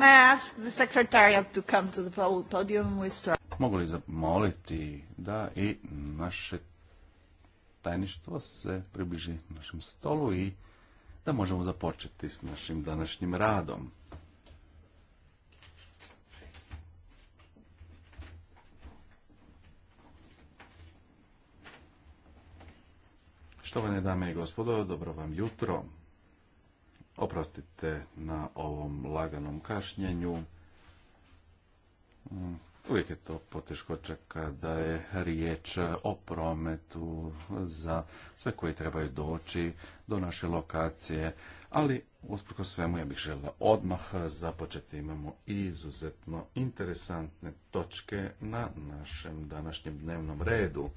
May I ask the secretariat to come to the podium? We start. Mogu li zamoliti da i naše tajništvo se približi našem stolu i da možemo započeti s našim današnjim radom. Štovane dame i gospodo, dobro vam jutro. Oprostite na ovom laganom kašnjenju. Mm, uvijek je to poteškoća kada je riječ o prometu za sve koji trebaju doći do naše lokacije, ali usprko svemu ja bih žela odmah započeti. Imamo izuzetno interesantne točke na našem današnjem dnevnom redu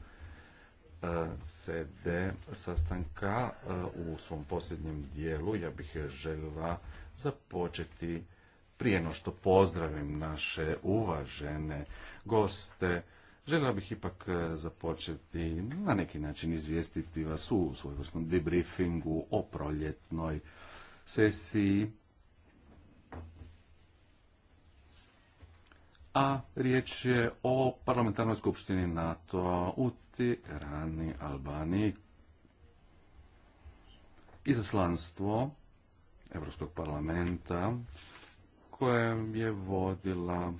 sede sastanka u svom posljednjem dijelu. Ja bih željela započeti prije no što pozdravim naše uvažene goste. Željela bih ipak započeti na neki način izvijestiti vas u svojevrsnom debriefingu o proljetnoj sesiji. A riječ je o parlamentarnoj skupštini NATO u Rani, Albaniji. Izaslanstvo Europskog parlamenta koje je vodila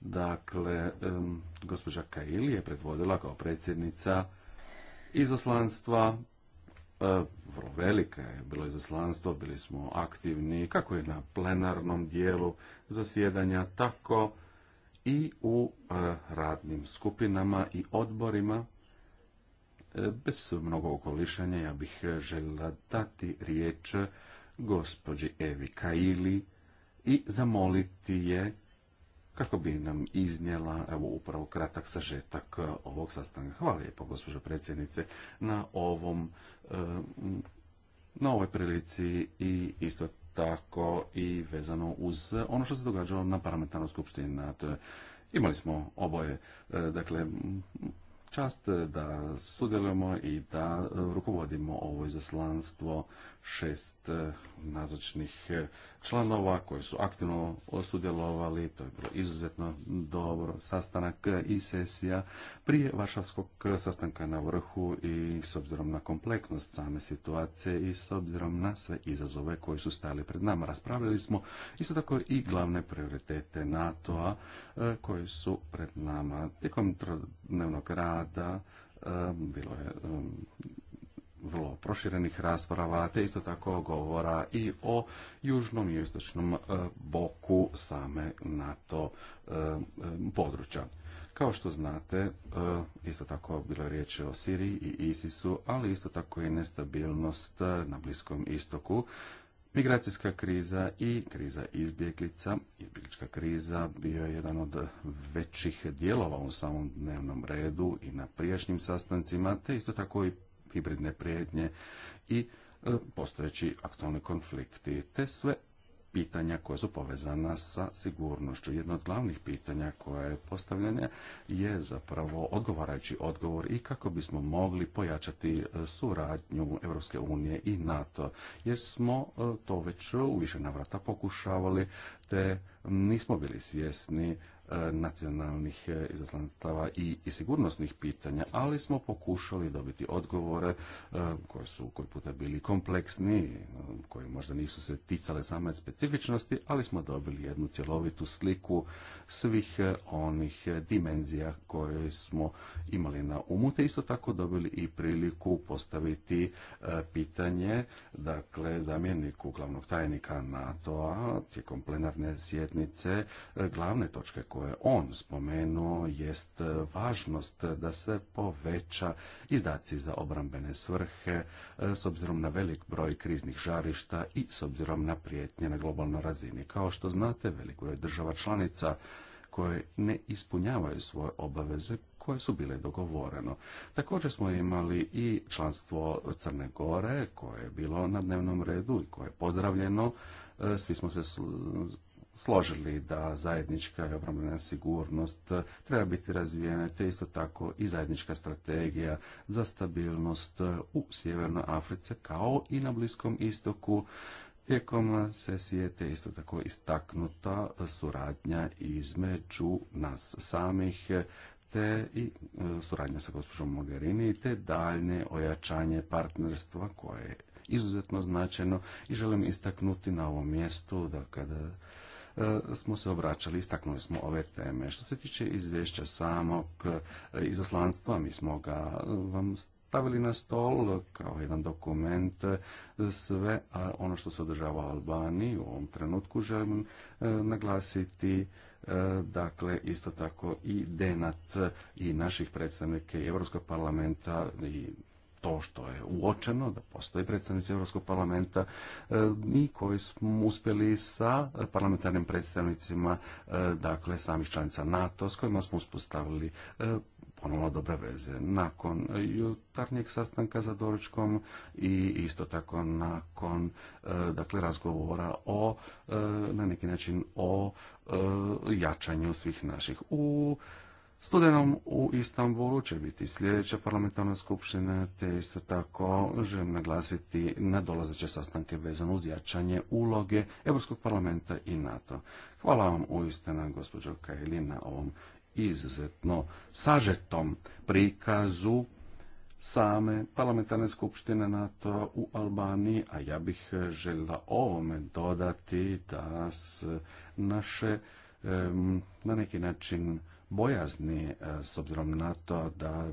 dakle gospođa Kaili je predvodila kao predsjednica izaslanstva e, vrlo velika je bilo izaslanstvo, bili smo aktivni kako i na plenarnom dijelu zasjedanja, tako i u e, radnim skupinama i odborima. E, bez mnogo okolišanja ja bih e, željela dati riječ gospođi Evi Kaili i zamoliti je kako bi nam iznijela evo upravo kratak sažetak ovog sastanka. Hvala lijepo gospođo predsjednice na ovom na ovoj prilici i isto tako i vezano uz ono što se događalo na parlamentarnoj skupštini. To imali smo oboje, e, dakle, čast da sudjelujemo i da rukovodimo ovo izaslanstvo šest e, nazočnih e, članova koji su aktivno osudjelovali. To je bilo izuzetno dobro. Sastanak e, i sesija prije vašavskog sastanka na vrhu i s obzirom na kompleksnost same situacije i s obzirom na sve izazove koji su stajali pred nama. Raspravljali smo isto tako i glavne prioritete NATO-a koji su pred nama. Tijekom dnevnog rada bilo je vrlo proširenih rasprava, te isto tako govora i o južnom i istočnom e, boku same NATO e, e, područja. Kao što znate, isto tako bilo je riječ o Siriji i ISIS-u, ali isto tako i nestabilnost na Bliskom istoku, Migracijska kriza i kriza izbjeglica, izbjeglička kriza bio je jedan od većih dijelova u samom dnevnom redu i na prijašnjim sastancima, te isto tako i hibridne prijednje i e, postojeći aktualni konflikti, te sve pitanja koja su povezana sa sigurnošću. Jedno od glavnih pitanja koje je postavljene je zapravo odgovarajući odgovor i kako bismo mogli pojačati e, suradnju Europske unije i NATO, jer smo e, to već u više navrata pokušavali, te nismo bili svjesni nacionalnih e, izaslanstava i, sigurnosnih pitanja, ali smo pokušali dobiti odgovore e, koji su koji puta bili kompleksni, e, koji možda nisu se ticale same specifičnosti, ali smo dobili jednu cjelovitu sliku svih onih dimenzija koje smo imali na umu, te isto tako dobili i priliku postaviti pitanje, dakle, zamjeniku glavnog tajnika NATO-a tijekom plenarne sjednice, glavne točke koje on spomenuo jest važnost da se poveća izdaci za obrambene svrhe e, s obzirom na velik broj kriznih žarišta i s obzirom na prijetnje na globalnoj razini. Kao što znate, velik broj država članica koje ne ispunjavaju svoje obaveze koje su bile dogovoreno. Također smo imali i članstvo Crne Gore koje je bilo na dnevnom redu i koje je pozdravljeno. E, svi smo se složili da zajednička i obrambena sigurnost treba biti razvijena, te isto tako i zajednička strategija za stabilnost u Sjevernoj Africi kao i na Bliskom istoku. Tijekom sesije te isto tako istaknuta suradnja između nas samih te i e, suradnja sa gospođom Mogherini te daljnje ojačanje partnerstva koje je izuzetno značajno i želim istaknuti na ovom mjestu da kada E, smo se obraćali, istaknuli smo ove teme. Što se tiče izvješća samog e, izaslanstva, mi smo ga e, vam stavili na stol kao jedan dokument sve a ono što se održava u Albaniji. U ovom trenutku želim naglasiti dakle isto tako i denat i naših predstavnika i Europskog parlamenta i to što je uočeno, da postoji predstavnici Europskog parlamenta, e, mi koji smo uspjeli sa parlamentarnim predstavnicima, e, dakle, samih članica NATO, s kojima smo uspostavili e, ponovno dobre veze. Nakon jutarnjeg sastanka za doručkom i isto tako nakon dakle razgovora o na neki način o jačanju svih naših u Studenom u Istanbulu će biti sljedeća parlamentarna skupština, te isto tako želim naglasiti nadolazeće sastanke vezano uz jačanje uloge Europskog parlamenta i NATO. Hvala vam uistinu, gospođo Kajli, na ovom izuzetno sažetom prikazu same parlamentarne skupštine NATO u Albaniji, a ja bih eh, željela ovome dodati da naše na neki način bojazni e, s obzirom na to da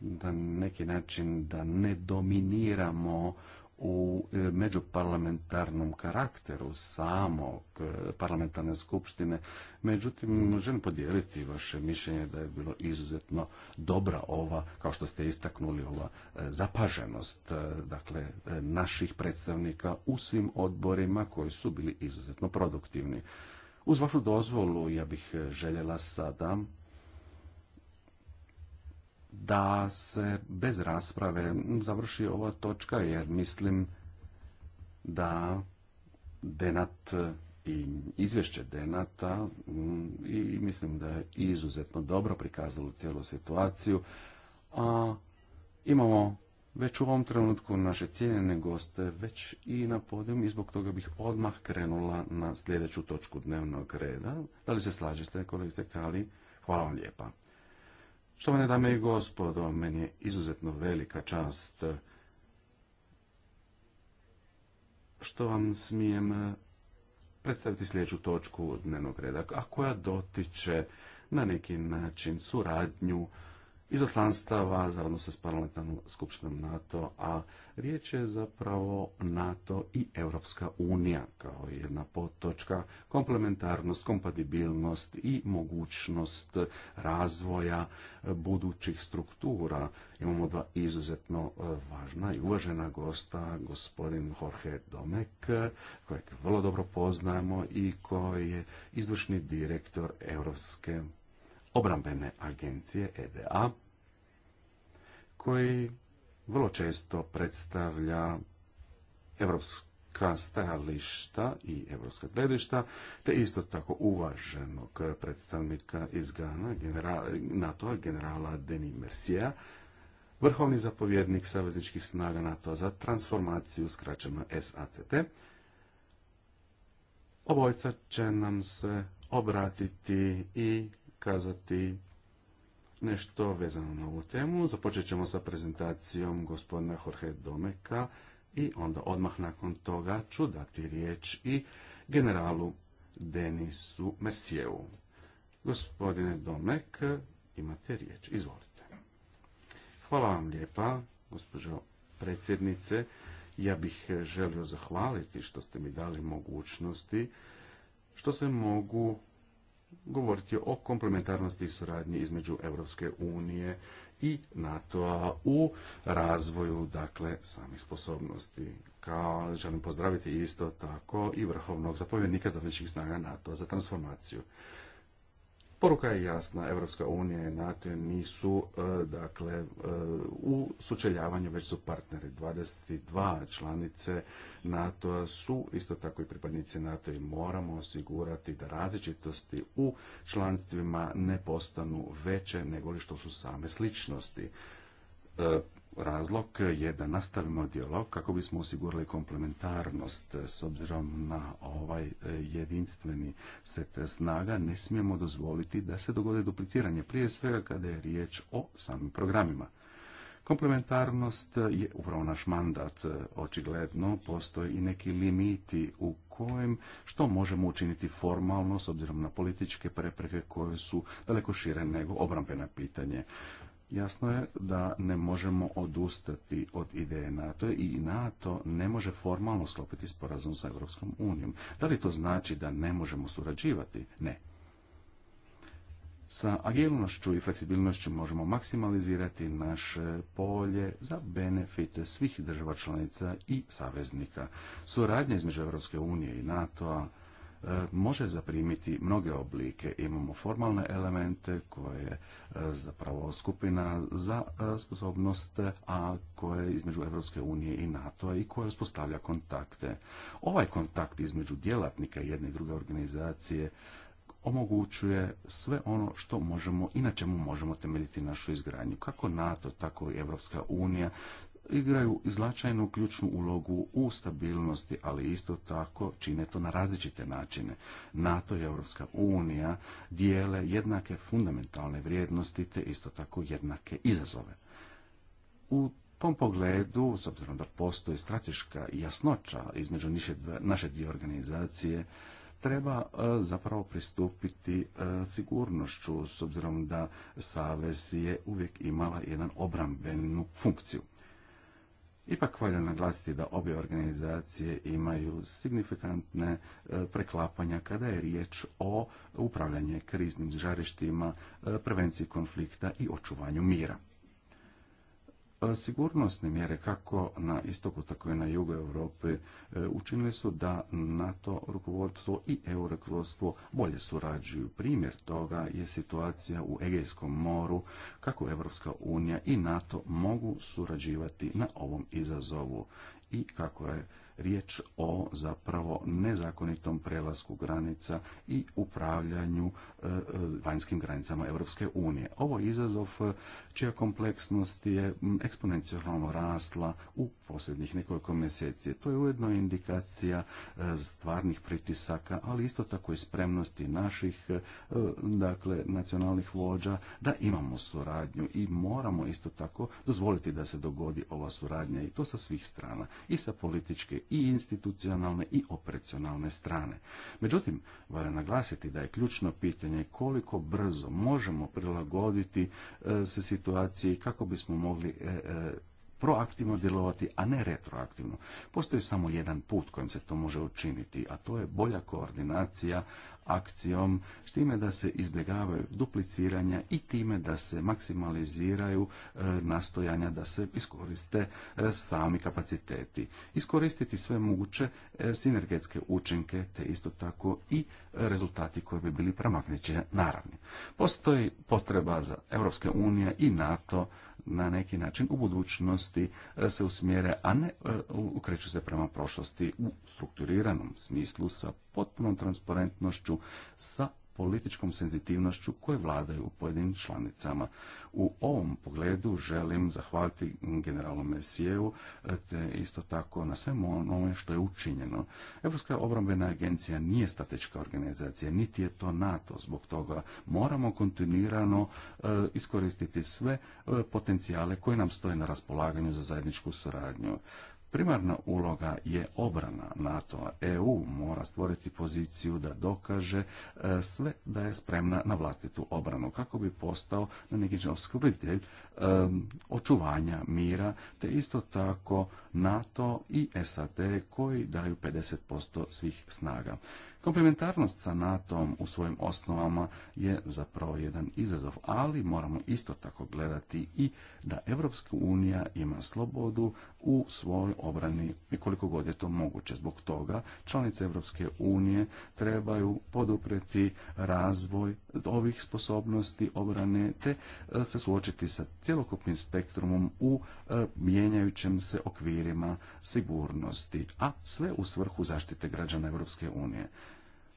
na mm, neki način da ne dominiramo u e, međuparlamentarnom karakteru samog e, parlamentarne skupštine. Međutim, želim podijeliti vaše mišljenje da je bilo izuzetno dobra ova, kao što ste istaknuli, ova zapaženost dakle, naših predstavnika u svim odborima koji su bili izuzetno produktivni. Uz vašu dozvolu ja bih e, željela sada da se bez rasprave završi ova točka jer mislim da Denat e, i izvješće Denata i mislim da je izuzetno dobro prikazalo cijelu situaciju. A imamo već u ovom trenutku naše cijenjene goste već i na podijum i zbog toga bih odmah krenula na sljedeću točku dnevnog reda. Da li se slažete, kolegice Kali? Hvala vam lijepa. Štovane dame i gospodo, meni je izuzetno velika čast što vam smijem predstaviti sljedeću točku dnevnog reda, a koja dotiče na neki način suradnju izaslanstava za odnose s parlamentarnom skupštinom NATO, a riječ je zapravo NATO i Europska unija kao jedna potočka, komplementarnost, kompatibilnost i mogućnost razvoja budućih struktura. Imamo dva izuzetno e, važna i uvažena gosta, gospodin Jorge Domek, kojeg vrlo dobro poznajemo i koji je izvršni direktor Europske obrambene agencije EDA, koji vrlo često predstavlja evropska stajališta i evropska gledišta, te isto tako uvaženog predstavnika iz Gana, NATO-a, generala Denis Mercier, vrhovni zapovjednik savezničkih snaga NATO za transformaciju, skraćeno SACT. Obojca će nam se obratiti i kazati nešto vezano na ovu temu. Započet ćemo sa prezentacijom gospodina Jorge Domeka i onda odmah nakon toga ću dati riječ i generalu Denisu Mercijevu. Gospodine Domek, imate riječ. Izvolite. Hvala vam lijepa, gospođo predsjednice. Ja bih želio zahvaliti što ste mi dali mogućnosti što se mogu govoriti o komplementarnosti i suradnji između Europske unije i NATO-a u razvoju dakle samih sposobnosti. Kao želim pozdraviti isto tako i vrhovnog zapovjednika zajedničkih snaga NATO za transformaciju. Poruka je jasna, Evropska unija i NATO nisu e, dakle e, u sučeljavanju, već su partneri. 22 članice NATO su isto tako i pripadnici NATO i moramo osigurati da različitosti u članstvima ne postanu veće nego li što su same sličnosti e, Razlog je da nastavimo dijalog kako bismo osigurali komplementarnost s obzirom na ovaj e, jedinstveni set snaga. Ne smijemo dozvoliti da se dogode dupliciranje, prije svega kada je riječ o samim programima. Komplementarnost je upravo naš mandat. E, očigledno postoje i neki limiti u kojem što možemo učiniti formalno s obzirom na političke prepreke koje su daleko šire nego obrambena pitanje. Jasno je da ne možemo odustati od ideje NATO i NATO ne može formalno sklopiti sporazum sa Europskom unijom. Da li to znači da ne možemo surađivati? Ne. Sa agilnošću i fleksibilnošću možemo maksimalizirati naše polje za benefite svih država članica i saveznika. Suradnja između Europske unije i NATO-a E, može zaprimiti mnoge oblike. Imamo formalne elemente koje je zapravo skupina za e, sposobnost, a koje je između Europske unije i NATO i koja uspostavlja kontakte. Ovaj kontakt između djelatnika jedne i druge organizacije omogućuje sve ono što možemo i na čemu možemo temeljiti našu izgradnju. Kako NATO, tako i Evropska unija igraju značajnu ključnu ulogu u stabilnosti, ali isto tako čine to na različite načine. NATO i Europska unija dijele jednake fundamentalne vrijednosti te isto tako jednake izazove. U tom pogledu, s obzirom da postoji strateška jasnoća između naše dvije organizacije, treba e, zapravo pristupiti e, sigurnošću, s obzirom da Savez je uvijek imala jedan obrambenu funkciju. Ipak valja naglasiti da obje organizacije imaju signifikantne e, preklapanja kada je riječ o upravljanje kriznim žarištima, e, prevenciji konflikta i očuvanju mira sigurnosne mjere kako na istoku tako i na jugu Europe e, učinile su da NATO rukovodstvo i EU bolje surađuju. Primjer toga je situacija u Egejskom moru kako Evropska unija i NATO mogu surađivati na ovom izazovu i kako je riječ o zapravo nezakonitom prelasku granica i upravljanju e, e, vanjskim granicama Europske unije. Ovo je izazov e, čija kompleksnost je eksponencijalno rasla u posljednjih nekoliko mjeseci. To je ujedno indikacija stvarnih pritisaka, ali isto tako i spremnosti naših dakle nacionalnih vođa da imamo suradnju i moramo isto tako dozvoliti da se dogodi ova suradnja i to sa svih strana i sa političke i institucionalne i operacionalne strane. Međutim, valja naglasiti da je ključno pitanje koliko brzo možemo prilagoditi e, se situaciji kako bismo mogli e, e, proaktivno djelovati, a ne retroaktivno. Postoji samo jedan put kojim se to može učiniti, a to je bolja koordinacija akcijom, s time da se izbjegavaju dupliciranja i time da se maksimaliziraju e, nastojanja da se iskoriste e, sami kapaciteti. Iskoristiti sve moguće e, sinergetske učinke, te isto tako i rezultati koji bi bili pramakneće naravni. Postoji potreba za Europske unije i NATO na neki način u budućnosti e, se usmjere, a ne e, ukreću se prema prošlosti u strukturiranom smislu sa potpunom transparentnošću, sa političkom senzitivnošću koje vladaju u pojedinim članicama. U ovom pogledu želim zahvaliti generalu Mesijevu te isto tako na svemu onome što je učinjeno. Europska obrambena agencija nije statička organizacija, niti je to NATO. Zbog toga moramo kontinuirano e, iskoristiti sve e, potencijale koje nam stoje na raspolaganju za zajedničku suradnju. Primarna uloga je obrana NATO-a. EU mora stvoriti poziciju da dokaže e, sve da je spremna na vlastitu obranu kako bi postao na neki obskrbitelj e, očuvanja mira, te isto tako NATO i SAD koji daju 50% svih snaga. Komplementarnost sa NATO-om u svojim osnovama je zapravo jedan izazov, ali moramo isto tako gledati i da EU unija ima slobodu u svojoj obrani i koliko god je to moguće. Zbog toga članice Europske unije trebaju podupreti razvoj ovih sposobnosti obrane te e, se suočiti sa cjelokupnim spektrumom u e, mijenjajućem se okvirima sigurnosti, a sve u svrhu zaštite građana Europske unije.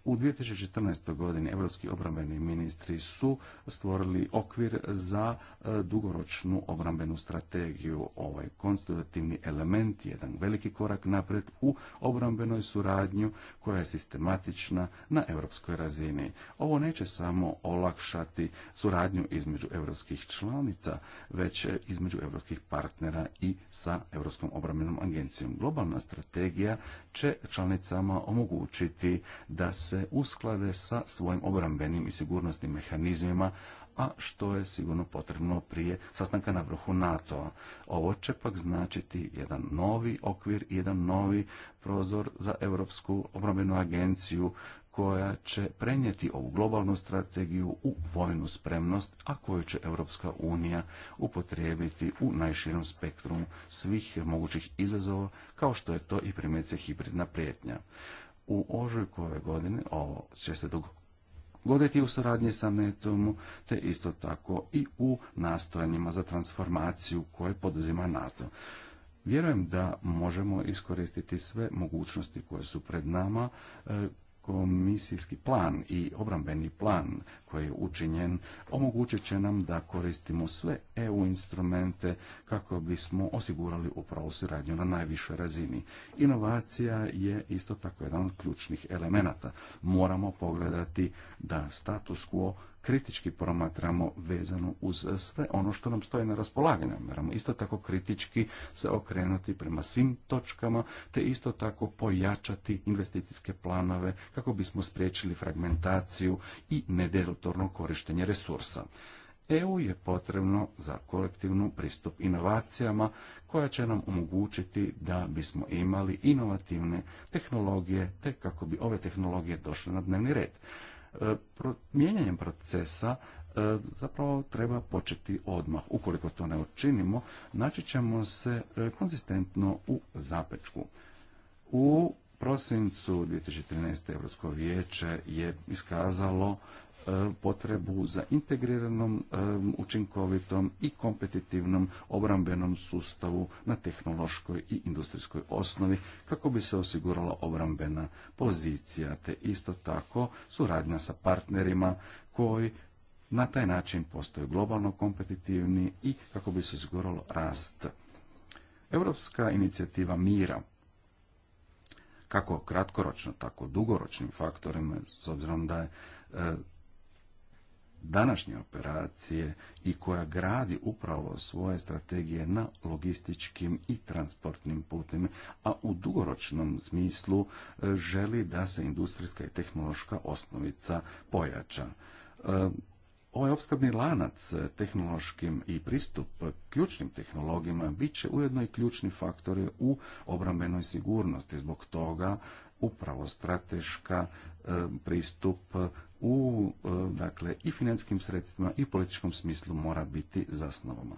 U 2014. godini evropski obrambeni ministri su stvorili okvir za e, dugoročnu obrambenu strategiju. Ovaj konstitutivni element je jedan veliki korak napred u obrambenoj suradnju koja je sistematična na europskoj razini. Ovo neće samo olakšati suradnju između europskih članica, već između europskih partnera i sa Europskom obrambenom agencijom. Globalna strategija će članicama omogućiti da se usklade sa svojim obrambenim i sigurnosnim mehanizmima, a što je sigurno potrebno prije sastanka na vrhu NATO-a. Ovo će pak značiti jedan novi okvir i jedan novi prozor za Europsku obrambenu agenciju koja će prenijeti ovu globalnu strategiju u vojnu spremnost, a koju će Europska unija upotrijebiti u najširom spektrum svih mogućih izazova, kao što je to i primjerice hibridna prijetnja u ožujku ove godine, ovo će se dogoditi u suradnji sa Metom, te isto tako i u nastojanjima za transformaciju koje poduzima NATO. Vjerujem da možemo iskoristiti sve mogućnosti koje su pred nama e, komisijski plan i obrambeni plan koji je učinjen omogućit će nam da koristimo sve EU instrumente kako bismo osigurali upravo suradnju na najvišoj razini. Inovacija je isto tako jedan od ključnih elemenata. Moramo pogledati da status quo kritički promatramo vezano uz sve ono što nam stoji na raspolaganju. Moramo isto tako kritički se okrenuti prema svim točkama, te isto tako pojačati investicijske planove kako bismo spriječili fragmentaciju i nedelutorno korištenje resursa. EU je potrebno za kolektivnu pristup inovacijama koja će nam omogućiti da bismo imali inovativne tehnologije te kako bi ove tehnologije došle na dnevni red. E, mijenjanjem procesa e, zapravo treba početi odmah. Ukoliko to ne učinimo, naći ćemo se e, konzistentno u zapečku. U prosincu 2013. Europsko vijeće je iskazalo E, potrebu za integriranom, e, učinkovitom i kompetitivnom obrambenom sustavu na tehnološkoj i industrijskoj osnovi kako bi se osigurala obrambena pozicija, te isto tako suradnja sa partnerima koji na taj način postaju globalno kompetitivni i kako bi se osiguralo rast. Europska inicijativa mira kako kratkoročno, tako dugoročnim faktorima, s obzirom da je e, današnje operacije i koja gradi upravo svoje strategije na logističkim i transportnim putima, a u dugoročnom smislu e, želi da se industrijska i tehnološka osnovica pojača. E, ovaj opskrbni lanac tehnološkim i pristup ključnim tehnologijama bit će ujedno i ključni faktori u obrambenoj sigurnosti. Zbog toga upravo strateška E, pristup e, u e, dakle i financijskim sredstvima i političkom smislu mora biti zasnovama.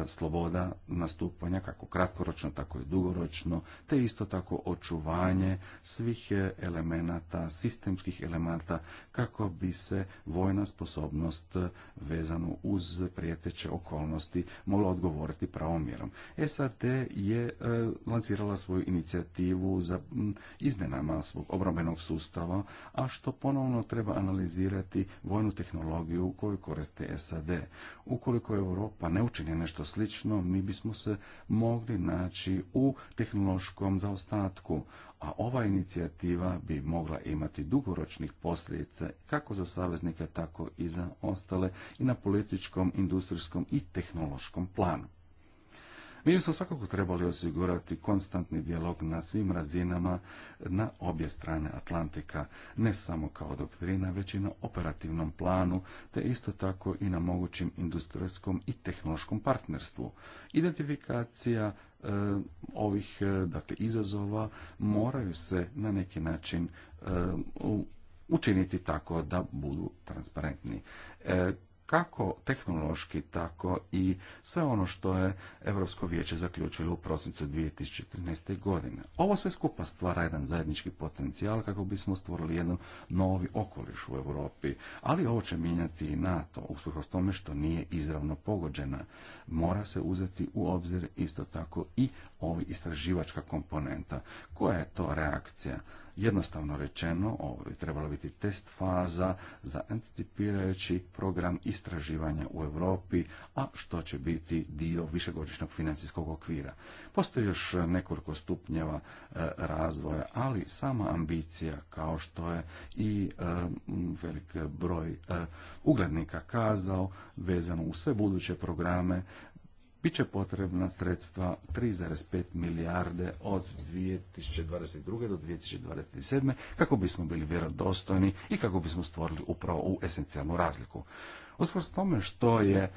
E, sloboda nastupanja kako kratkoročno, tako i dugoročno, te isto tako očuvanje svih e, elemenata, sistemskih elemenata kako bi se vojna sposobnost e, vezano uz prijeteće okolnosti mogla odgovoriti pravom mjerom. SAD je lancirala svoju inicijativu za izmjenama svog obrambenog sustava, a što ponovno treba analizirati vojnu tehnologiju koju koriste SAD. Ukoliko Europa ne učini nešto nešto slično, mi bismo se mogli naći u tehnološkom zaostatku, a ova inicijativa bi mogla imati dugoročnih posljedica kako za saveznike, tako i za ostale i na političkom, industrijskom i tehnološkom planu. Mi smo svakako trebali osigurati konstantni dijalog na svim razinama na obje strane Atlantika, ne samo kao doktrina, već i na operativnom planu, te isto tako i na mogućim industrijskom i tehnološkom partnerstvu. Identifikacija e, ovih e, dakle, izazova moraju se na neki način e, učiniti tako da budu transparentni kako tehnološki, tako i sve ono što je Europsko vijeće zaključilo u prosincu 2013. godine. Ovo sve skupa stvara jedan zajednički potencijal kako bismo stvorili jedan novi okoliš u Europi, ali ovo će mijenjati i NATO, usprkos tome što nije izravno pogođena. Mora se uzeti u obzir isto tako i ovi istraživačka komponenta. Koja je to reakcija? Jednostavno rečeno, ovo je trebala biti test faza za anticipirajući program istraživanja u Europi, a što će biti dio višegodišnjeg financijskog okvira. Postoji još nekoliko stupnjeva e, razvoja, ali sama ambicija kao što je i e, velik broj e, uglednika kazao vezano u sve buduće programe bit će potrebna sredstva 3,5 milijarde od 2022. do 2027. kako bismo bili vjerodostojni i kako bismo stvorili upravo u esencijalnu razliku. Uspravo tome što je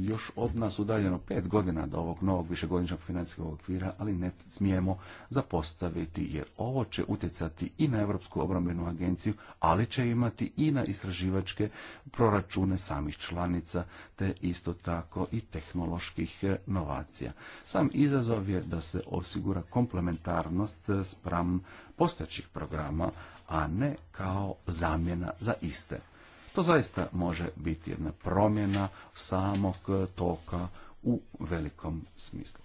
još od nas udaljeno pet godina do ovog novog višegodišnjeg financijskog okvira, ali ne smijemo zapostaviti jer ovo će utjecati i na Europsku obrambenu agenciju, ali će imati i na istraživačke proračune samih članica, te isto tako i tehnoloških e, novacija. Sam izazov je da se osigura komplementarnost e, spram postojećih programa, a ne kao zamjena za iste. To zaista može biti jedna promjena samog toka u velikom smislu.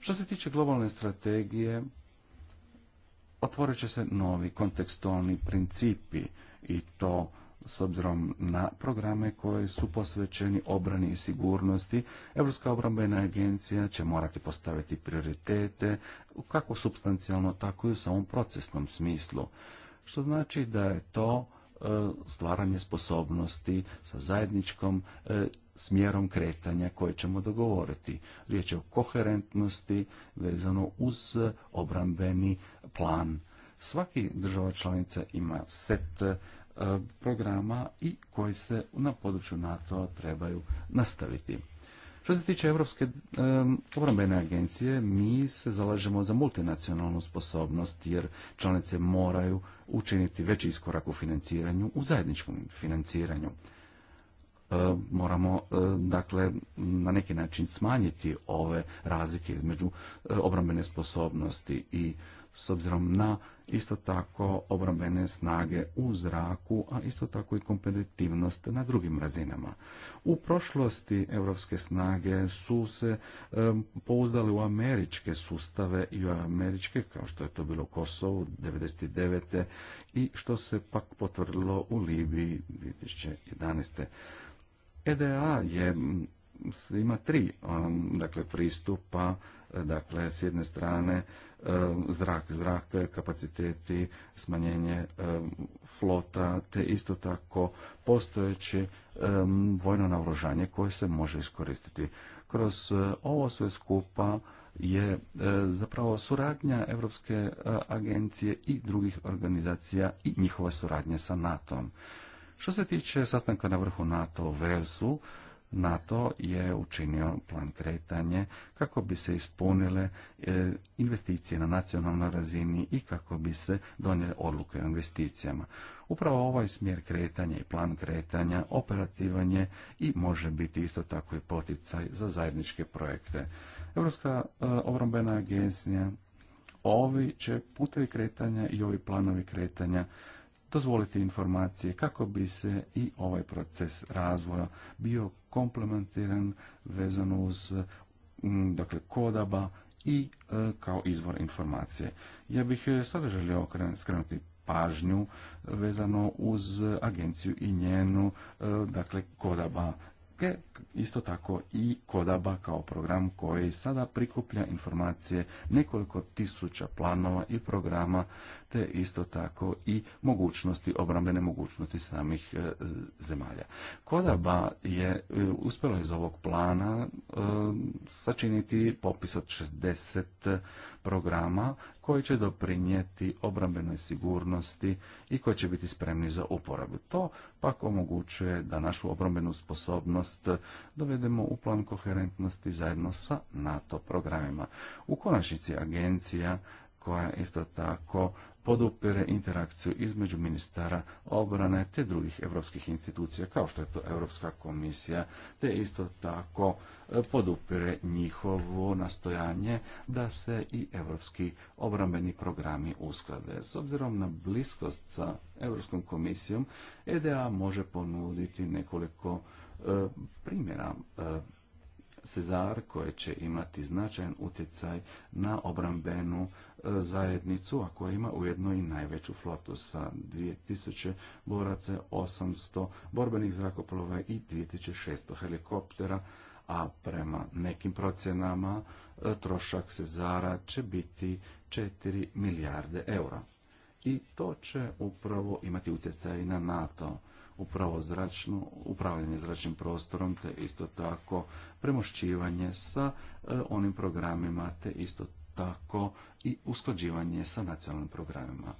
Što se tiče globalne strategije, otvorit će se novi kontekstualni principi i to s obzirom na programe koji su posvećeni obrani i sigurnosti, Europska obrambena agencija će morati postaviti prioritete kako substancijalno, tako i u samom procesnom smislu. Što znači da je to E, stvaranje sposobnosti sa zajedničkom e, smjerom kretanja koje ćemo dogovoriti. Riječ je o koherentnosti vezano uz obrambeni plan. Svaki država članica ima set e, programa i koji se na području NATO trebaju nastaviti. Što se tiče Europske obrambene agencije, mi se zalažemo za multinacionalnu sposobnost jer članice moraju učiniti veći iskorak u financiranju, u zajedničkom financiranju. E, moramo, e, dakle, na neki način smanjiti ove razlike između e, obrambene sposobnosti i s obzirom na isto tako obrambene snage u zraku, a isto tako i kompetitivnost na drugim razinama. U prošlosti europske snage su se e, pouzdali u američke sustave i u američke, kao što je to bilo u Kosovu 1999. i što se pak potvrdilo u Libiji 2011. EDA e je ima tri dakle pristupa dakle s jedne strane zrak, zrak, kapaciteti, smanjenje flota, te isto tako postojeće vojno naoružanje koje se može iskoristiti. Kroz e, ovo sve skupa je e, zapravo suradnja Europske e, agencije i drugih organizacija i njihova suradnja sa NATO-om. Što se tiče sastanka na vrhu NATO u Velsu, NATO je učinio plan kretanje kako bi se ispunile e, investicije na nacionalnoj razini i kako bi se donijele odluke o investicijama. Upravo ovaj smjer kretanja i plan kretanja operativan je i može biti isto tako i poticaj za zajedničke projekte. Europska e, obrambena agencija, ovi će putevi kretanja i ovi planovi kretanja dozvoliti informacije kako bi se i ovaj proces razvoja bio komplementiran vezano uz mm, dakle, kodaba i e, kao izvor informacije. Ja bih e, sada želio skrenuti pažnju vezano uz agenciju i njenu e, dakle kodaba isto tako i Kodaba kao program koji sada prikuplja informacije nekoliko tisuća planova i programa, te isto tako i mogućnosti, obrambene mogućnosti samih e, zemalja. Kodaba je e, uspjela iz ovog plana e, sačiniti popis od 60 programa koji će doprinijeti obrambenoj sigurnosti i koji će biti spremni za uporabu. To pak omogućuje da našu obrambenu sposobnost dovedemo u plan koherentnosti zajedno sa NATO programima. U konačnici agencija koja isto tako podupire interakciju između ministara obrane te drugih europskih institucija kao što je to Europska komisija te isto tako podupire njihovo nastojanje da se i europski obrambeni programi usklade. S obzirom na bliskost sa Europskom komisijom, EDA može ponuditi nekoliko e, primjera e, Cezar koje će imati značajan utjecaj na obrambenu e, zajednicu, a koja ima ujedno i najveću flotu sa 2000 boraca, 800 borbenih zrakoplova i 2600 helikoptera, a prema nekim procjenama e, trošak Cezara će biti 4 milijarde eura. I to će upravo imati utjecaj na NATO upravo zračno, upravljanje zračnim prostorom, te isto tako premošćivanje sa e, onim programima, te isto tako i usklađivanje sa nacionalnim programima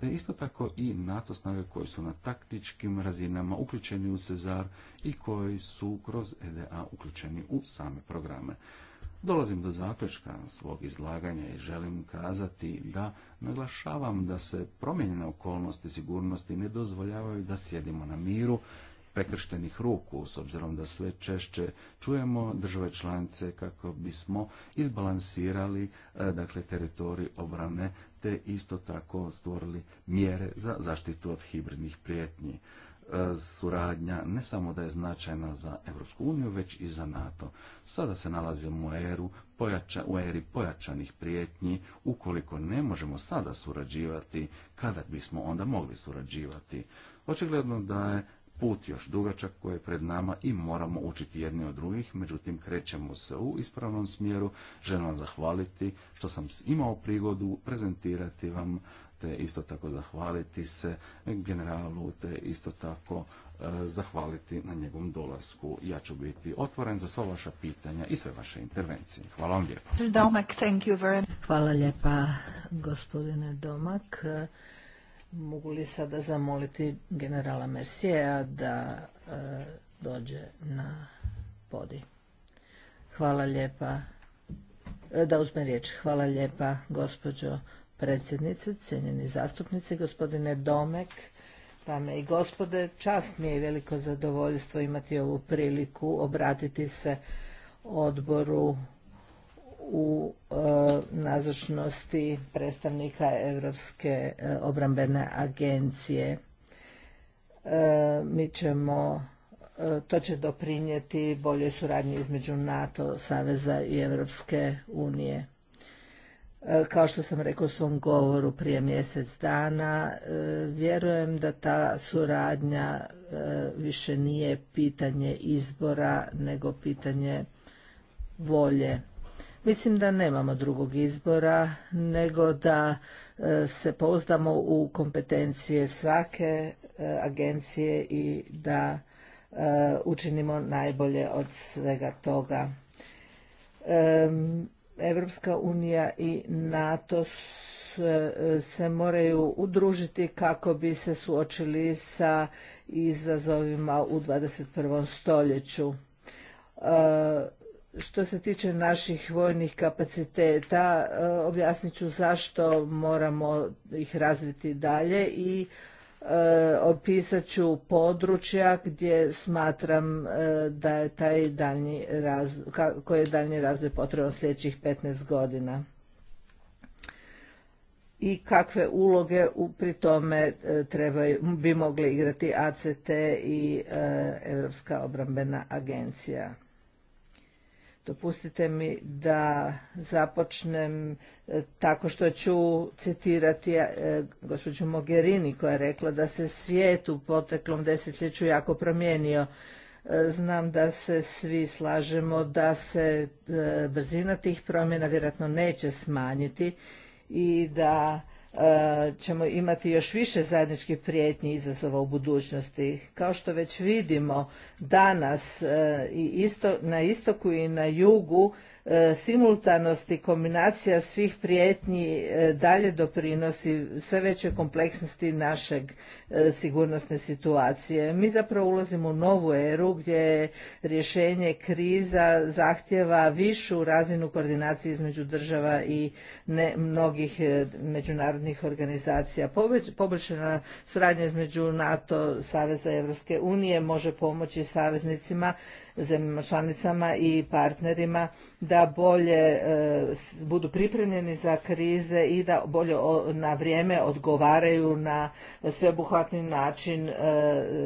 te isto tako i NATO snage koje su na taktičkim razinama uključeni u Cezar i koji su kroz EDA uključeni u same programe. Dolazim do zaključka svog izlaganja i želim kazati da naglašavam da se promjenjene okolnosti sigurnosti ne dozvoljavaju da sjedimo na miru prekrštenih ruku, s obzirom da sve češće čujemo države članice kako bismo izbalansirali e, dakle, teritorij obrane te isto tako stvorili mjere za zaštitu od hibridnih prijetnji. E, suradnja ne samo da je značajna za Europsku uniju, već i za NATO. Sada se nalazimo u, eru, u eri pojačanih prijetnji. Ukoliko ne možemo sada surađivati, kada bismo onda mogli surađivati? Očigledno da je put još dugačak koji je pred nama i moramo učiti jedni od drugih, međutim krećemo se u ispravnom smjeru. Želim vam zahvaliti što sam imao prigodu prezentirati vam te isto tako zahvaliti se generalu, te isto tako e, zahvaliti na njegovom dolasku. Ja ću biti otvoren za sva vaša pitanja i sve vaše intervencije. Hvala vam lijepo. Hvala lijepa gospodine Domak. Mogu li sada zamoliti generala Mercija da e, dođe na podi? Hvala lijepa. E, da uzme riječ. Hvala lijepa gospođo predsjednice, cijenjeni zastupnici, gospodine Domek, dame i gospode. Čast mi je veliko zadovoljstvo imati ovu priliku obratiti se odboru u e, nazočnosti predstavnika Europske e, obrambene agencije. E, mi ćemo, to će doprinijeti boljoj suradnji između NATO, Saveza i Europske unije. Kao što sam rekao u svom govoru prije mjesec dana, vjerujem da ta suradnja više nije pitanje izbora, nego pitanje volje Mislim da nemamo drugog izbora nego da e, se pozdamo u kompetencije svake e, agencije i da e, učinimo najbolje od svega toga. Evropska unija i NATO se moraju udružiti kako bi se suočili sa izazovima u 21. stoljeću. Što se tiče naših vojnih kapaciteta, e, objasnit ću zašto moramo ih razviti dalje i e, opisat ću područja gdje smatram e, da je taj daljnji razvoj, koji je daljnji razvoj potreban sljedećih 15 godina i kakve uloge u, pri tome bi mogli igrati ACT i Europska obrambena agencija. Dopustite mi da započnem e, tako što ću citirati e, gospođu Mogherini koja je rekla da se svijet u proteklom desetljeću jako promijenio. E, znam da se svi slažemo da se brzina tih promjena vjerojatno neće smanjiti i da E, ćemo imati još više zajedničkih prijetnji izazova u budućnosti. Kao što već vidimo danas e, i na istoku i na jugu E, simultanost kombinacija svih prijetnji e, dalje doprinosi sve veće kompleksnosti našeg e, sigurnosne situacije. Mi zapravo ulazimo u novu eru gdje rješenje kriza zahtjeva višu razinu koordinacije između država i ne mnogih međunarodnih organizacija. Poboljšana suradnja između NATO, Saveza i Europske unije može pomoći saveznicima zemljama članicama i partnerima da bolje e, budu pripremljeni za krize i da bolje na vrijeme odgovaraju na sveobuhvatni način e,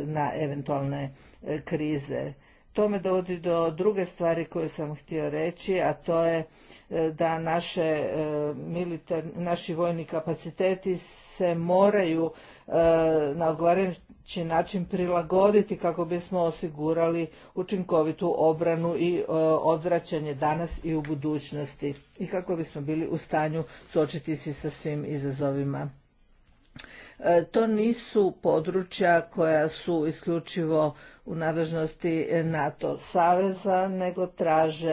na eventualne e, krize. To me dovodi do druge stvari koje sam htio reći, a to je da naše militar, naši vojni kapaciteti se moraju na odgovarajući će način prilagoditi kako bismo osigurali učinkovitu obranu i e, odvraćanje danas i u budućnosti i kako bismo bili u stanju suočiti se sa svim izazovima. E, to nisu područja koja su isključivo u nadležnosti NATO saveza, nego traže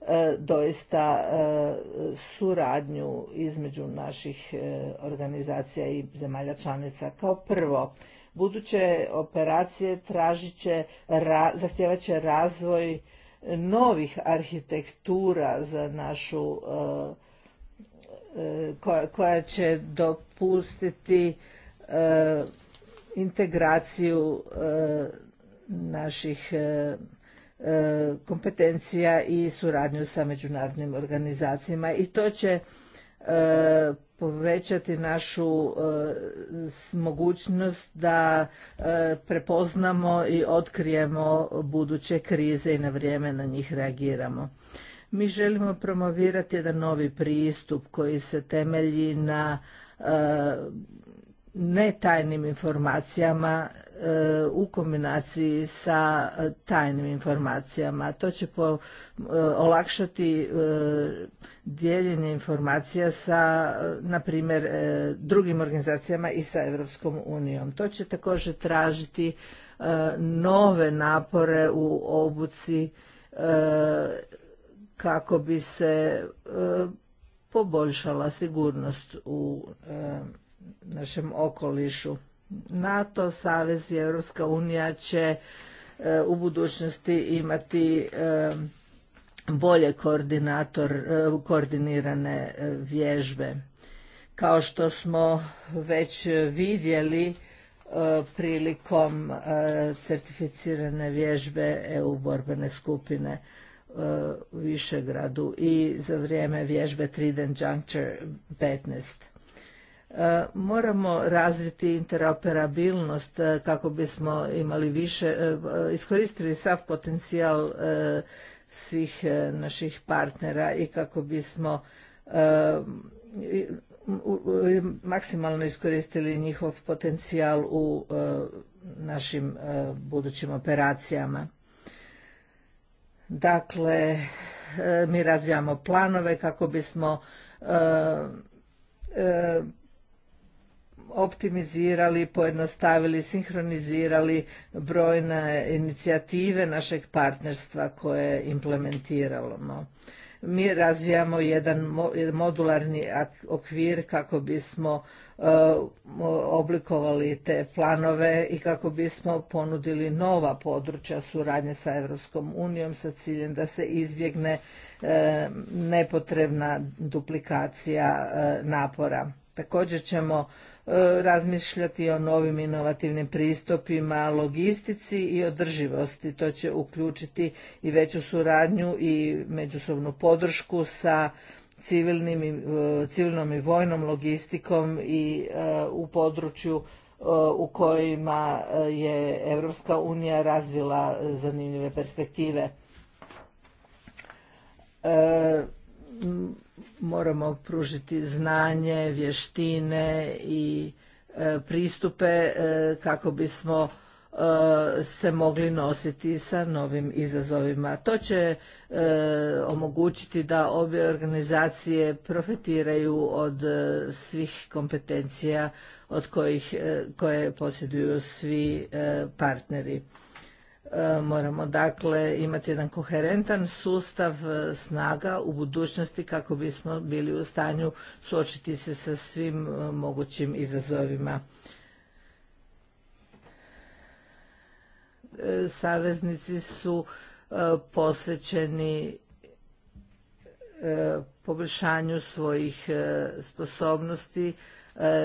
e, doista suradnju između naših organizacija i zemalja članica kao prvo buduće operacije tražit će, razvoj novih arhitektura za našu e, e, koja, koja će dopustiti e, integraciju naših kompetencija i suradnju sa međunarodnim organizacijama i to će povećati našu e, mogućnost da e, prepoznamo i otkrijemo buduće krize i na vrijeme na njih reagiramo. Mi želimo promovirati jedan novi pristup koji se temelji na e, ne netajnim informacijama E, u kombinaciji sa e, tajnim informacijama. To će e, olakšati dijeljenje informacija sa, na primjer, drugim organizacijama i sa Europskom unijom. To će također tražiti nove napore u obuci kako bi se poboljšala sigurnost u našem okolišu. NATO, Savez i Europska unija će e, u budućnosti imati e, bolje koordinator, e, koordinirane vježbe. Kao što smo već vidjeli prilikom certificirane vježbe EU borbene skupine u Višegradu i za vrijeme vježbe Trident Juncture 15. E, moramo razviti interoperabilnost e, kako bismo imali više, e, iskoristili sav potencijal svih naših partnera i kako bismo maksimalno iskoristili njihov potencijal u našim budućim operacijama. Dakle, mi razvijamo planove kako bismo optimizirali, pojednostavili, sinhronizirali brojne inicijative našeg partnerstva koje implementiramo. Mi razvijamo jedan modularni okvir kako bismo e, oblikovali te planove i kako bismo ponudili nova područja suradnje sa Europskom unijom sa ciljem da se izbjegne e, nepotrebna duplikacija e, napora. Također ćemo E, razmišljati o novim inovativnim pristupima, logistici i održivosti. To će uključiti i veću suradnju i međusobnu podršku sa e, civilnom i vojnom logistikom i e, u području u kojima je Europska unija razvila zanimljive perspektive moramo pružiti znanje, vještine i e, pristupe e, kako bismo e, se mogli nositi sa novim izazovima. To će omogućiti da obje organizacije profitiraju od svih kompetencija od kojih koje posjeduju svi partneri. E, moramo dakle imati jedan koherentan sustav e, snaga u budućnosti kako bismo bili u stanju suočiti se sa svim e, mogućim izazovima. Saveznici su posvećeni poboljšanju svojih sposobnosti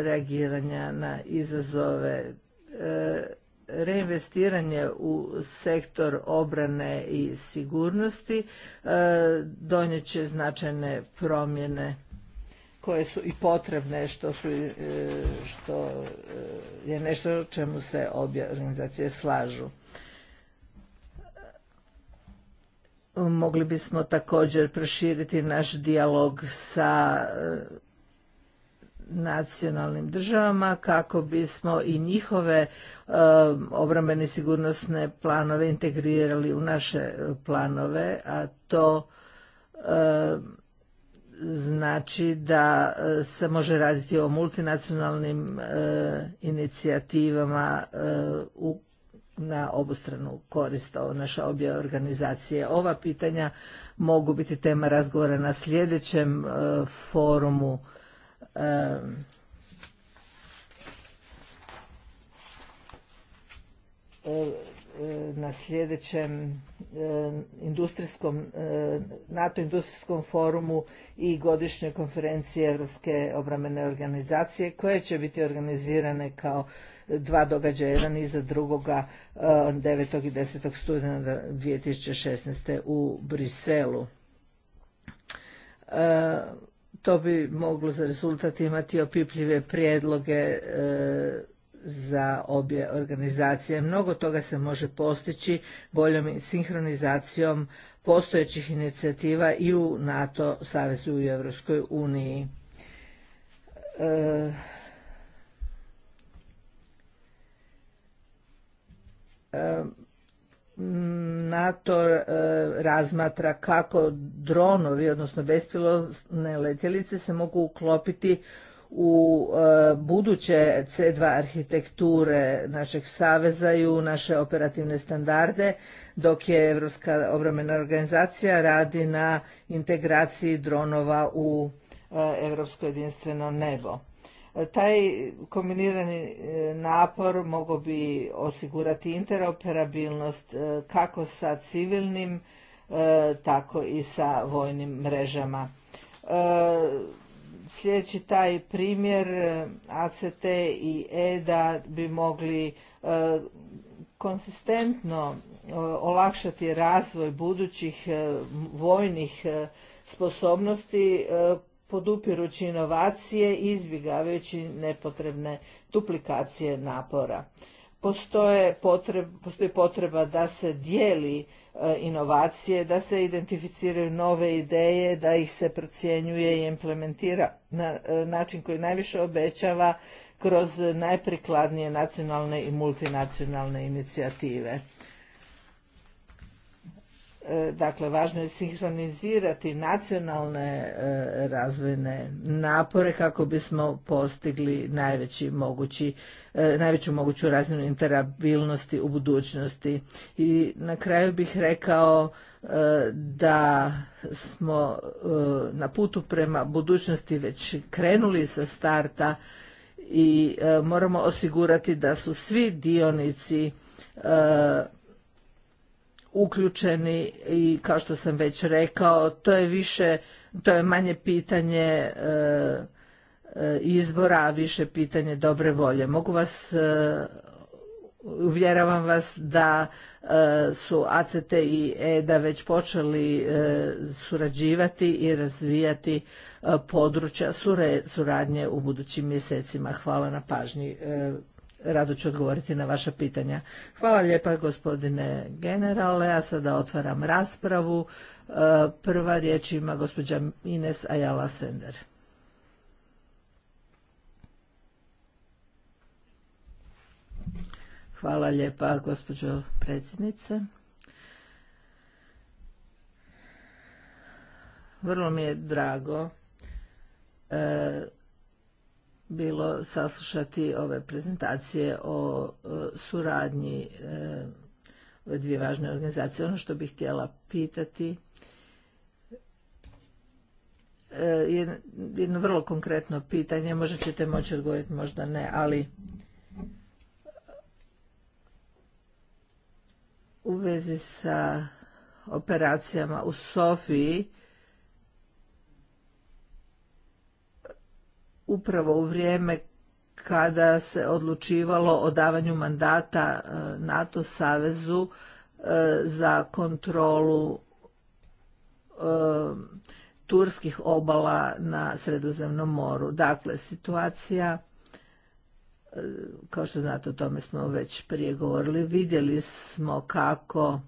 reagiranja na izazove reinvestiranje u sektor obrane i sigurnosti e, donijet će značajne promjene koje su i potrebne što, su, e, što e, je nešto o čemu se obje organizacije slažu. Mogli bismo također proširiti naš dijalog sa nacionalnim državama kako bismo i njihove e, obrambene sigurnosne planove integrirali u naše e, planove, a to e, znači da e, se može raditi o multinacionalnim inicijativama u na obostranu korist ovo naše obje organizacije. Ova pitanja mogu biti tema razgovora na sljedećem forumu E, na sljedećem NATO industrijskom forumu i godišnjoj konferenciji Europske obramene organizacije koje će biti organizirane kao dva događaja, jedan iza drugoga 9. i 10. studena 2016. u Briselu to bi moglo za rezultat imati opipljive prijedloge e, za obje organizacije. Mnogo toga se može postići boljom sinhronizacijom postojećih inicijativa i u NATO savezu i u Europskoj uniji. E, e, NATO e, razmatra kako dronovi, odnosno bespilotne letjelice se mogu uklopiti u e, buduće C2 arhitekture našeg saveza i u naše operativne standarde, dok je Europska obrambena organizacija radi na integraciji dronova u Europsko jedinstveno nebo. Taj kombinirani e, napor mogo bi osigurati interoperabilnost e, kako sa civilnim, e, tako i sa vojnim mrežama. Sljedeći taj primjer ACT i EDA bi mogli konsistentno olakšati razvoj budućih vojnih sposobnosti podupirući inovacije i izbjegavajući nepotrebne duplikacije napora. postoji potreba da se dijeli e, inovacije, da se identificiraju nove ideje, da ih se procjenjuje i implementira na e, način koji najviše obećava kroz najprikladnije nacionalne i multinacionalne inicijative. Dakle, važno je sinhronizirati nacionalne e, razvojne napore kako bismo postigli najveći mogući, e, najveću moguću razinu interabilnosti u budućnosti. I na kraju bih rekao e, da smo na putu prema budućnosti već krenuli sa starta i moramo osigurati da su svi dionici uključeni i kao što sam već rekao to je više to je manje pitanje e, e, izbora a više pitanje dobre volje mogu vas e, uvjeravam vas da su ACT i EDA već počeli surađivati i razvijati područja suradnje u budućim mjesecima hvala na pažnji rado ću odgovoriti na vaša pitanja. Hvala lijepa gospodine generale, ja sada otvaram raspravu. E, prva riječ ima gospođa Ines Ajala Sender. Hvala lijepa gospođo predsjednice. Vrlo mi je drago e, bilo saslušati ove prezentacije o e, suradnji ove dvije važne organizacije. Ono što bih htjela pitati e, jedno vrlo konkretno pitanje, možda ćete moći odgovoriti, možda ne, ali u vezi sa operacijama u Sofiji upravo u vrijeme kada se odlučivalo o davanju mandata e, NATO savezu e, za kontrolu e, turskih obala na Sredozemnom moru. Dakle, situacija, kao što znate o tome smo već prije govorili, vidjeli smo kako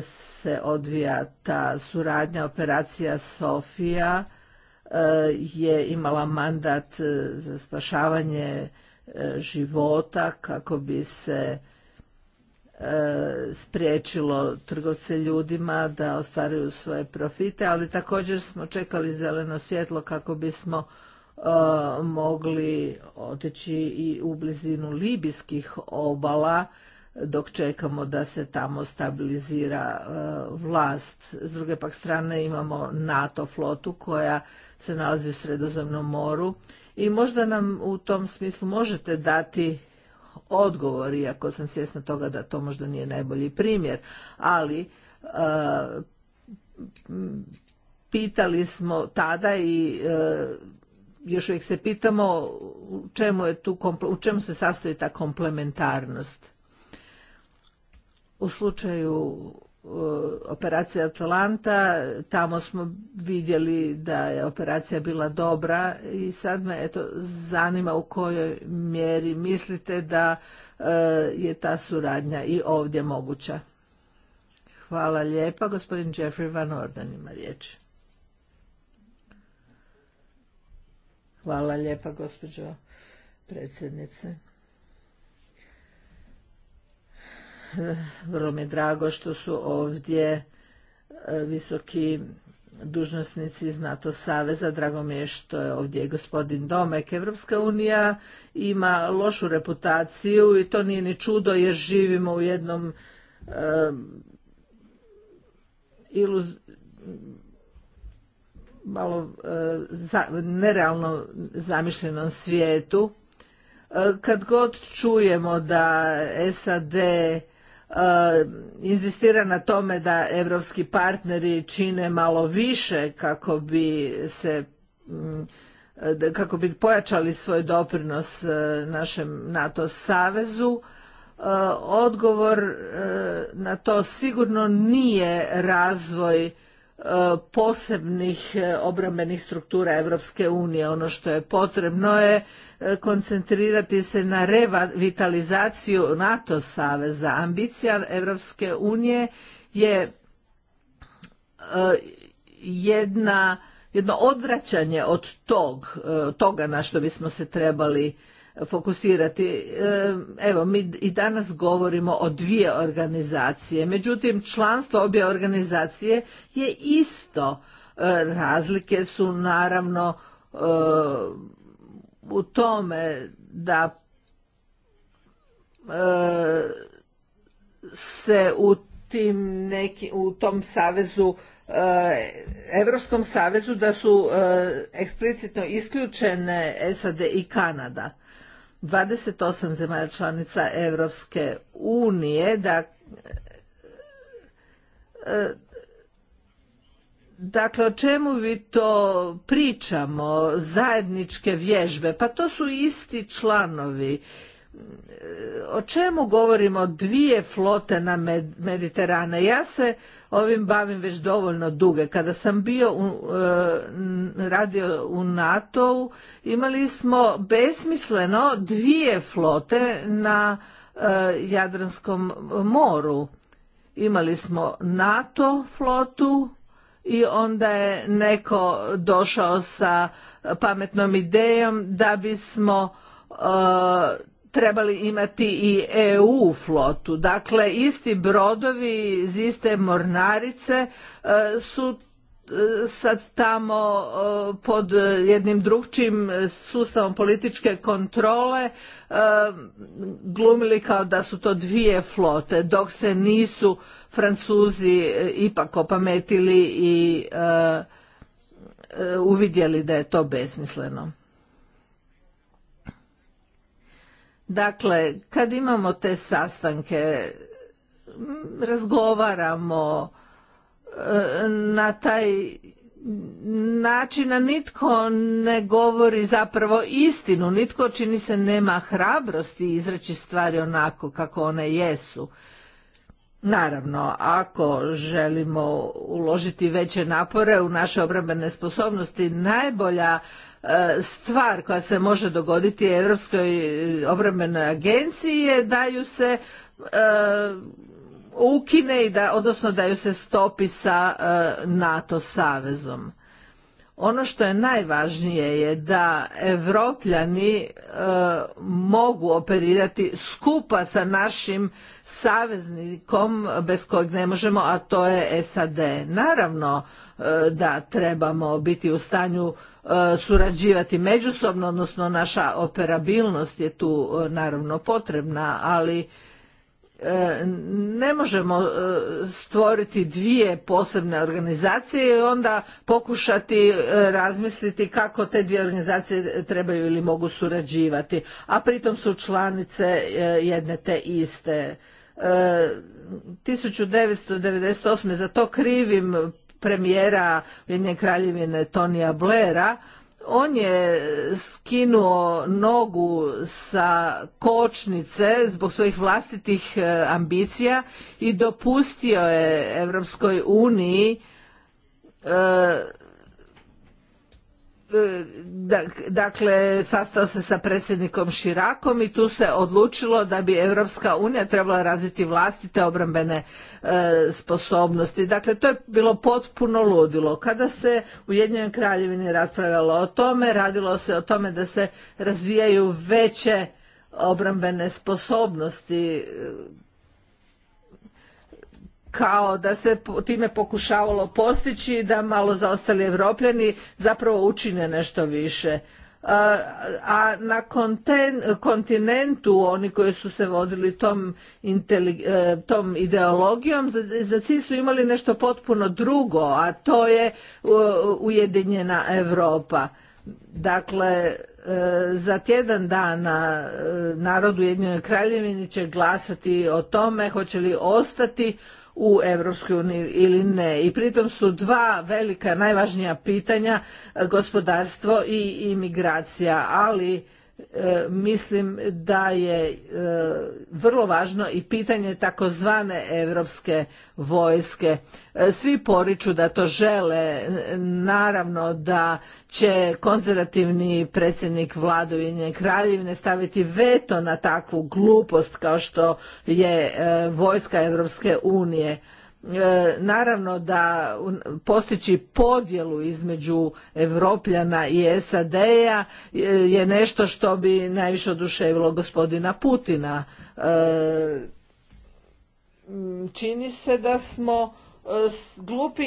se odvija ta suradnja operacija Sofija, je imala mandat e, za spašavanje e, života kako bi se e, spriječilo trgovce ljudima da ostvaruju svoje profite, ali također smo čekali zeleno svjetlo kako bismo mogli otići i u blizinu libijskih obala dok čekamo da se tamo stabilizira vlast. S druge pak strane imamo NATO flotu koja se nalazi u Sredozemnom moru i možda nam u tom smislu možete dati odgovor, iako sam svjesna toga da to možda nije najbolji primjer, ali e, pitali smo tada i e, još uvijek se pitamo u čemu, je tu, u čemu se sastoji ta komplementarnost. U slučaju E, operacija Atalanta, tamo smo vidjeli da je operacija bila dobra i sad me eto zanima u kojoj mjeri mislite da e, je ta suradnja i ovdje moguća. Hvala lijepa, gospodin Jeffrey Van Orden ima riječ. Hvala lijepa, gospođo predsjednice. vrlo mi je drago što su ovdje e, visoki dužnosnici iz NATO saveza. Drago mi je što je ovdje gospodin Domek. Evropska unija ima lošu reputaciju i to nije ni čudo jer živimo u jednom e, malo e, nerealno zamišljenom svijetu. kad god čujemo da SAD Eh, inzistira na tome da evropski partneri čine malo više kako bi se mm, kako bi pojačali svoj doprinos eh, našem NATO savezu eh, odgovor na to sigurno nije razvoj posebnih e, obrambenih struktura Europske unije. Ono što je potrebno je e, koncentrirati se na revitalizaciju NATO saveza. Ambicija Europske unije je e, jedno odvraćanje od tog, toga na što bismo se trebali fokusirati. E, evo, mi i danas govorimo o dvije organizacije, međutim članstvo obje organizacije je isto. E, razlike su naravno e, u tome da se u tim neki, u tom savezu Europskom savezu da su eksplicitno isključene SAD i Kanada. 28 zemalja članica Europske unije da Dakle, o čemu vi to pričamo, zajedničke vježbe? Pa to su isti članovi o čemu govorimo dvije flote na Mediterane? Ja se ovim bavim već dovoljno duge. Kada sam bio u, e, radio u NATO-u, imali smo besmisleno dvije flote na e, Jadranskom moru. Imali smo NATO flotu i onda je neko došao sa pametnom idejom da bismo e, trebali imati i EU flotu. Dakle, isti brodovi iz iste mornarice e, su e, sad tamo e, pod jednim drugčijim sustavom političke kontrole glumili kao da su to dvije flote, dok se nisu Francuzi ipak opametili i uvidjeli da je to besmisleno. Dakle, kad imamo te sastanke, razgovaramo e, na taj način, a nitko ne govori zapravo istinu, nitko čini se nema hrabrosti izreći stvari onako kako one jesu. Naravno, ako želimo uložiti veće napore u naše obrambene sposobnosti, najbolja E, stvar koja se može dogoditi Europskoj e, obrambenoj agenciji je da ju se e, ukine i da, odnosno da ju se stopi sa NATO savezom ono što je najvažnije je da evropljani e, mogu operirati skupa sa našim saveznikom bez kojeg ne možemo a to je SAD naravno e, da trebamo biti u stanju e, surađivati međusobno odnosno naša operabilnost je tu naravno potrebna ali E, ne možemo e, stvoriti dvije posebne organizacije i onda pokušati e, razmisliti kako te dvije organizacije trebaju ili mogu surađivati, a pritom su članice jedne te iste. 1998. za to krivim premijera Ujedinjene kraljevine Tonija Blera, on je skinuo nogu sa kočnice zbog svojih vlastitih e, ambicija i dopustio je Europskoj uniji e, dakle sastao se sa predsjednikom Širakom i tu se odlučilo da bi Europska unija trebala razviti vlastite obrambene e, sposobnosti. Dakle, to je bilo potpuno ludilo. Kada se u Jednjoj kraljevini raspravljalo o tome, radilo se o tome da se razvijaju veće obrambene sposobnosti kao da se time pokušavalo postići da malo zaostali evropljani zapravo učine nešto više. E, a na kontinentu oni koji su se vodili tom, e, tom ideologijom za cilj su imali nešto potpuno drugo, a to je Ujedinjena Europa. Dakle, e, za tjedan dana narod u Ujedinjenoj kraljevini će glasati o tome hoće li ostati u Europskoj uniji ili ne. I pritom su dva velika najvažnija pitanja gospodarstvo i imigracija, ali E, mislim da je e, vrlo važno i pitanje takozvane europske vojske. E, svi poriču da to žele, naravno da će konzervativni predsjednik vladovinje kraljevine staviti veto na takvu glupost kao što je vojska Evropske unije E, naravno da postići podjelu između Evropljana i SAD-a e, je nešto što bi najviše oduševilo gospodina Putina. E, čini se da smo glupi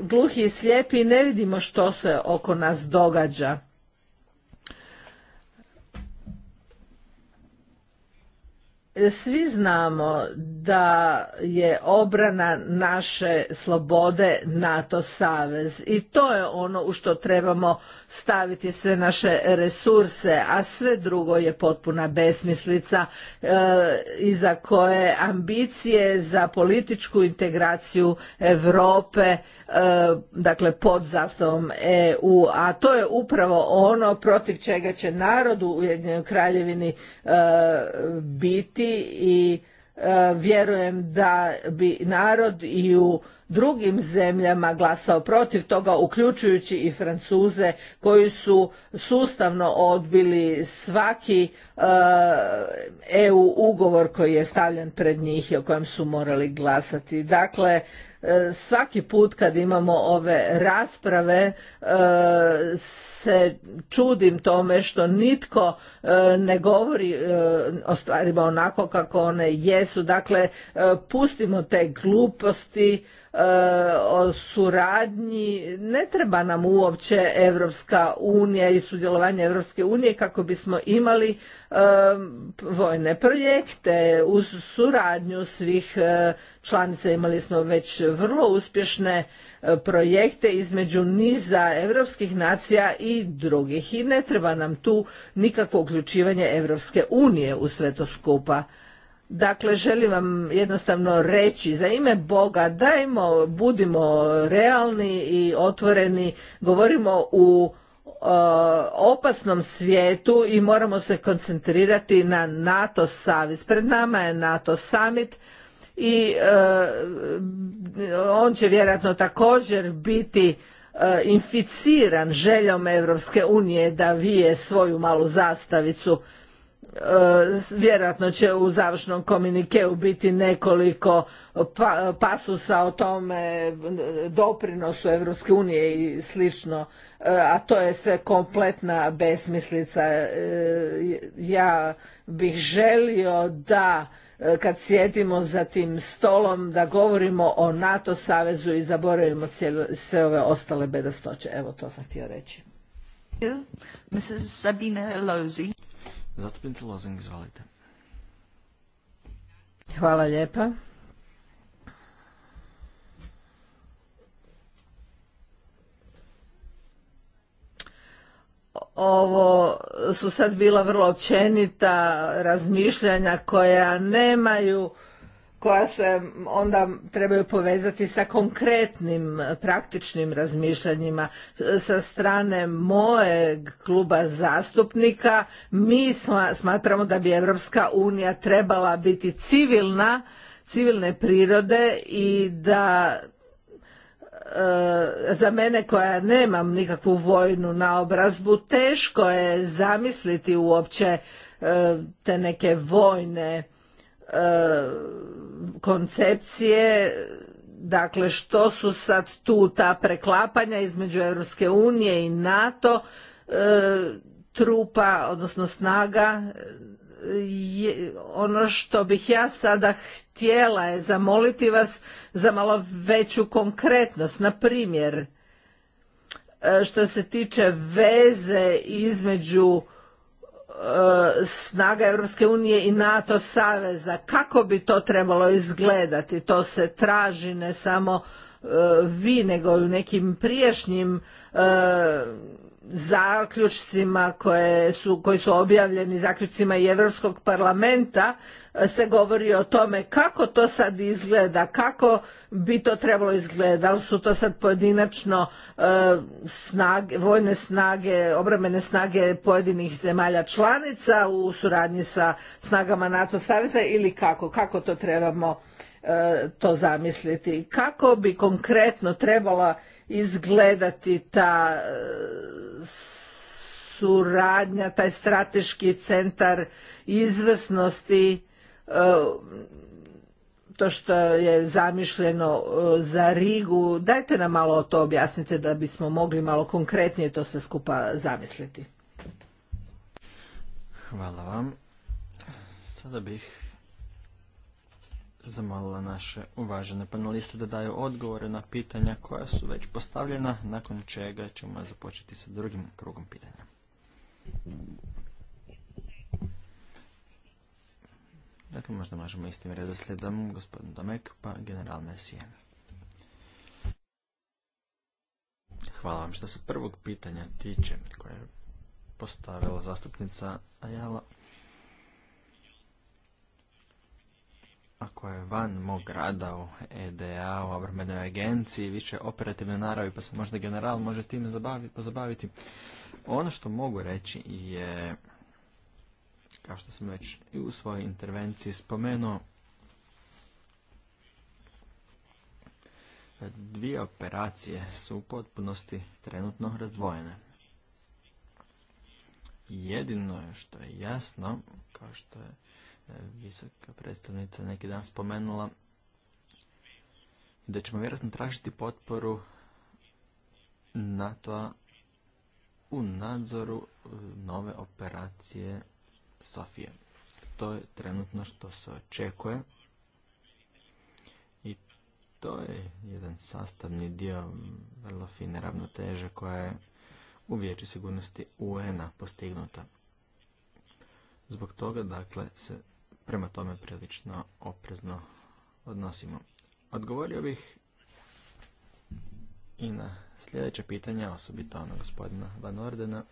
gluhi i slijepi i ne vidimo što se oko nas događa. Svi znamo da je obrana naše slobode NATO savez i to je ono u što trebamo staviti sve naše resurse, a sve drugo je potpuna besmislica e, iza koje ambicije za političku integraciju Europe E, dakle pod zastavom EU, a to je upravo ono protiv čega će narod u Ujedinjenoj kraljevini e, biti i e, vjerujem da bi narod i u drugim zemljama glasao protiv toga, uključujući i Francuze koji su sustavno odbili svaki eh, EU ugovor koji je stavljen pred njih i o kojem su morali glasati. Dakle, eh, svaki put kad imamo ove rasprave eh, se čudim tome što nitko ne govori o stvarima onako kako one jesu. Dakle, pustimo te gluposti, E, o suradnji ne treba nam uopće Evropska unija i sudjelovanje Evropske unije kako bismo imali e, vojne projekte uz suradnju svih e, članica imali smo već vrlo uspješne projekte između niza evropskih nacija i drugih i ne treba nam tu nikakvo uključivanje Evropske unije u sve to skupa Dakle, želim vam jednostavno reći za ime Boga dajmo, budimo realni i otvoreni, govorimo u e, opasnom svijetu i moramo se koncentrirati na NATO savez. Pred nama je NATO summit i e, on će vjerojatno također biti e, inficiran željom Europske unije da vije svoju malu zastavicu E, vjerojatno će u završnom komunikeu biti nekoliko pa, pasusa o tome doprinosu Europske unije i slično, e, a to je sve kompletna besmislica. E, ja bih želio da kad sjedimo za tim stolom da govorimo o NATO savezu i zaboravimo sve ove ostale bedastoće. Evo to sam htio reći. Mrs. Sabine Lozi. Zastupnica Lozing, izvalite. Hvala lijepa. ovo su sad bila vrlo općenita razmišljanja koja nemaju koja se onda trebaju povezati sa konkretnim eh, praktičnim razmišljanjima eh, sa strane mojeg kluba zastupnika mi smatramo da bi Europska unija trebala biti civilna civilne prirode i da eh, za mene koja nemam nikakvu vojnu naobrazbu teško je zamisliti uopće te neke vojne E, koncepcije dakle što su sad tu ta preklapanja između Europske unije i NATO e, trupa odnosno snaga je, ono što bih ja sada htjela je zamoliti vas za malo veću konkretnost na primjer e, što se tiče veze između E, snaga Europske unije i NATO saveza. Kako bi to trebalo izgledati? To se traži ne samo e, vi, nego i u nekim prijašnjim e, zaključcima koje su, koji su objavljeni zaključcima i Europskog parlamenta e, se govori o tome kako to sad izgleda, kako bi to trebalo izgledati, da li su to sad pojedinačno e, vojne snage, obrambene snage pojedinih zemalja članica u suradnji sa snagama NATO saveza ili kako, kako to trebamo e, to zamisliti. Kako bi konkretno trebala izgledati ta e, suradnja, taj strateški centar izvrsnosti, e, to što je zamišljeno e, za Rigu. Dajte nam malo to objasnite da bismo mogli malo konkretnije to sve skupa zamisliti. Hvala vam. Sada bih zamolila naše uvažene paneliste da daju odgovore na pitanja koja su već postavljena, nakon čega ćemo započeti sa drugim krugom pitanja. Dakle, možda možemo istim redoslijedom gospodin Domek pa general mesije Hvala vam što se prvog pitanja tiče koje je postavila zastupnica Ajala. koja je van mog rada u EDA, u obrambenoj agenciji, više operativne naravi, pa se možda general može time zabaviti, pozabaviti. Ono što mogu reći je, kao što sam već i u svojoj intervenciji spomenuo, dvije operacije su u potpunosti trenutno razdvojene. Jedino što je jasno, kao što je E, visoka predstavnica neki dan spomenula da ćemo vjerojatno tražiti potporu NATO-a u nadzoru e, nove operacije Sofije. To je trenutno što se očekuje i to je jedan sastavni dio vrlo fine ravnoteže koja je u Vijeću sigurnosti UN-a postignuta. Zbog toga, dakle, se prema tome prilično oprezno odnosimo. Odgovorio bih i na sljedeće pitanja, osobito ono gospodina Van Ordena.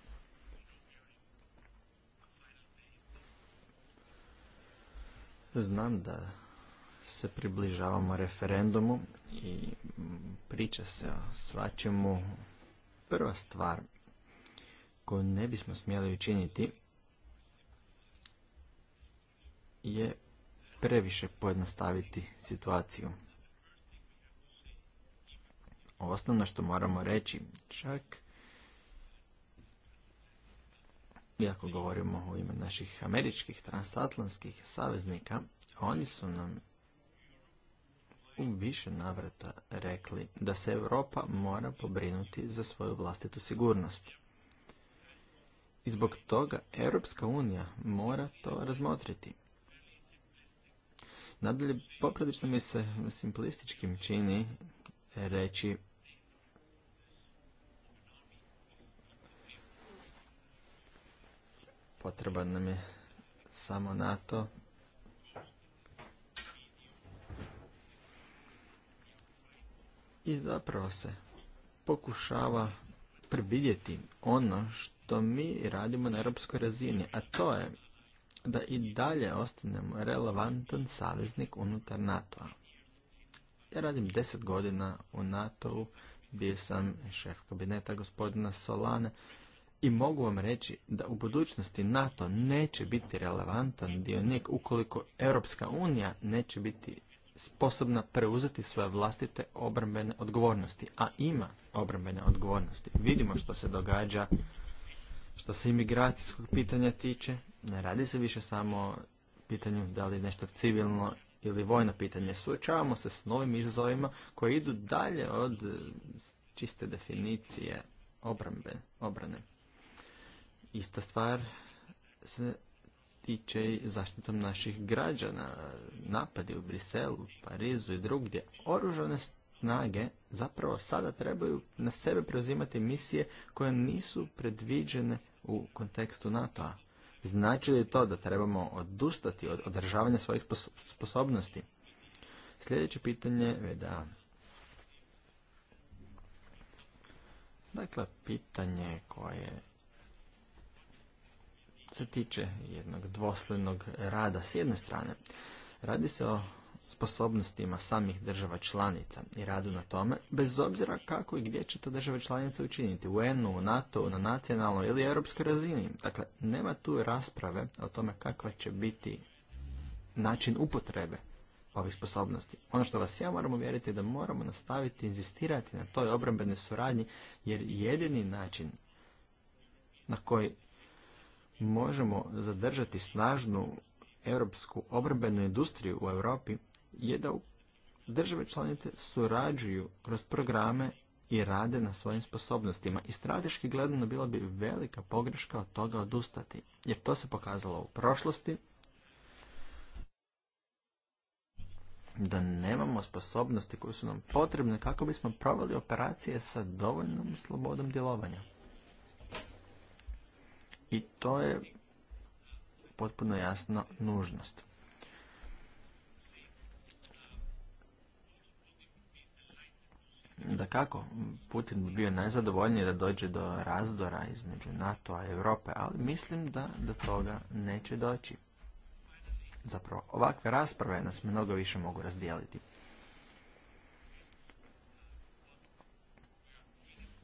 Znam da se približavamo referendumu i priča se o svačemu. Prva stvar koju ne bismo smjeli učiniti je previše pojednostaviti situaciju. Osnovno što moramo reći, čak iako govorimo u ime naših američkih transatlantskih saveznika, oni su nam u više navrata rekli da se Europa mora pobrinuti za svoju vlastitu sigurnost. I zbog toga Europska unija mora to razmotriti. Nadalje, poprilično mi se simplističkim čini reći potreba nam je samo NATO. I zapravo se pokušava previdjeti ono što mi radimo na europskoj razini, a to je da i dalje ostanemo relevantan saveznik unutar NATO-a. Ja radim deset godina u NATO-u, bio sam šef kabineta gospodina Solane i mogu vam reći da u budućnosti NATO neće biti relevantan dionik ukoliko Europska unija neće biti sposobna preuzeti svoje vlastite obrambene odgovornosti, a ima obrambene odgovornosti. Vidimo što se događa što se imigracijskog pitanja tiče, ne radi se više samo o pitanju da li je nešto civilno ili vojno pitanje. Suočavamo se s novim izazovima koji idu dalje od čiste definicije obrambe, obrane. Ista stvar se tiče i zaštitom naših građana, napadi u Briselu, Parizu i drugdje. Oružane snage zapravo sada trebaju na sebe preuzimati misije koje nisu predviđene u kontekstu NATO-a. Znači li to da trebamo odustati od održavanja svojih sposobnosti? Sljedeće pitanje je da... Dakle, pitanje koje se tiče jednog dvoslojnog rada s jedne strane. Radi se o sposobnostima samih država članica i radu na tome, bez obzira kako i gdje će to države članice učiniti, u UN-u, u u nato na nacionalnoj ili europskoj razini. Dakle, nema tu rasprave o tome kakva će biti način upotrebe ovih sposobnosti. Ono što vas ja moram uvjeriti je da moramo nastaviti inzistirati na toj obrambenoj suradnji, jer jedini način na koji možemo zadržati snažnu europsku obrambenu industriju u Europi je da države članice surađuju kroz programe i rade na svojim sposobnostima i strateški gledano bila bi velika pogreška od toga odustati, jer to se pokazalo u prošlosti da nemamo sposobnosti koje su nam potrebne kako bismo proveli operacije sa dovoljnom slobodom djelovanja. I to je potpuno jasno nužnost. Da kako, Putin bi bio najzadovoljniji da dođe do razdora između NATO-a i Europe, ali mislim da do toga neće doći. Zapravo, ovakve rasprave nas mnogo više mogu razdijeliti.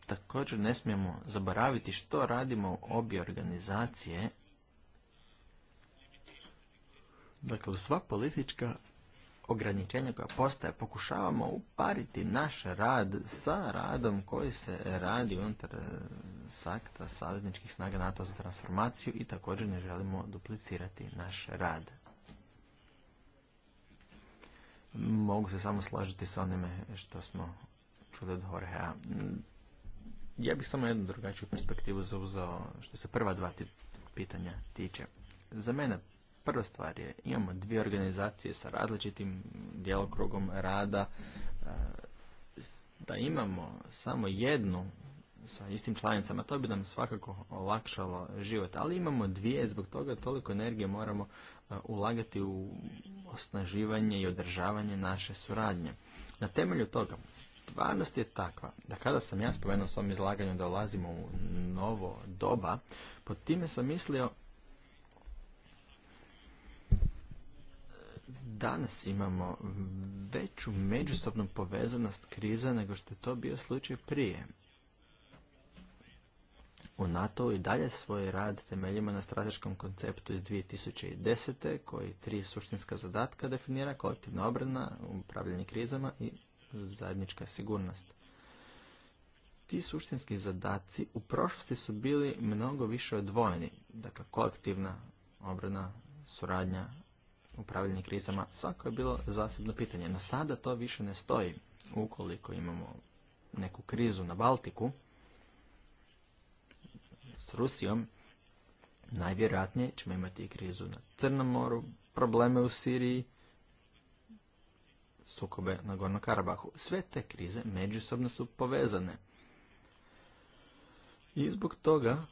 Također ne smijemo zaboraviti što radimo u obje organizacije. Dakle, sva politička ograničenja koja postaje, pokušavamo upariti naš rad sa radom koji se radi unutar e, sakta savezničkih snaga NATO za transformaciju i također ne želimo duplicirati naš rad. Mogu se samo složiti s onime što smo čuli od Horhea. Ja bih samo jednu drugačiju perspektivu zauzao što se prva dva pitanja tiče. Za mene Prva stvar je, imamo dvije organizacije sa različitim djelokrugom rada. E, da imamo samo jednu sa istim članicama, to bi nam svakako olakšalo život. Ali imamo dvije, zbog toga toliko energije moramo e, ulagati u osnaživanje i održavanje naše suradnje. Na temelju toga, stvarnost je takva da kada sam ja spomenuo s svom izlaganju da ulazimo u novo doba, pod time sam mislio danas imamo veću međusobnu povezanost kriza nego što je to bio slučaj prije. U NATO i dalje svoj rad temeljimo na strateškom konceptu iz 2010. koji tri suštinska zadatka definira kolektivna obrana, upravljanje krizama i zajednička sigurnost. Ti suštinski zadaci u prošlosti su bili mnogo više odvojeni, dakle kolektivna obrana, suradnja, upravljanje krizama, svako je bilo zasebno pitanje. No sada to više ne stoji. Ukoliko imamo neku krizu na Baltiku s Rusijom, najvjerojatnije ćemo imati i krizu na Crnom moru, probleme u Siriji, sukobe na Gornom Karabahu. Sve te krize međusobno su povezane. I zbog toga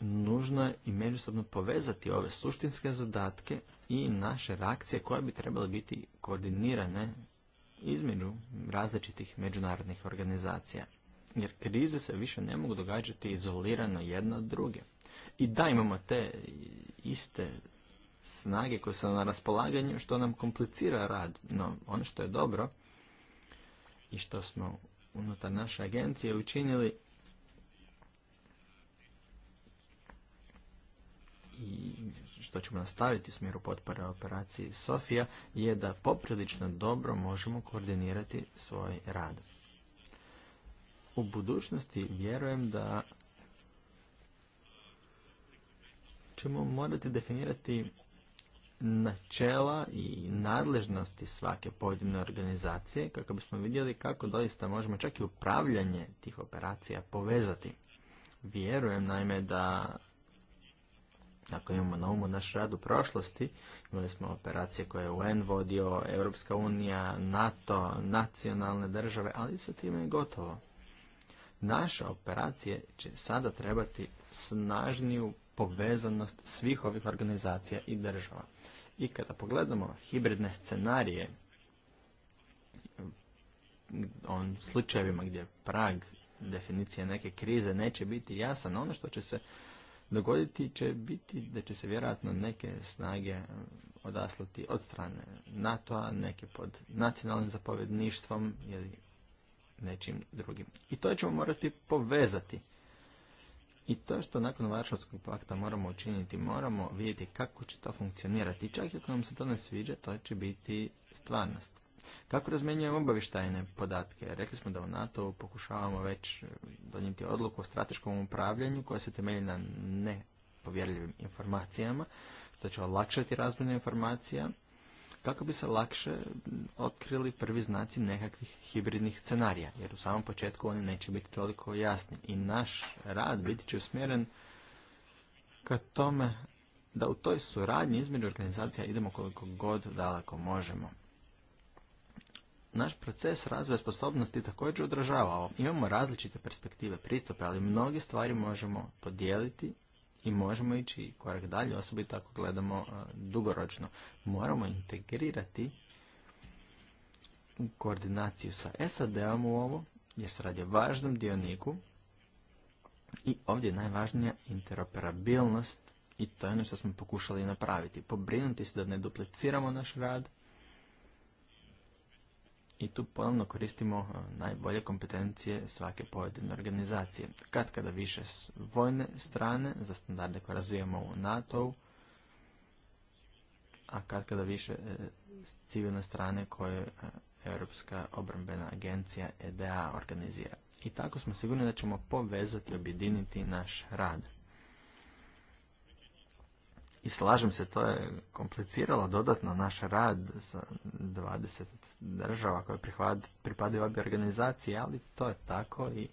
nužno je i međusobno povezati ove suštinske zadatke i naše reakcije koje bi trebale biti koordinirane između različitih međunarodnih organizacija. Jer krize se više ne mogu događati izolirano jedna od druge. I da imamo te iste snage koje su na raspolaganju što nam komplicira rad. No ono što je dobro i što smo unutar naše agencije učinili i što ćemo nastaviti u smjeru potpore operaciji Sofija je da poprilično dobro možemo koordinirati svoj rad. U budućnosti vjerujem da ćemo morati definirati načela i nadležnosti svake pojedine organizacije kako bismo vidjeli kako doista možemo čak i upravljanje tih operacija povezati. Vjerujem naime da ako imamo na umu naš rad u prošlosti, imali smo operacije koje je UN vodio, Europska unija, NATO, nacionalne države, ali sa time je gotovo. Naše operacije će sada trebati snažniju povezanost svih ovih organizacija i država. I kada pogledamo hibridne scenarije, on slučajevima gdje prag definicija neke krize neće biti jasan, ono što će se dogoditi će biti da će se vjerojatno neke snage eh, odaslati od strane NATO-a, neke pod nacionalnim zapovjedništvom ili nečim drugim. I to ćemo morati povezati. I to što nakon Varšavskog pakta moramo učiniti, moramo vidjeti kako će to funkcionirati. I čak i ako nam se to ne sviđa, to će biti stvarnost. Kako razmenjujemo obavještajne podatke? Rekli smo da u NATO pokušavamo već donijeti odluku o strateškom upravljanju koja se temelji na nepovjerljivim informacijama, što će olakšati razmjenu informacija, kako bi se lakše otkrili prvi znaci nekakvih hibridnih scenarija, jer u samom početku oni neće biti toliko jasni. I naš rad biti će usmjeren ka tome da u toj suradnji između organizacija idemo koliko god daleko možemo naš proces razvoja sposobnosti također ovo. Imamo različite perspektive pristupe, ali mnoge stvari možemo podijeliti i možemo ići korak dalje, osobito ako gledamo e, dugoročno. Moramo integrirati u koordinaciju sa SAD-om u ovo, jer se radi o važnom dioniku i ovdje je najvažnija interoperabilnost i to je ono što smo pokušali napraviti. Pobrinuti se da ne dupliciramo naš rad, i tu ponovno koristimo e, najbolje kompetencije svake pojedine organizacije. Kad kada više vojne strane za standarde koje razvijamo u NATO-u, a kad kada više e, civilne strane koje e, Europska obrambena agencija EDA organizira. I tako smo sigurni da ćemo povezati, objediniti naš rad. I slažem se, to je kompliciralo dodatno naš rad sa 20 država koje pripadaju obje organizacije, ali to je tako i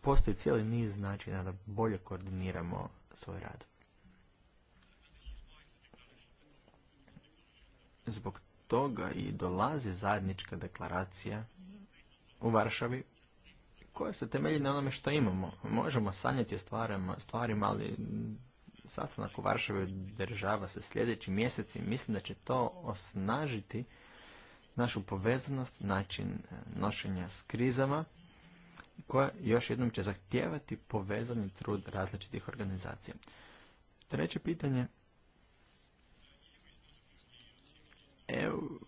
postoji cijeli niz načina da bolje koordiniramo svoj rad. Zbog toga i dolazi zajednička deklaracija u Varšavi koja se temelji na onome što imamo. Možemo sanjati o stvarima, stvarima ali sastanak u Varšavi država se sljedeći mjesec i mislim da će to osnažiti našu povezanost, način e, nošenja s krizama, koja još jednom će zahtijevati povezani trud različitih organizacija. Treće pitanje. EU,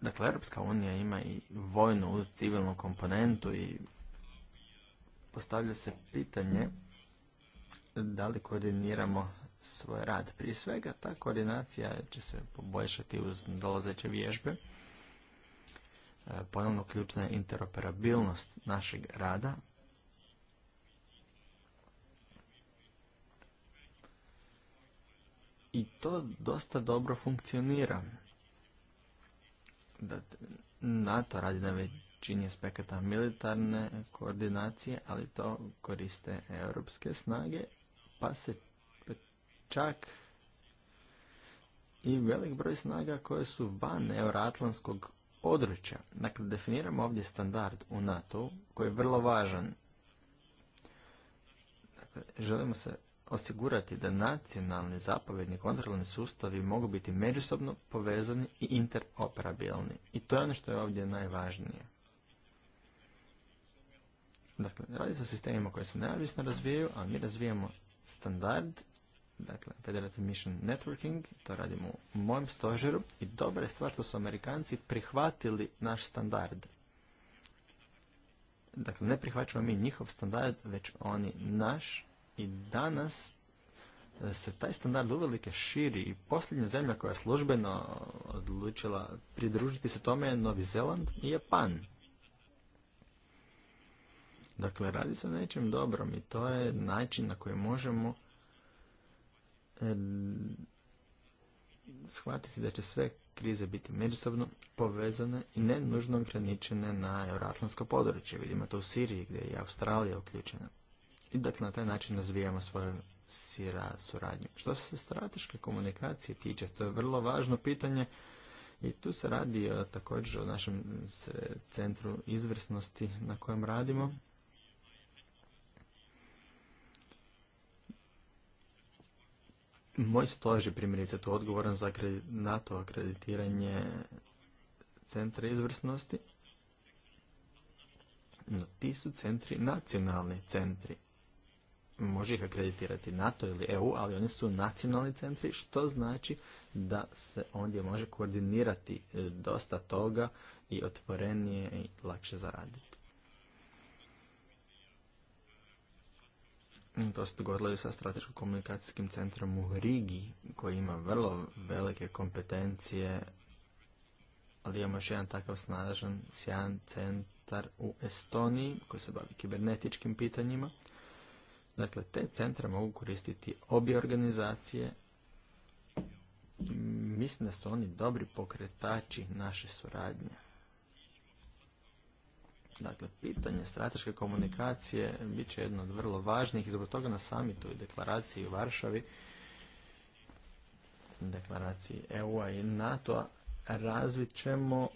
dakle, Europska unija ima i vojnu civilnu komponentu i postavlja se pitanje da li koordiniramo svoj rad. Prije svega ta koordinacija će se poboljšati uz dolazeće vježbe. E, ponovno ključna je interoperabilnost našeg rada. I to dosta dobro funkcionira. NATO radi na većini aspekata militarne koordinacije, ali to koriste europske snage pa se čak i velik broj snaga koje su van euroatlantskog područja. Dakle, definiramo ovdje standard u NATO koji je vrlo važan. Dakle, želimo se osigurati da nacionalni zapovjedni kontrolni sustavi mogu biti međusobno povezani i interoperabilni. I to je ono što je ovdje najvažnije. Dakle, radi se o sistemima koji se neovisno razvijaju, a mi razvijamo standard, dakle Federative Mission Networking, to radimo u mojem stožeru i dobra je stvar što su Amerikanci prihvatili naš standard. Dakle, ne prihvaćamo mi njihov standard, već oni naš i danas e, se taj standard uvelike širi i posljednja zemlja koja je službeno odlučila pridružiti se tome je Novi Zeland i Japan. Dakle, radi se o nečem dobrom i to je način na koji možemo e, shvatiti da će sve krize biti međusobno povezane i ne nužno ograničene na euroatlantsko područje. Vidimo to u Siriji gdje je i Australija uključena. I dakle na taj način razvijamo svoju sira suradnju. Što se strateške komunikacije tiče, to je vrlo važno pitanje i tu se radi također o našem centru izvrsnosti na kojem radimo. Moj stoži primjerice tu odgovoran za NATO akreditiranje centra izvrsnosti. No ti su centri nacionalni centri. Može ih akreditirati NATO ili EU, ali oni su nacionalni centri, što znači da se ondje može koordinirati e, dosta toga i otvorenije i lakše zaraditi. Mm, to se dogodilo i sa strateško-komunikacijskim centrom u Rigi, koji ima vrlo velike kompetencije, ali imamo još jedan takav snažan, sjajan centar u Estoniji, koji se bavi kibernetičkim pitanjima. Dakle, te centre mogu koristiti obje organizacije. Mislim da su oni dobri pokretači naše suradnje. Dakle, pitanje strateške komunikacije bit će jedno od vrlo važnih i zbog toga na samitu i deklaraciji u Varšavi, deklaraciji EU-a i NATO-a, razvit ćemo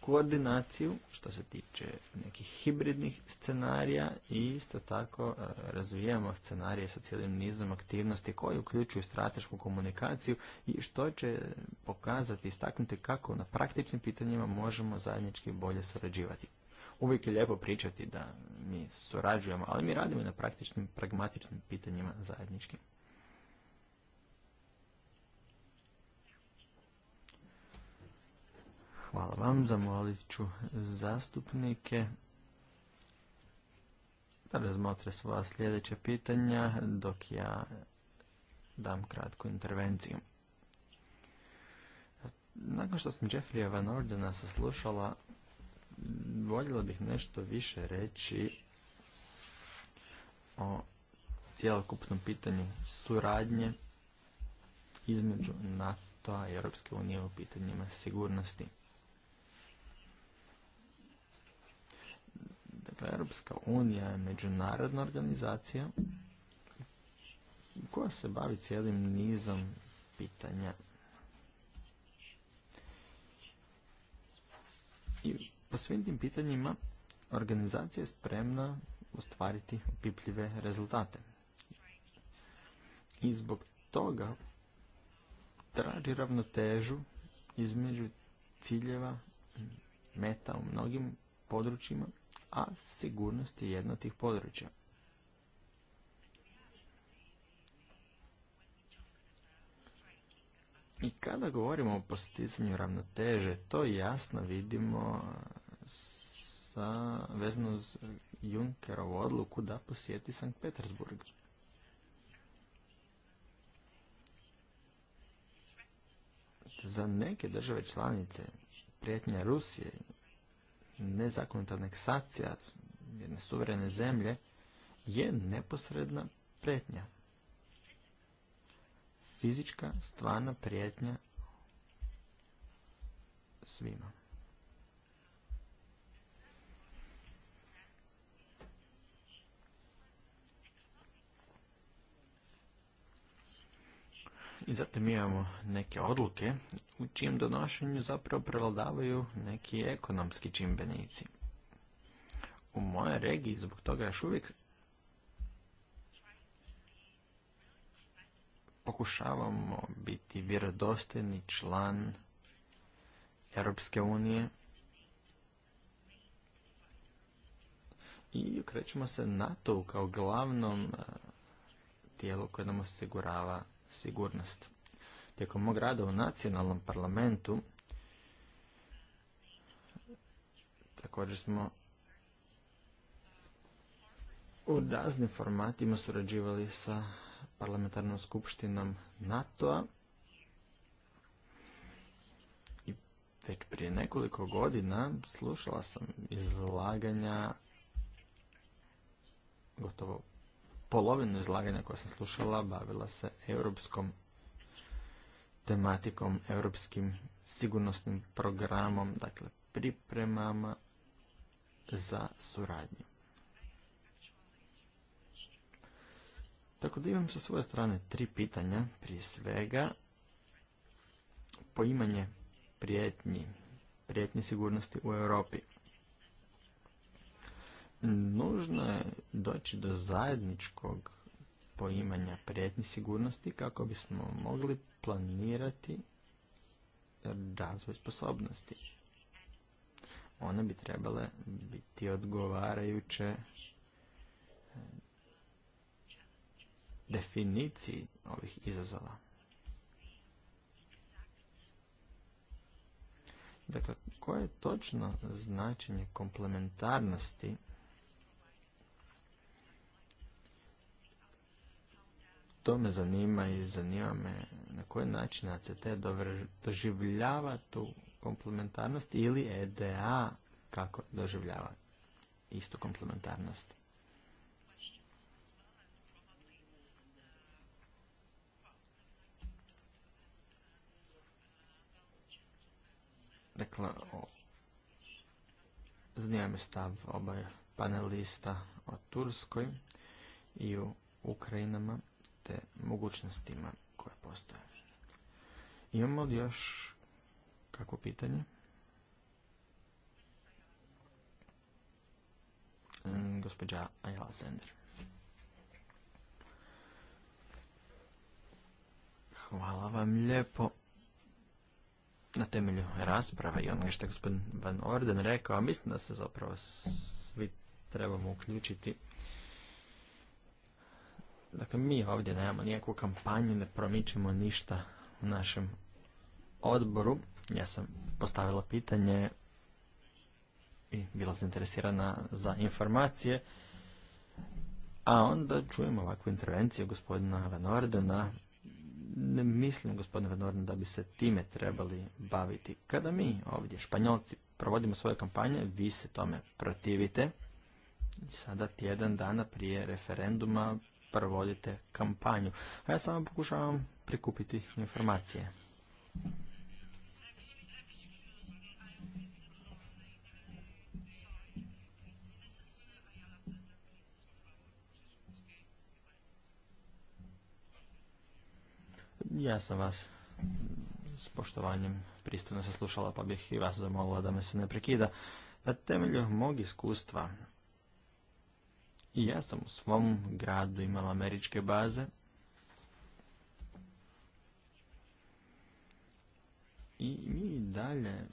koordinaciju što se tiče nekih hibridnih scenarija i isto tako e, razvijamo scenarije sa cijelim nizom aktivnosti koji uključuju stratešku komunikaciju i što će pokazati, istaknuti kako na praktičnim pitanjima možemo zajednički bolje surađivati. Uvijek je lijepo pričati da mi surađujemo, ali mi radimo na praktičnim, pragmatičnim pitanjima zajedničkim. Hvala vam, zamolit ću zastupnike da razmotre svoja sljedeća pitanja dok ja dam kratku intervenciju. Nakon što sam Jeffrey Van Ordena saslušala, voljela bih nešto više reći o cijelokupnom pitanju suradnje između NATO-a i Europske unije u pitanjima sigurnosti. Dakle, Europska unija je međunarodna organizacija koja se bavi cijelim nizom pitanja. I po svim tim pitanjima organizacija je spremna ostvariti opipljive rezultate. I zbog toga traži ravnotežu između ciljeva meta u mnogim područjima a sigurnost je jedno tih područja. I kada govorimo o postizanju ravnoteže, to jasno vidimo sa, vezano uz Junkerovu odluku da posjeti Sankt Petersburg. Za neke države članice prijetnja Rusije nezakonita aneksacija jedne suverene zemlje je neposredna prijetnja. Fizička, stvarna prijetnja svima. I zatim imamo neke odluke u čijem donošenju zapravo prevladavaju neki ekonomski čimbenici. U mojoj regiji zbog toga još uvijek pokušavamo biti vjerodostojni član Europske unije i okrećemo se NATO kao glavnom eh, tijelu koje nam osigurava sigurnost. Tijekom mog rada u nacionalnom parlamentu također smo u raznim formatima surađivali sa parlamentarnom skupštinom NATO-a i već prije nekoliko godina slušala sam izlaganja gotovo polovinu izlaganja koja sam slušala bavila se europskom tematikom, europskim sigurnosnim programom, dakle pripremama za suradnju. Tako da imam sa svoje strane tri pitanja. Prije svega, poimanje prijetnji, sigurnosti u Europi nužno je doći do zajedničkog poimanja prijetnji sigurnosti kako bismo mogli planirati razvoj sposobnosti. One bi trebale biti odgovarajuće e, definiciji ovih izazova. Dakle, koje je točno značenje komplementarnosti to me zanima i zanima me na koji način ACT doživljava tu komplementarnost ili EDA kako doživljava istu komplementarnost. Dakle, zanima me stav obaj panelista o Turskoj i u Ukrajinama te mogućnostima koje postoje. Imamo li još kako pitanje? Mm, gospođa Ayala Sender. Hvala vam lijepo. Na temelju rasprava i onoga što je gospodin Van Orden rekao, mislim da se zapravo svi trebamo uključiti Dakle, mi ovdje nemamo nijakvu kampanju, ne promičemo ništa u našem odboru. Ja sam postavila pitanje i bila zainteresirana za informacije. A onda čujemo ovakvu intervenciju gospodina Van Ordena. Ne mislim, gospodine Van da bi se time trebali baviti. Kada mi ovdje, španjolci, provodimo svoje kampanje, vi se tome protivite. Sada tjedan dana prije referenduma provodite kampanju. A ja samo pokušavam prikupiti informacije. Ja sam vas s poštovanjem pristojno saslušala, pa bih i vas zamolila da me se ne prekida. Na temelju mog iskustva i ja sam u svom gradu imala američke baze. I mi dalje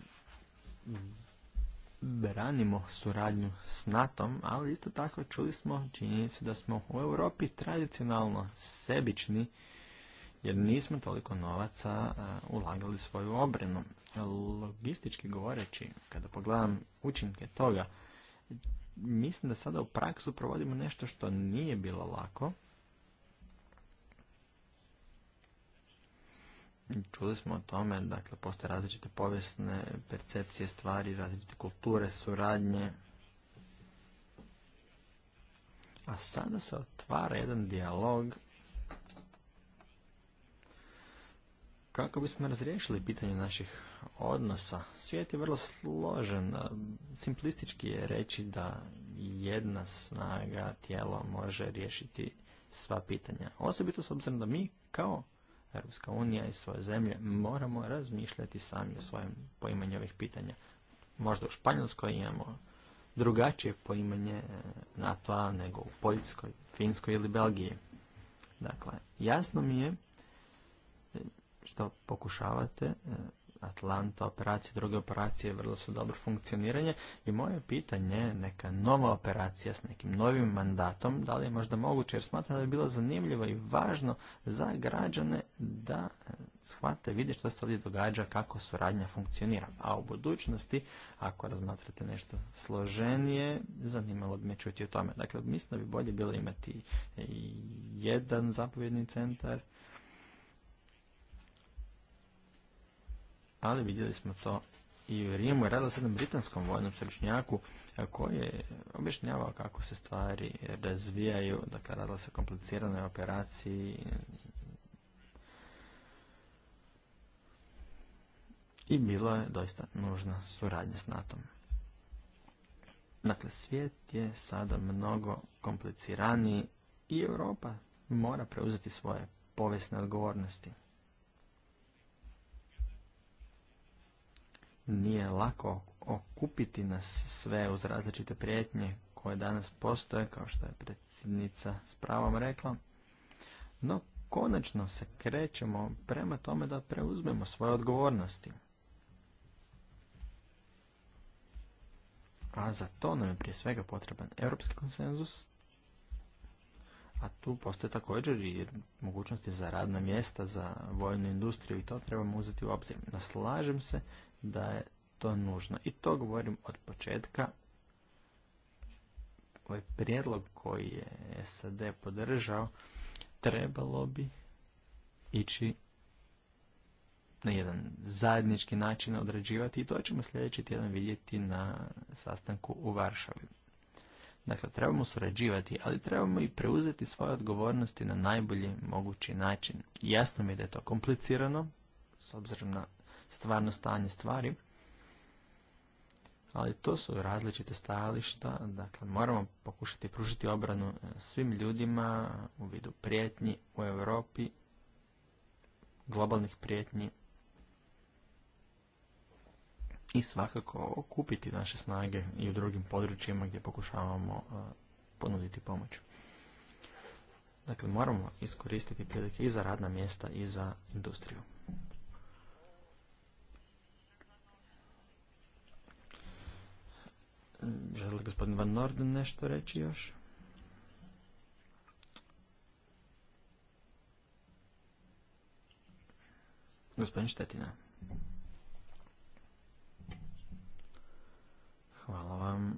branimo suradnju s NATO-om, ali isto tako čuli smo činjenicu da smo u Europi tradicionalno sebični, jer nismo toliko novaca ulagali svoju obranu. Logistički govoreći, kada pogledam učinke toga, mislim da sada u praksu provodimo nešto što nije bilo lako. Čuli smo o tome, dakle, postoje različite povijesne percepcije stvari, različite kulture, suradnje. A sada se otvara jedan dijalog kako bismo razriješili pitanje naših odnosa. Svijet je vrlo složen. Simplistički je reći da jedna snaga tijelo može riješiti sva pitanja. Osobito s obzirom da mi kao Europska unija i svoje zemlje moramo razmišljati sami o svojem poimanju ovih pitanja. Možda u Španjolskoj imamo drugačije poimanje NATO-a nego u Poljskoj, Finskoj ili Belgiji. Dakle, jasno mi je što pokušavate Atlanta operacije, druge operacije vrlo su dobro funkcioniranje i moje pitanje neka nova operacija s nekim novim mandatom, da li je možda moguće jer smatram da bi bilo zanimljivo i važno za građane da shvate, vide što se ovdje događa, kako suradnja funkcionira. A u budućnosti, ako razmatrate nešto složenije, zanimalo bi me čuti o tome. Dakle, mislim da bi bolje bilo imati jedan zapovjedni centar, ali vidjeli smo to i u Rimu je radilo se jednom britanskom vojnom stručnjaku koji je objašnjavao kako se stvari razvijaju, dakle radilo se kompliciranoj operaciji i bilo je doista nužna suradnja s NATO-om. Dakle, svijet je sada mnogo kompliciraniji i Europa mora preuzeti svoje povijesne odgovornosti. nije lako okupiti nas sve uz različite prijetnje koje danas postoje, kao što je predsjednica s pravom rekla. No, konačno se krećemo prema tome da preuzmemo svoje odgovornosti. A za to nam je prije svega potreban europski konsenzus, a tu postoje također i mogućnosti za radna mjesta, za vojnu industriju i to trebamo uzeti u obzir. Naslažem se da je to nužno. I to govorim od početka. Ovaj prijedlog koji je SAD podržao trebalo bi ići na jedan zajednički način određivati i to ćemo sljedeći tjedan vidjeti na sastanku u Varšavi. Dakle, trebamo surađivati, ali trebamo i preuzeti svoje odgovornosti na najbolji mogući način. Jasno mi je da je to komplicirano, s obzirom na stvarno stanje stvari. Ali to su različite stajališta, dakle moramo pokušati pružiti obranu e, svim ljudima u vidu prijetnji u Europi, globalnih prijetnji i svakako okupiti naše snage i u drugim područjima gdje pokušavamo e, ponuditi pomoć. Dakle, moramo iskoristiti prilike i za radna mjesta i za industriju. Želi gospodin Van Norden nešto reći još? Gospodin Štetina. Hvala vam.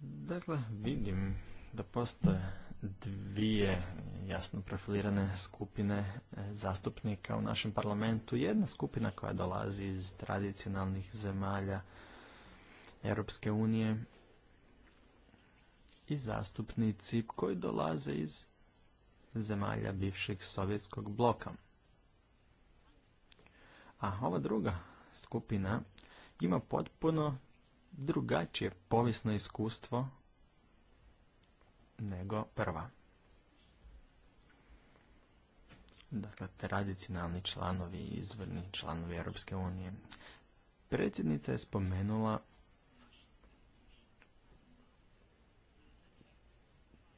Dakle, vidim da postoje dvije jasno profilirane skupine e, zastupnika u našem parlamentu. Jedna skupina koja dolazi iz tradicionalnih zemalja Europske unije i zastupnici koji dolaze iz zemalja bivšeg sovjetskog bloka. A ova druga skupina ima potpuno drugačije povijesno iskustvo nego prva. Dakle, tradicionalni članovi i izvorni članovi Europske unije. Predsjednica je spomenula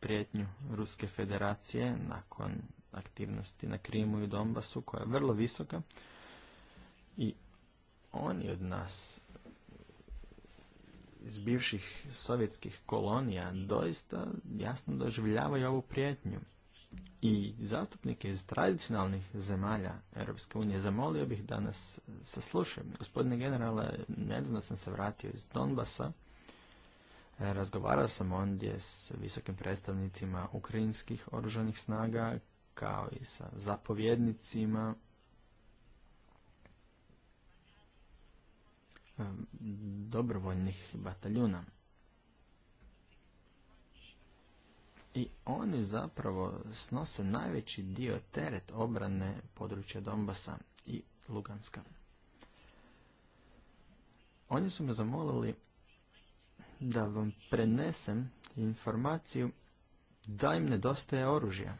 prijetnju Ruske federacije nakon aktivnosti na Krimu i Donbasu koja je vrlo visoka i oni od nas iz bivših sovjetskih kolonija doista jasno doživljavaju ovu prijetnju. I zastupnike iz tradicionalnih zemalja Europske unije zamolio bih da nas saslušaju. Gospodine generale, nedavno sam se vratio iz Donbasa. Razgovarao sam ondje s visokim predstavnicima ukrajinskih oružanih snaga kao i sa zapovjednicima dobrovoljnih bataljuna. I oni zapravo snose najveći dio teret obrane područja Donbasa i Luganska. Oni su me zamolili da vam prenesem informaciju da im nedostaje oružja.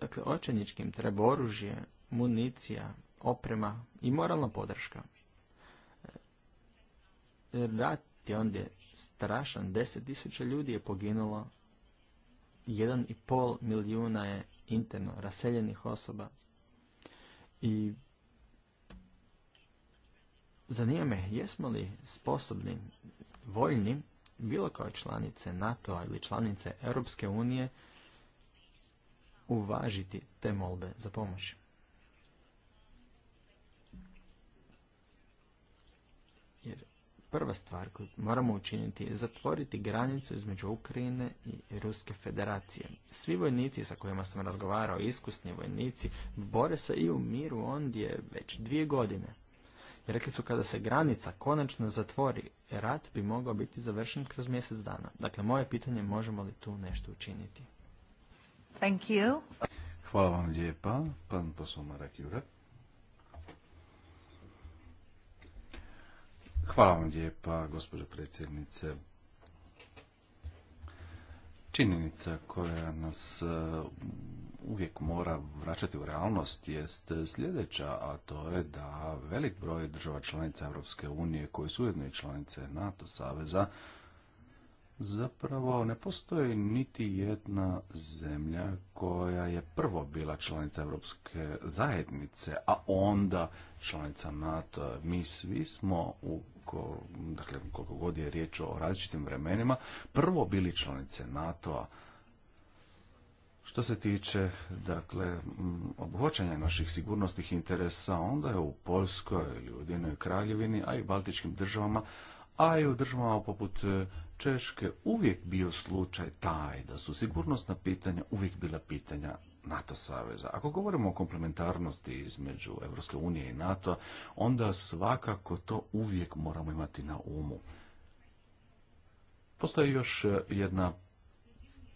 Dakle, im treba oružje, municija, oprema i moralna podrška. E, rat je ondje strašan, deset tisuća ljudi je poginulo, jedan i pol milijuna je interno raseljenih osoba i zanima me jesmo li sposobni, voljni, bilo kao članice NATO-a ili članice Europske unije, uvažiti te molbe za pomoć. Prva stvar koju moramo učiniti je zatvoriti granicu između Ukrajine i Ruske federacije. Svi vojnici sa kojima sam razgovarao, iskusni vojnici, bore se i u miru ondje već dvije godine. I rekli su kada se granica konačno zatvori, rat bi mogao biti završen kroz mjesec dana. Dakle, moje pitanje možemo li tu nešto učiniti. Thank you. Hvala vam lijepa, pan Hvala vam lijepa, gospođo predsjednice. Činjenica koja nas uh, uvijek mora vraćati u realnost jest sljedeća, a to je da velik broj država članica Europske unije koji su ujedno i članice NATO saveza zapravo ne postoji niti jedna zemlja koja je prvo bila članica Europske zajednice, a onda članica NATO. Mi svi smo u ko, dakle, koliko god je riječ o različitim vremenima, prvo bili članice NATO-a. Što se tiče dakle, mm, obuhvaćanja naših sigurnosnih interesa, onda je u Poljskoj ili u Dinoj Kraljevini, a i u Baltičkim državama, a i u državama poput e, Češke uvijek bio slučaj taj da su sigurnosna pitanja uvijek bila pitanja NATO saveza. Ako govorimo o komplementarnosti između Europske unije i NATO, onda svakako to uvijek moramo imati na umu. Postoji još e, jedna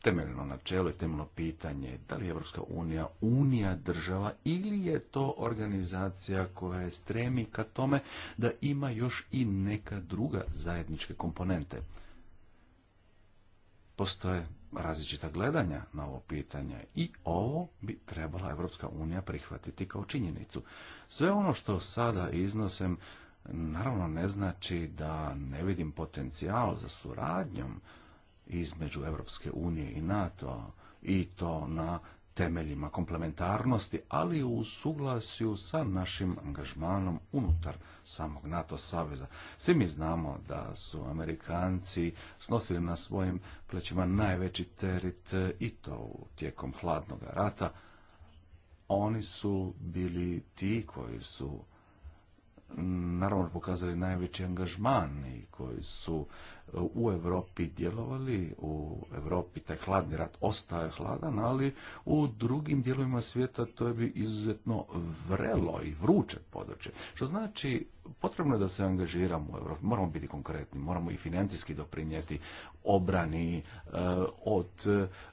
temeljno načelo i temeljno pitanje da li je Europska unija unija država ili je to organizacija koja je stremi ka tome da ima još i neka druga zajedničke komponente postoje različita gledanja na ovo pitanje i ovo bi trebala Evropska unija prihvatiti kao činjenicu. Sve ono što sada iznosem naravno ne znači da ne vidim potencijal za suradnjom između Evropske unije i NATO i to na temeljima komplementarnosti, ali u suglasju sa našim angažmanom unutar samog NATO saveza. Svi mi znamo da su Amerikanci snosili na svojim plećima najveći teret i to tijekom hladnog rata. Oni su bili ti koji su naravno pokazali najveći angažman koji su uh, u Europi djelovali, u Europi taj hladni rat ostaje hladan, ali u drugim dijelovima svijeta to je bi izuzetno vrelo i vruće područje. Što znači potrebno je da se angažiramo u Europi, moramo biti konkretni, moramo i financijski doprinijeti obrani e, od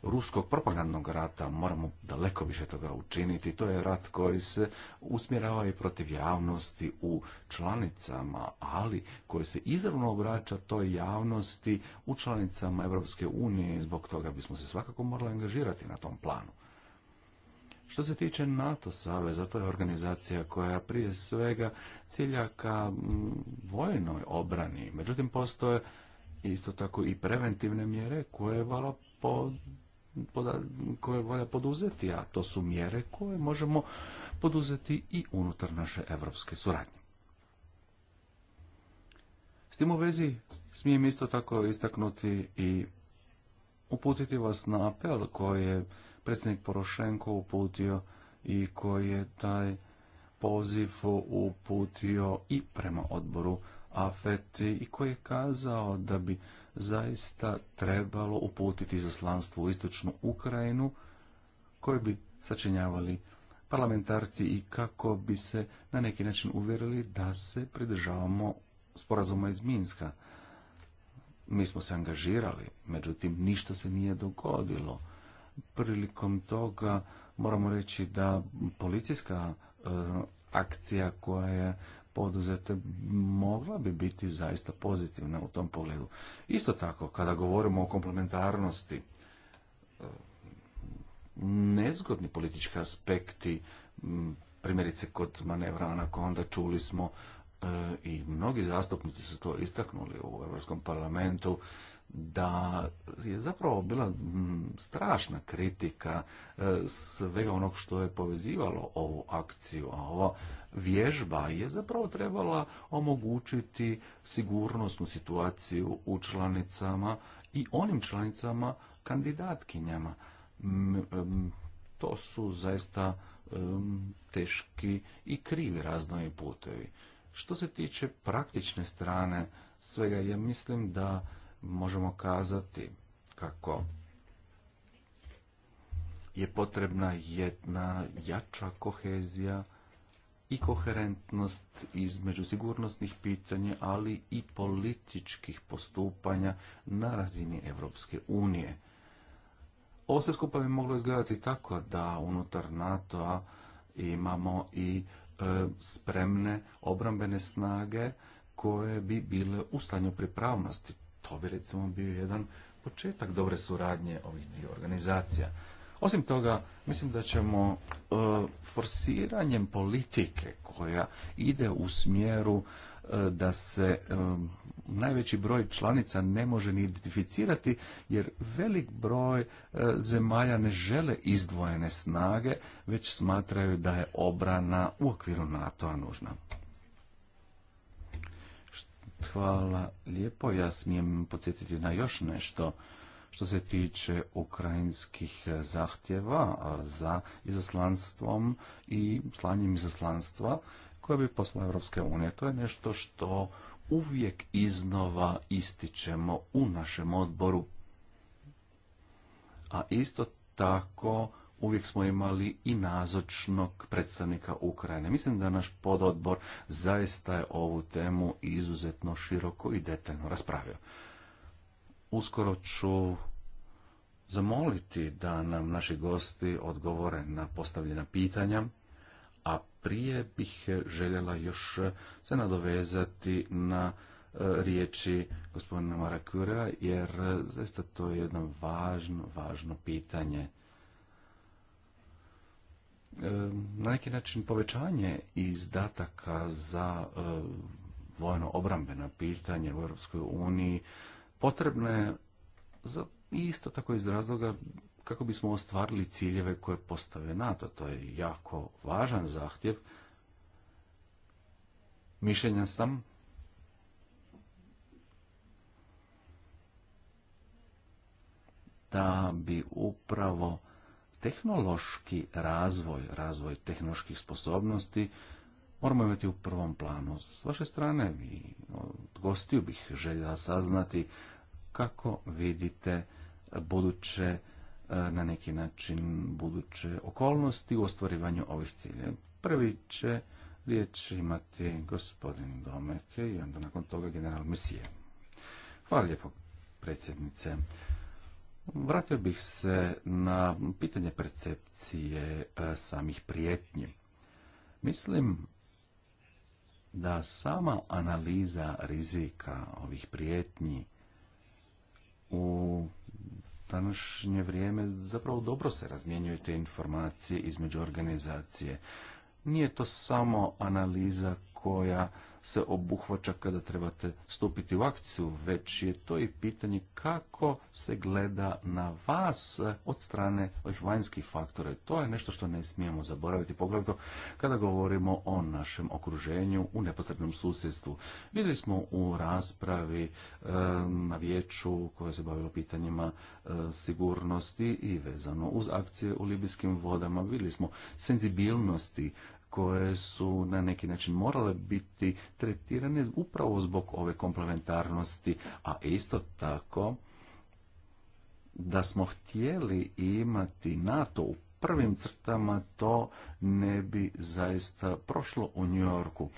ruskog propagandnog rata moramo daleko više toga učiniti. To je rat koji se usmjerava i protiv javnosti u članicama, ali koji se izravno obraća toj javnosti u članicama Europske unije i zbog toga bismo se svakako morali angažirati na tom planu. Što se tiče NATO saveza, to je organizacija koja prije svega cilja ka vojnoj obrani. Međutim, postoje isto tako i preventivne mjere koje vala valja koje valja poduzeti, a to su mjere koje možemo poduzeti i unutar naše evropske suradnje. S tim u vezi smijem isto tako istaknuti i uputiti vas na apel koji je predsjednik Porošenko uputio i koji je taj poziv uputio i prema odboru Afeti i koji je kazao da bi zaista trebalo uputiti zaslanstvo u istočnu Ukrajinu koje bi sačinjavali parlamentarci i kako bi se na neki način uvjerili da se pridržavamo sporazuma iz Minska. Mi smo se angažirali, međutim ništa se nije dogodilo. Prilikom toga moramo reći da policijska e, akcija koja je poduzete mogla bi biti zaista pozitivna u tom pogledu. Isto tako, kada govorimo o komplementarnosti, e, nezgodni politički aspekti, primjerice kod manevra Anakonda čuli smo e, i mnogi zastupnici su to istaknuli u Europskom parlamentu, da je zapravo bila strašna kritika e, svega onog što je povezivalo ovu akciju, a ova vježba je zapravo trebala omogućiti sigurnosnu situaciju u članicama i onim članicama kandidatkinjama. To su zaista teški i krivi raznovi putevi. Što se tiče praktične strane svega, ja mislim da možemo kazati kako je potrebna jedna jača kohezija i koherentnost između sigurnosnih pitanja, ali i političkih postupanja na razini Europske unije. Ovo sve skupa bi moglo izgledati tako da unutar nato imamo i e, spremne obrambene snage koje bi bile u stanju pripravnosti. To bi recimo bio jedan početak dobre suradnje ovih dvije organizacija. Osim toga, mislim da ćemo e, forsiranjem politike koja ide u smjeru e, da se e, najveći broj članica ne može ni identificirati, jer velik broj zemalja ne žele izdvojene snage, već smatraju da je obrana u okviru NATO-a nužna. Hvala lijepo. Ja smijem podsjetiti na još nešto što se tiče ukrajinskih e, zahtjeva e, za izaslanstvom i slanjem izaslanstva koje bi poslala Europske unije, to je nešto što uvijek iznova ističemo u našem odboru. A isto tako uvijek smo imali i nazočnog predstavnika Ukrajine. Mislim da naš pododbor zaista je ovu temu izuzetno široko i detaljno raspravio uskoro ću zamoliti da nam naši gosti odgovore na postavljena pitanja, a prije bih željela još se nadovezati na e, riječi gospodina Marakura, jer zaista to je jedno važno, važno pitanje. E, na neki način povećanje izdataka za e, vojno obrambena pitanje u Europskoj uniji je za, isto tako iz razloga kako bismo ostvarili ciljeve koje postave NATO. To je jako važan zahtjev. Mišljenja sam da bi upravo tehnološki razvoj, razvoj tehnoloških sposobnosti moramo imati u prvom planu. S vaše strane gostiju bih željela saznati kako vidite buduće e, na neki način buduće okolnosti u ostvarivanju ovih ciljeva. Prvi će riječ imati gospodin Domeke i onda nakon toga general Mesije. Hvala lijepo, predsjednice. Vratio bih se na pitanje percepcije e, samih prijetnji. Mislim da sama analiza rizika ovih prijetnji u današnje vrijeme zapravo dobro se razmjenjuju te informacije između organizacije. Nije to samo analiza koja se obuhvaća kada trebate stupiti u akciju, već je to i pitanje kako se gleda na vas od strane ovih vanjskih faktora. To je nešto što ne smijemo zaboraviti, poglavito kada govorimo o našem okruženju u neposrednom susjedstvu. Vidjeli smo u raspravi e, na vijeću koja se bavila pitanjima e, sigurnosti i vezano uz akcije u libijskim vodama. Vidjeli smo senzibilnosti koje su na neki način morale biti tretirane upravo zbog ove komplementarnosti, a isto tako da smo htjeli imati NATO u prvim crtama, to ne bi zaista prošlo u Njorku.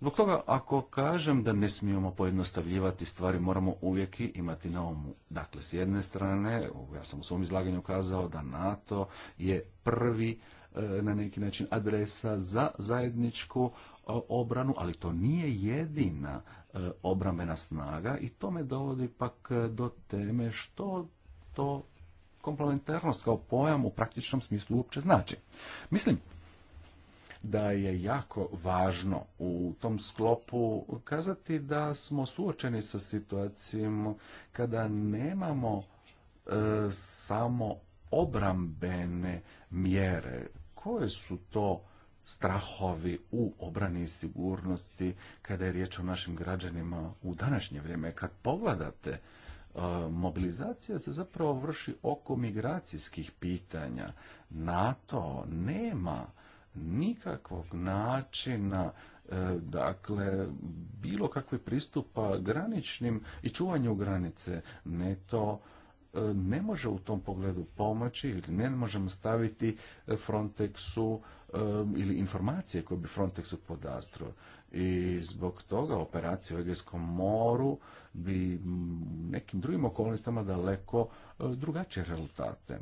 Zbog toga, ako kažem da ne smijemo pojednostavljivati stvari, moramo uvijek imati na umu. Dakle, s jedne strane, ja sam u svom izlaganju kazao da NATO je prvi E, na neki način adresa za zajedničku e, obranu, ali to nije jedina e, obrambena snaga i to me dovodi pak do teme što to komplementarnost kao pojam u praktičnom smislu uopće znači. Mislim da je jako važno u tom sklopu kazati da smo suočeni sa situacijom kada nemamo samo obrambene mjere koje su to strahovi u obrani i sigurnosti kada je riječ o našim građanima u današnje vrijeme. Kad pogledate, e, mobilizacija se zapravo vrši oko migracijskih pitanja. NATO nema nikakvog načina e, dakle bilo kakve pristupa graničnim i čuvanju granice ne to E, ne može u tom pogledu pomoći ili ne možemo staviti e, Frontexu e, ili informacije koje bi Frontexu podastro. I zbog toga operacija u Egejskom moru bi nekim drugim okolnostima daleko drugačije rezultate.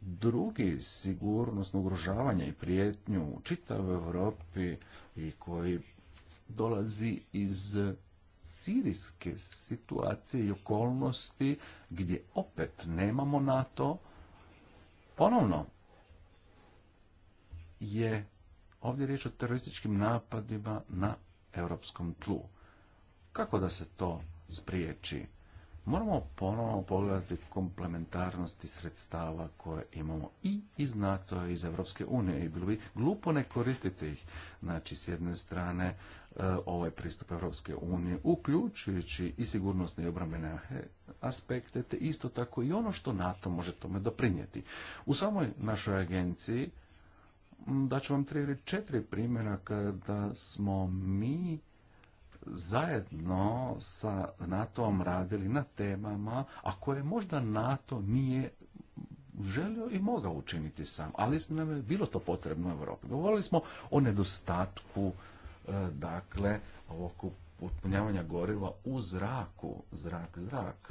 drugi sigurnosno ugrožavanje i prijetnju u čitavoj Europi i koji dolazi iz sirijske situacije i okolnosti gdje opet nemamo NATO, ponovno je ovdje riječ o terorističkim napadima na europskom tlu. Kako da se to spriječi? Moramo ponovno pogledati komplementarnosti sredstava koje imamo i iz NATO i iz Europske unije i glupo ne koristiti ih. Znači, s jedne strane E, ovaj pristup Europske unije, uključujući i sigurnosne i obrambene aspekte, te isto tako i ono što NATO može tome doprinijeti. U samoj našoj agenciji daću vam tri ili četiri primjera kada smo mi zajedno sa NATO-om radili na temama, a koje možda NATO nije želio i mogao učiniti sam, ali nam je bilo to potrebno u Europi. Govorili smo o nedostatku E, dakle, oko utpunjavanja goriva u zraku, zrak, zrak.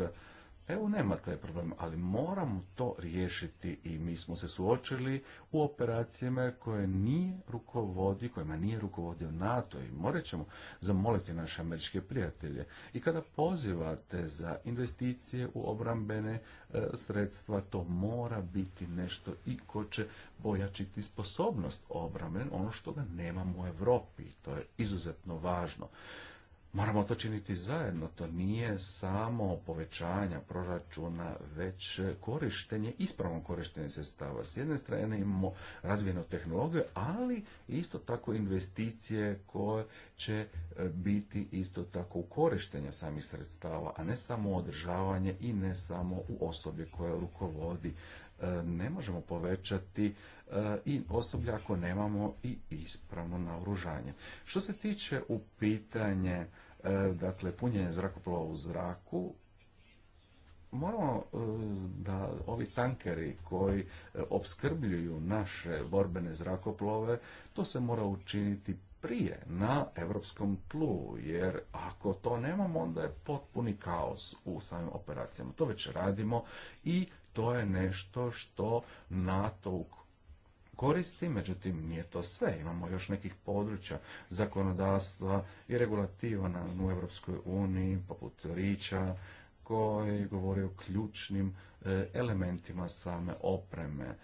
Evo, nema taj problem, ali moramo to riješiti i mi smo se suočili u operacijama koje nije rukovodi, kojima nije rukovodio NATO i morat ćemo zamoliti naše američke prijatelje. I kada pozivate za investicije u obrambene e, sredstva, to mora biti nešto i ko će pojačiti sposobnost obrane, ono što ga nemamo u Europi. To je izuzetno važno. Moramo to činiti zajedno, to nije samo povećanja proračuna, već korištenje, ispravno korištenje sredstava. S jedne strane imamo razvijenu tehnologiju, ali isto tako investicije koje će e, biti isto tako u korištenje samih sredstava, a ne samo održavanje i ne samo u osobi koja rukovodi E, ne možemo povećati e, i osoblje ako nemamo i ispravno naoružanje. Što se tiče u pitanje e, dakle punjenje zrakoplova u zraku, moramo da ovi tankeri koji opskrbljuju naše borbene zrakoplove, to se mora učiniti prije na europskom tlu, jer ako to nemamo, onda je potpuni kaos u samim operacijama. To već radimo i to je nešto što NATO koristi, međutim nije to sve. Imamo još nekih područja zakonodavstva i regulativa na, u Europskoj uniji, poput Rića, koji govori o ključnim e, elementima same opreme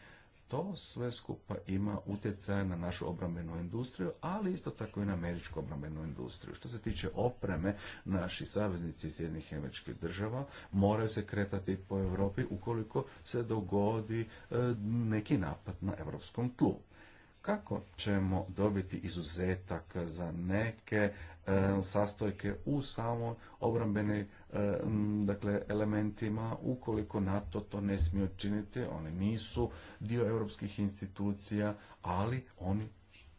to sve skupa ima utjecaja na našu obrambenu industriju, ali isto tako i na američku obrambenu industriju. Što se tiče opreme, naši saveznici iz jednih američkih država moraju se kretati po Europi ukoliko se dogodi e, neki napad na europskom tlu. Kako ćemo dobiti izuzetak za neke e, sastojke u samoj obrambenoj E, dakle elementima ukoliko NATO to ne smije učiniti, oni nisu dio europskih institucija, ali oni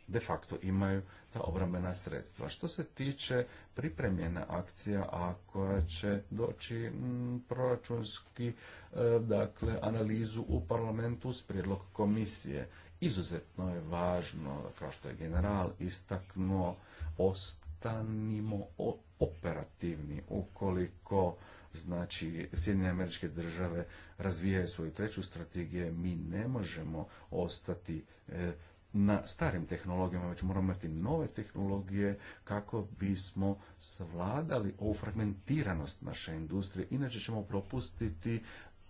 de facto imaju ta obrambena sredstva. Što se tiče pripremljena akcija, a koja će doći proračunski, e, dakle, analizu u parlamentu s prijedlog komisije. Izuzetno je važno, kao što je general istaknuo, ostanimo operativni ukoliko znači Sjedinjene američke države razvijaju svoju treću strategiju, mi ne možemo ostati e, na starim tehnologijama, već moramo imati nove tehnologije kako bismo svladali ovu fragmentiranost naše industrije, inače ćemo propustiti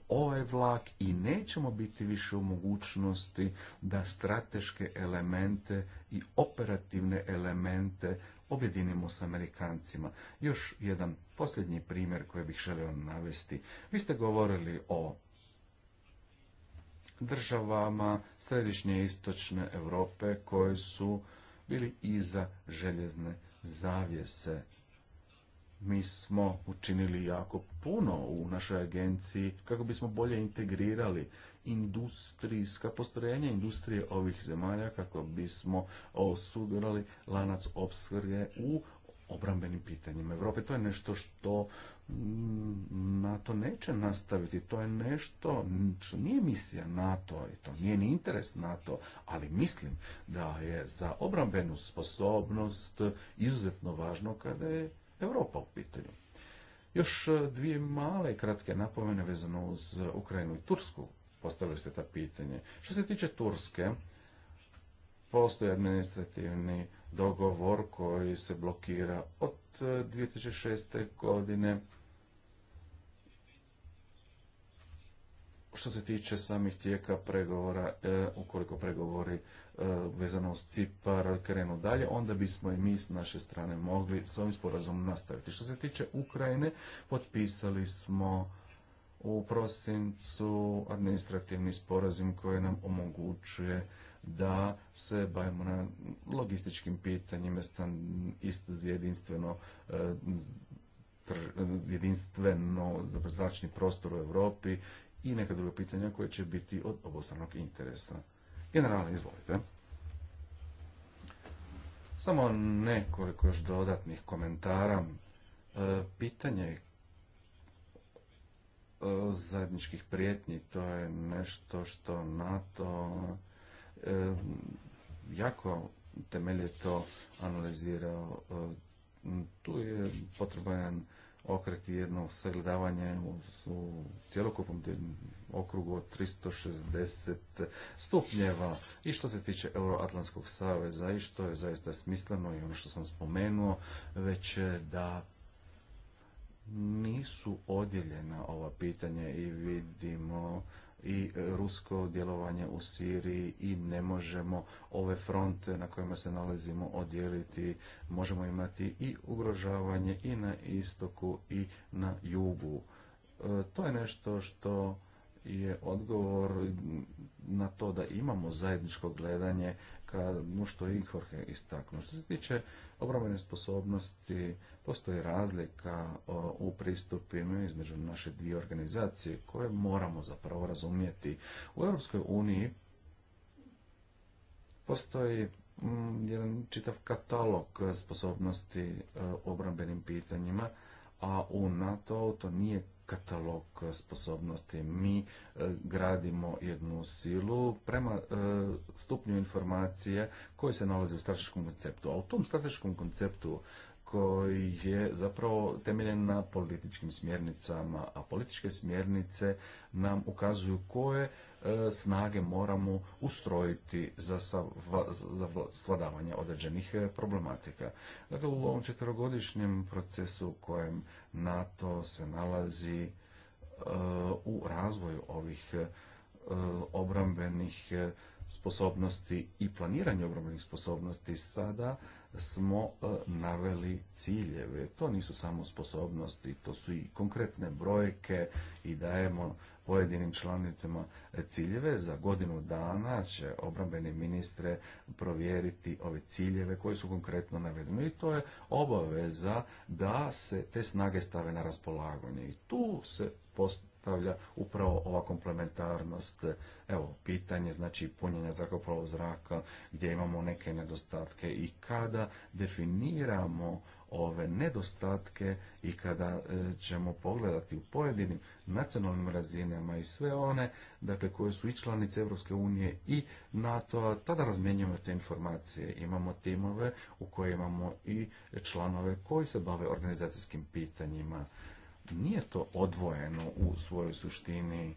ovaj vlak i nećemo biti više u mogućnosti da strateške elemente i operativne elemente objedinimo s Amerikancima. Još jedan posljednji primjer koji bih želio navesti. Vi ste govorili o državama središnje i istočne Europe koje su bili iza željezne zavjese. Mi smo učinili jako puno u našoj agenciji kako bismo bolje integrirali industrijska postrojenja, industrije ovih zemalja kako bismo osigurali lanac opskrbe u obrambenim pitanjima Europe. To je nešto što mm, NATO neće nastaviti. To je nešto što nije misija NATO i to nije ni interes NATO, ali mislim da je za obrambenu sposobnost izuzetno važno kada je Europa u pitanju. Još e, dvije male kratke napomene vezano uz Ukrajinu i Tursku postavili ste ta pitanje. Što se tiče Turske, postoji administrativni dogovor koji se blokira od 2006. E, godine. Što se tiče samih tijeka pregovora, e, ukoliko pregovori e, vezano uz Cipar krenu dalje, onda bismo i mi s naše strane mogli s ovim sporazumom nastaviti. Što se tiče Ukrajine, potpisali smo u prosincu administrativni sporazum koji nam omogućuje da se bavimo na logističkim pitanjima isto jedinstveno e, jedinstveno zračni prostor u Europi i neka druga pitanja koja će biti od obostranog interesa. Generalno, izvolite. Samo nekoliko još dodatnih komentara. E, pitanje zajedničkih prijetnji. To je nešto što NATO e, jako temeljito analizirao. E, tu je potreban okret i jedno sagledavanje u cjelokupnom okrugu od 360 stupnjeva i što se tiče Euroatlantskog saveza i što je zaista smisleno i ono što sam spomenuo već da nisu odjeljena ova pitanja i vidimo i rusko djelovanje u Siriji i ne možemo ove fronte na kojima se nalazimo odjeliti. Možemo imati i ugrožavanje i na istoku i na jugu. E, to je nešto što je odgovor na to da imamo zajedničko gledanje no što je istaknuo. Što se tiče obrambene sposobnosti, postoji razlika u pristupima između naše dvije organizacije koje moramo zapravo razumjeti. U Europskoj uniji postoji mm, jedan čitav katalog sposobnosti e, obrambenim pitanjima, a u NATO to nije katalog sposobnosti. Mi e, gradimo jednu silu prema e, stupnju informacije koje se nalazi u strateškom konceptu. A u tom strateškom konceptu koji je zapravo temeljen na političkim smjernicama, a političke smjernice nam ukazuju koje E, snage moramo ustrojiti za, za svladavanje određenih e, problematika. Dakle, u ovom četvrogodišnjem procesu u kojem NATO se nalazi e, u razvoju ovih obrambenih sposobnosti i planiranju obrambenih sposobnosti sada smo naveli ciljeve. To nisu samo sposobnosti, to su i konkretne brojke i dajemo pojedinim članicama ciljeve. Za godinu dana će obrambeni ministre provjeriti ove ciljeve koji su konkretno navedeni. I to je obaveza da se te snage stave na raspolaganje. I tu se postavlja upravo ova komplementarnost, evo, pitanje, znači punjenja zrakoplova zraka, gdje imamo neke nedostatke i kada definiramo ove nedostatke i kada e, ćemo pogledati u pojedinim nacionalnim razinama i sve one dakle, koje su i članice Evropske unije i nato tada razmjenjujemo te informacije. Imamo timove u koje imamo i članove koji se bave organizacijskim pitanjima. Nije to odvojeno u svojoj suštini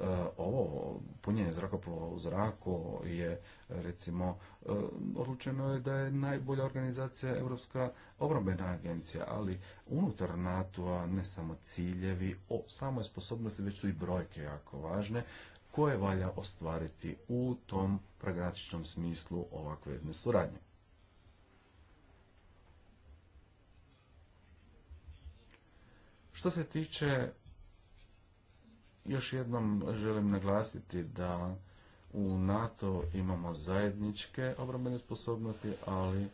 E, ovo punjenje zrakoplova u zraku je recimo e, odlučeno je da je najbolja organizacija Europska obrambena agencija, ali unutar NATO-a ne samo ciljevi o samoj sposobnosti, već su i brojke jako važne koje valja ostvariti u tom pragmatičnom smislu ovakve jedne suradnje. Što se tiče još jednom želim naglasiti da u NATO imamo zajedničke obrambene sposobnosti, ali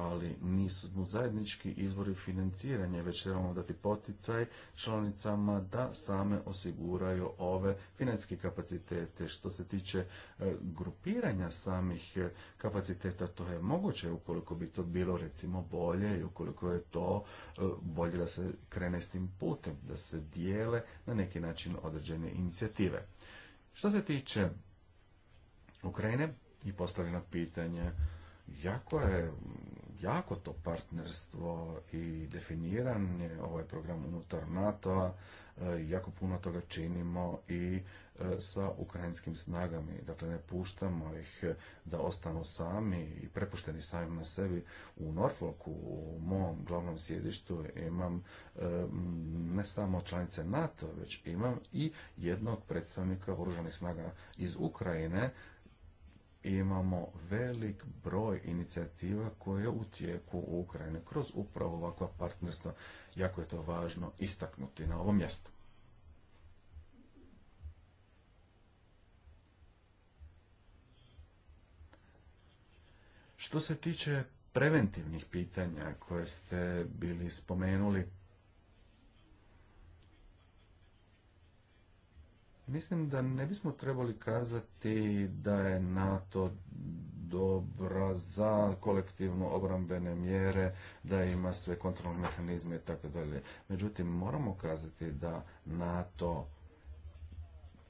ali nisu zajednički izvori financiranja, već trebamo dati poticaj članicama da same osiguraju ove financijske kapacitete. Što se tiče e, grupiranja samih e, kapaciteta, to je moguće ukoliko bi to bilo recimo bolje i ukoliko je to e, bolje da se krene s tim putem, da se dijele na neki način određene inicijative. Što se tiče Ukrajine i postavljena pitanja, jako je jako to partnerstvo i definiran je ovaj program unutar NATO-a, e, jako puno toga činimo i e, sa ukrajinskim snagami. Dakle, ne puštamo ih e, da ostanu sami i prepušteni sami na sebi. U Norfolku, u mom glavnom sjedištu, imam ne samo članice NATO, već imam i jednog predstavnika oružanih snaga iz Ukrajine imamo velik broj inicijativa koje u tijeku u Ukrajini kroz upravo ovakva partnerstva. Jako je to važno istaknuti na ovom mjestu. Što se tiče preventivnih pitanja koje ste bili spomenuli, Mislim da ne bismo trebali kazati da je NATO dobra za kolektivno obrambene mjere, da ima sve kontrolne mehanizme i tako dalje. Međutim, moramo kazati da NATO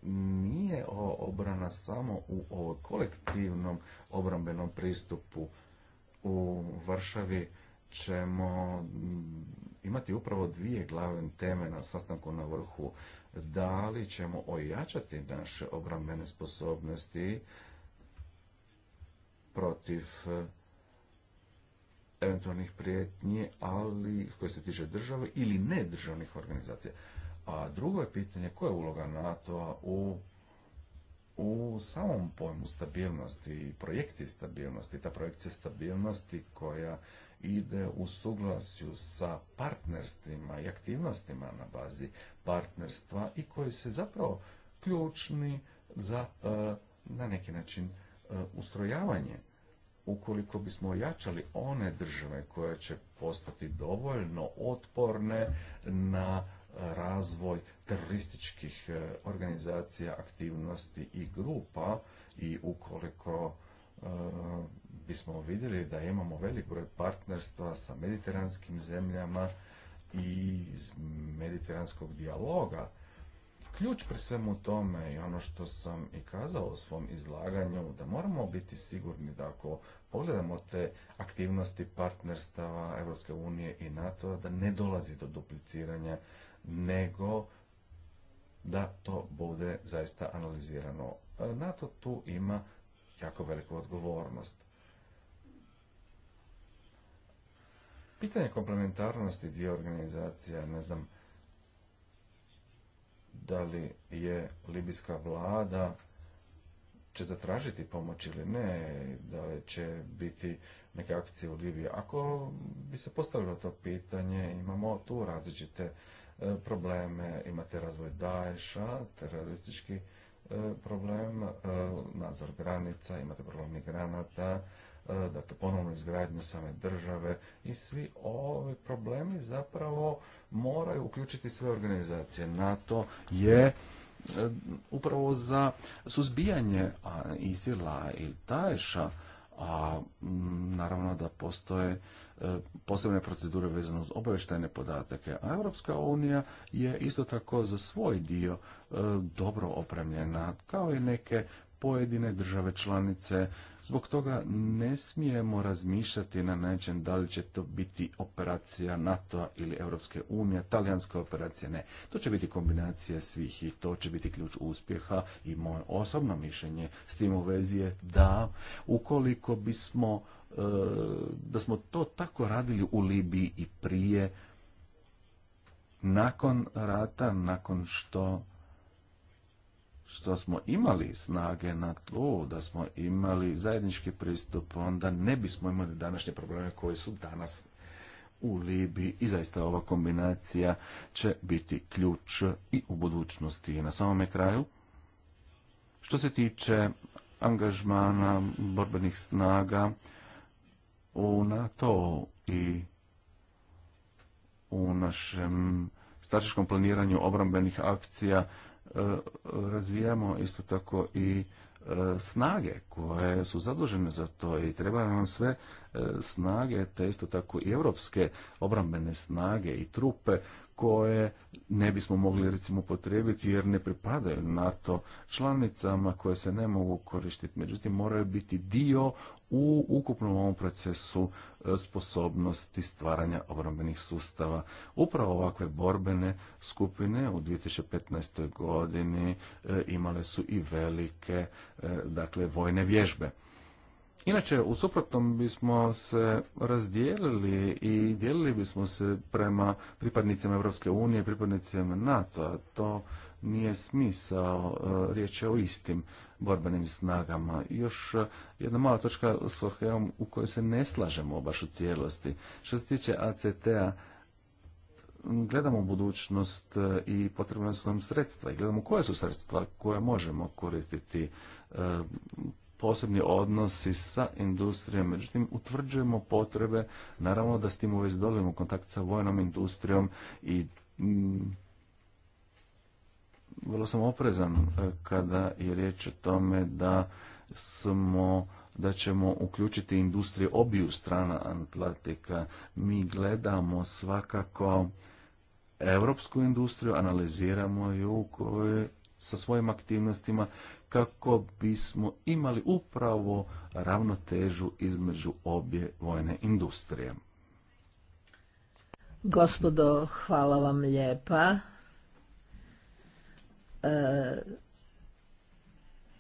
nije obrana samo u kolektivnom obrambenom pristupu u Varšavi ćemo imati upravo dvije glavne teme na sastanku na vrhu da li ćemo ojačati naše obrambene sposobnosti protiv e, eventualnih prijetnji, ali koje se tiče države ili ne državnih organizacija. A drugo je pitanje koja je uloga NATO-a u u samom pojmu stabilnosti i projekciji stabilnosti, ta projekcija stabilnosti koja ide u suglasju sa partnerstvima i aktivnostima na bazi partnerstva i koji se zapravo ključni za e, na neki način e, ustrojavanje ukoliko bismo ojačali one države koje će postati dovoljno otporne na e, razvoj terorističkih organizacija, aktivnosti i grupa i ukoliko smo vidjeli da imamo velik broj partnerstva sa mediteranskim zemljama i iz mediteranskog dijaloga. Ključ pre svemu tome i ono što sam i kazao u svom izlaganju, da moramo biti sigurni da ako pogledamo te aktivnosti partnerstava Europske unije i NATO, da ne dolazi do dupliciranja, nego da to bude zaista analizirano. E, NATO tu ima jako veliku odgovornost. Pitanje komplementarnosti dvije organizacija, ne znam da li je libijska vlada će zatražiti pomoć ili ne, da li će biti neke akcije u Libiji. Ako bi se postavilo to pitanje, imamo tu različite e, probleme, imate razvoj Daesha, teroristički e, problem, e, nadzor granica, imate problem migranata, dakle ponovno izgradnju same države i svi ovi problemi zapravo moraju uključiti sve organizacije. NATO je e, upravo za suzbijanje Isila i Tajša, a naravno da postoje e, posebne procedure vezane uz obavještajne podatke, a Europska unija je isto tako za svoj dio dobro opremljena, kao i neke pojedine države članice. Zbog toga ne smijemo razmišljati na način da li će to biti operacija nato ili Europske unije, talijanska operacija ne. To će biti kombinacija svih i to će biti ključ uspjeha i moje osobno mišljenje s tim u vezi je da ukoliko bismo e, da smo to tako radili u Libiji i prije nakon rata, nakon što što smo imali snage na to da smo imali zajednički pristup, onda ne bismo imali današnje probleme koje su danas u Libiji i zaista ova kombinacija će biti ključ i u budućnosti. Na samome kraju, što se tiče angažmana borbenih snaga u NATO i u našem strateškom planiranju obrambenih akcija, E, razvijamo isto tako i e, snage koje su zadužene za to i treba nam sve e, snage, te isto tako i europske obrambene snage i trupe koje ne bismo mogli recimo potrebiti jer ne pripadaju NATO članicama koje se ne mogu koristiti. Međutim, moraju biti dio u ukupnom ovom procesu e, sposobnosti stvaranja obrambenih sustava. Upravo ovakve borbene skupine u 2015. godini e, imale su i velike e, dakle vojne vježbe. Inače, u suprotnom bismo se razdijelili i dijelili bismo se prema pripadnicima Europske unije, pripadnicima NATO, a to nije smisao, e, riječ o istim borbenim snagama. Još e, jedna mala točka s Orheom u kojoj se ne slažemo baš u cijelosti. Što se tiče ACT-a, gledamo budućnost e, i potrebna su nam sredstva i gledamo koje su sredstva koje možemo koristiti posebni odnosi sa industrijom, međutim utvrđujemo potrebe, naravno da s tim uvezi kontakt sa vojnom industrijom i mm, vrlo sam oprezan e, kada je riječ o tome da smo da ćemo uključiti industrije obiju strana Atlantika. Mi gledamo svakako europsku industriju, analiziramo ju sa svojim aktivnostima kako bismo imali upravo ravnotežu između obje vojne industrije. Gospodo, hvala vam lijepa. E,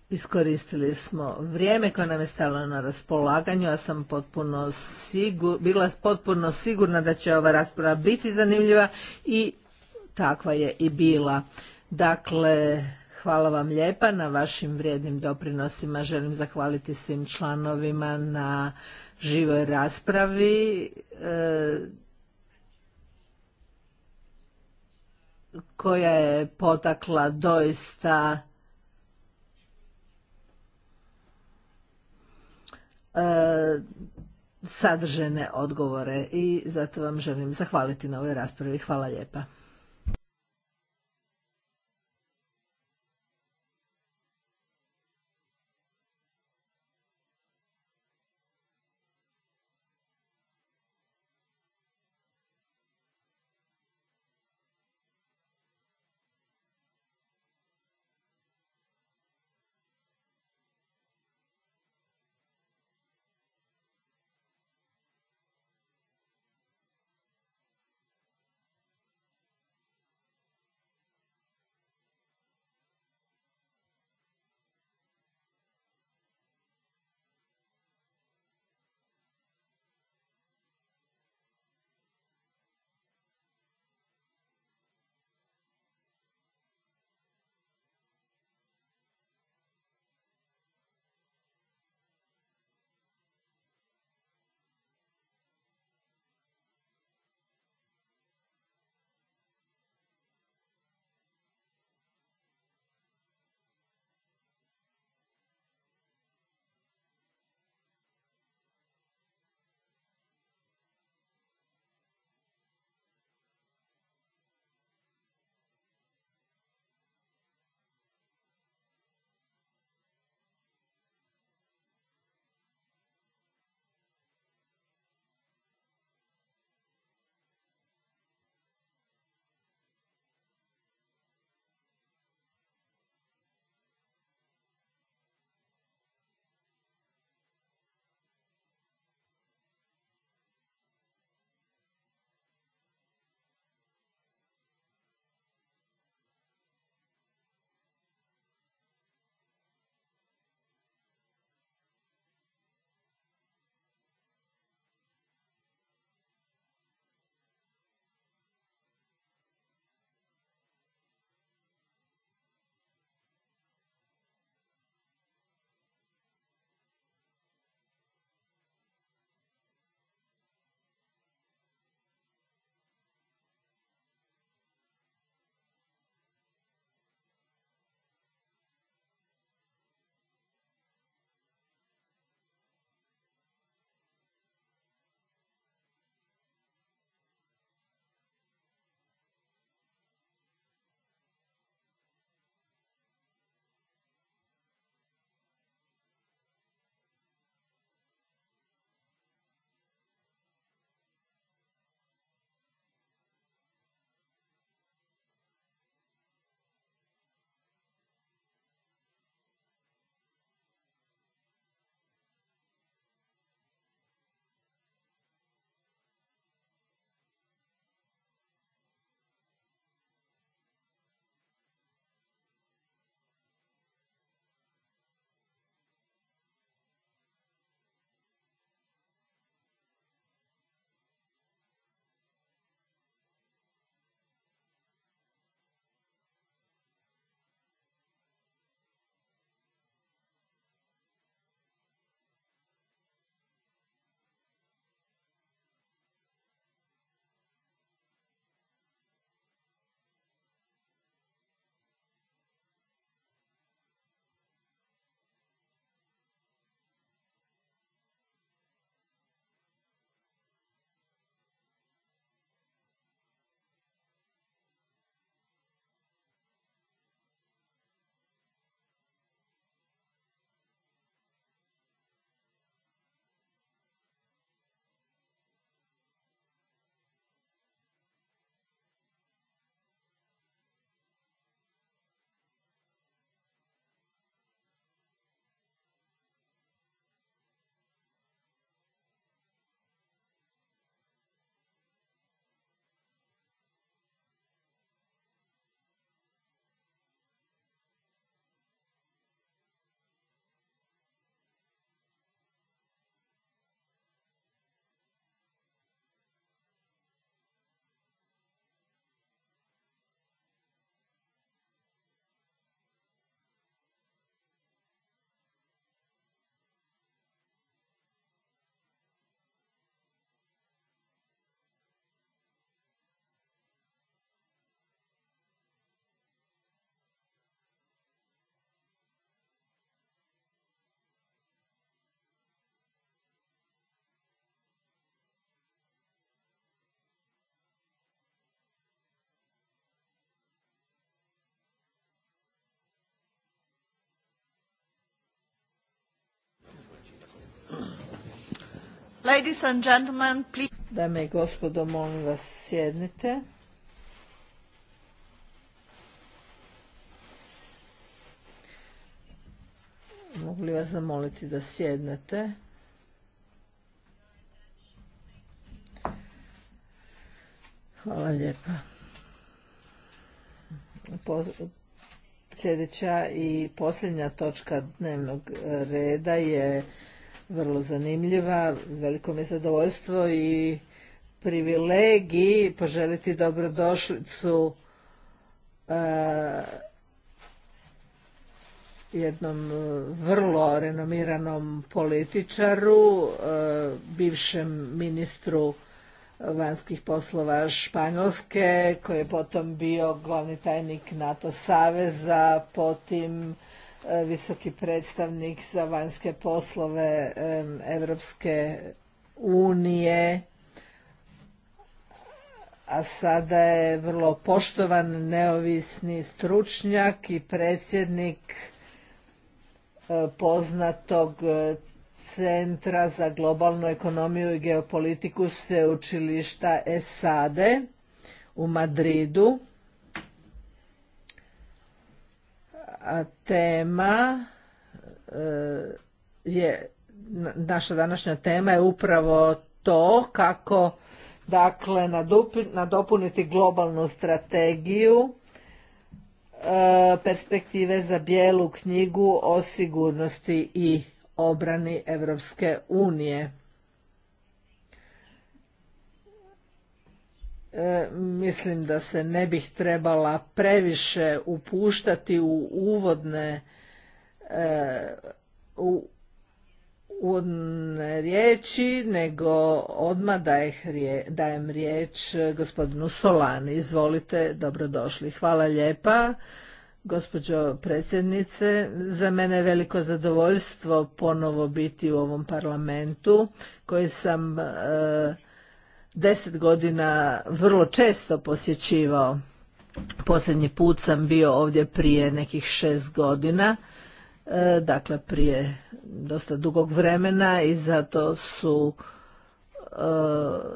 iskoristili smo vrijeme koje nam je stalo na raspolaganju, ja sam potpuno sigur, bila potpuno sigurna da će ova rasprava biti zanimljiva i takva je i bila. Dakle, Hvala vam lijepa na vašim vrijednim doprinosima. Želim zahvaliti svim članovima na živoj raspravi e, koja je potakla doista e, sadržene odgovore i zato vam želim zahvaliti na ovoj raspravi. Hvala lijepa. Ladies and gentlemen, please... Dame i gospodo, molim vas sjednite. Mogu li vas zamoliti da sjednete? Hvala lijepa. Sljedeća i posljednja točka dnevnog reda je vrlo zanimljiva. Veliko mi je zadovoljstvo i privilegiji poželiti dobrodošlicu eh, jednom eh, vrlo renomiranom političaru, eh, bivšem ministru vanjskih poslova Španjolske, koji je potom bio glavni tajnik NATO saveza, potim E, visoki predstavnik za vanjske poslove Europske unije a sada je vrlo poštovan neovisni stručnjak i predsjednik e, poznatog e, Centra za globalnu ekonomiju i geopolitiku sveučilišta ESADE u Madridu. tema e, je naša današnja tema je upravo to kako dakle nadopuniti globalnu strategiju e, perspektive za bijelu knjigu o sigurnosti i obrani Europske unije. E, mislim da se ne bih trebala previše upuštati u uvodne e, u uvodne riječi, nego odmah dajem riječ gospodinu Solani. Izvolite, dobrodošli. Hvala lijepa, gospođo predsjednice. Za mene je veliko zadovoljstvo ponovo biti u ovom parlamentu koji sam e, deset godina vrlo često posjećivao. Posljednji put sam bio ovdje prije nekih šest godina, e, dakle prije dosta dugog vremena i zato su e,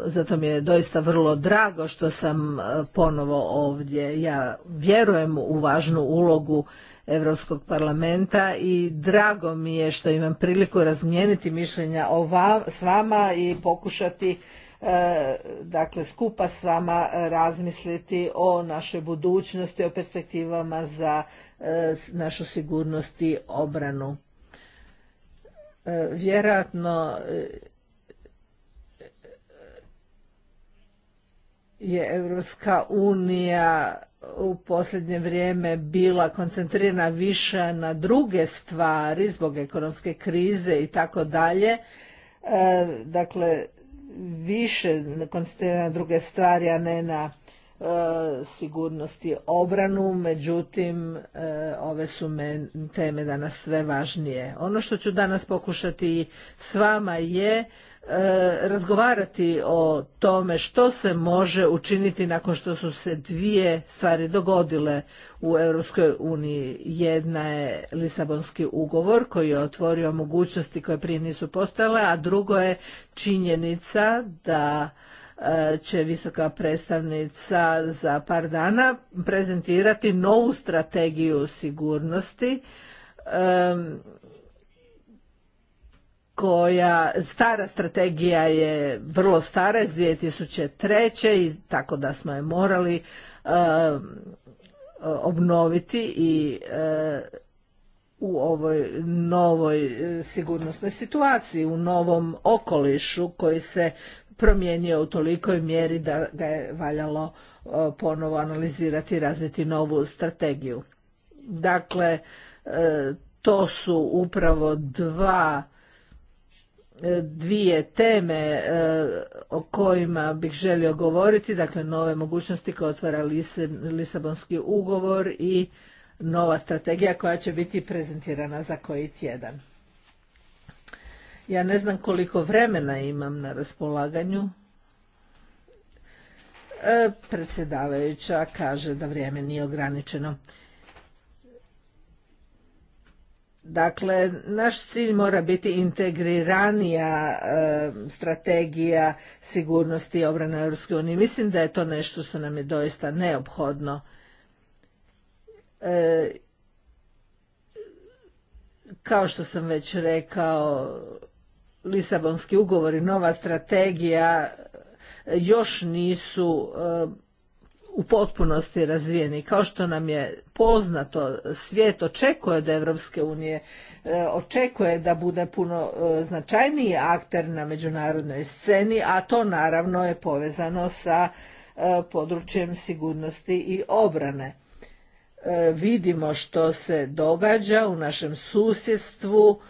zato mi je doista vrlo drago što sam e, ponovo ovdje. Ja vjerujem u važnu ulogu Europskog parlamenta i drago mi je što imam priliku razmijeniti mišljenja s vama i pokušati E, dakle skupa s vama razmisliti o našoj budućnosti, o perspektivama za e, našu sigurnost i obranu. E, vjerojatno je Europska unija u posljednje vrijeme bila koncentrirana više na druge stvari zbog ekonomske krize i tako dalje. Dakle, više koncentrira na druge stvari, a ne na e, sigurnost i obranu, međutim e, ove su teme danas sve važnije. Ono što ću danas pokušati s vama je E, razgovarati o tome što se može učiniti nakon što su se dvije stvari dogodile u Europskoj uniji. Jedna je Lisabonski ugovor koji je otvorio mogućnosti koje prije nisu postojale, a drugo je činjenica da e, će visoka predstavnica za par dana prezentirati novu strategiju sigurnosti koja, stara strategija je vrlo stara iz 2003. i tako da smo je morali um, obnoviti i uh, u ovoj novoj uh, sigurnosnoj situaciji, u novom okolišu koji se promijenio u tolikoj mjeri da ga je valjalo uh, ponovo analizirati i razviti novu strategiju. Dakle, to su upravo dva E, dvije teme e, o kojima bih želio govoriti, dakle nove mogućnosti koje otvara Lisabonski ugovor i nova strategija koja će biti prezentirana za koji tjedan. Ja ne znam koliko vremena imam na raspolaganju. E, predsjedavajuća kaže da vrijeme nije ograničeno. Dakle, naš cilj mora biti integriranija strategija sigurnosti i obrane Europske unije. Mislim da je to nešto što nam je doista neophodno. E, kao što sam već rekao, Lisabonski ugovor i nova strategija još nisu u potpunosti razvijeni. Kao što nam je poznato, svijet očekuje od Evropske unije, e, očekuje da bude puno e, značajniji akter na međunarodnoj sceni, a to naravno je povezano sa e, područjem sigurnosti i obrane. Vidimo što se događa u našem susjedstvu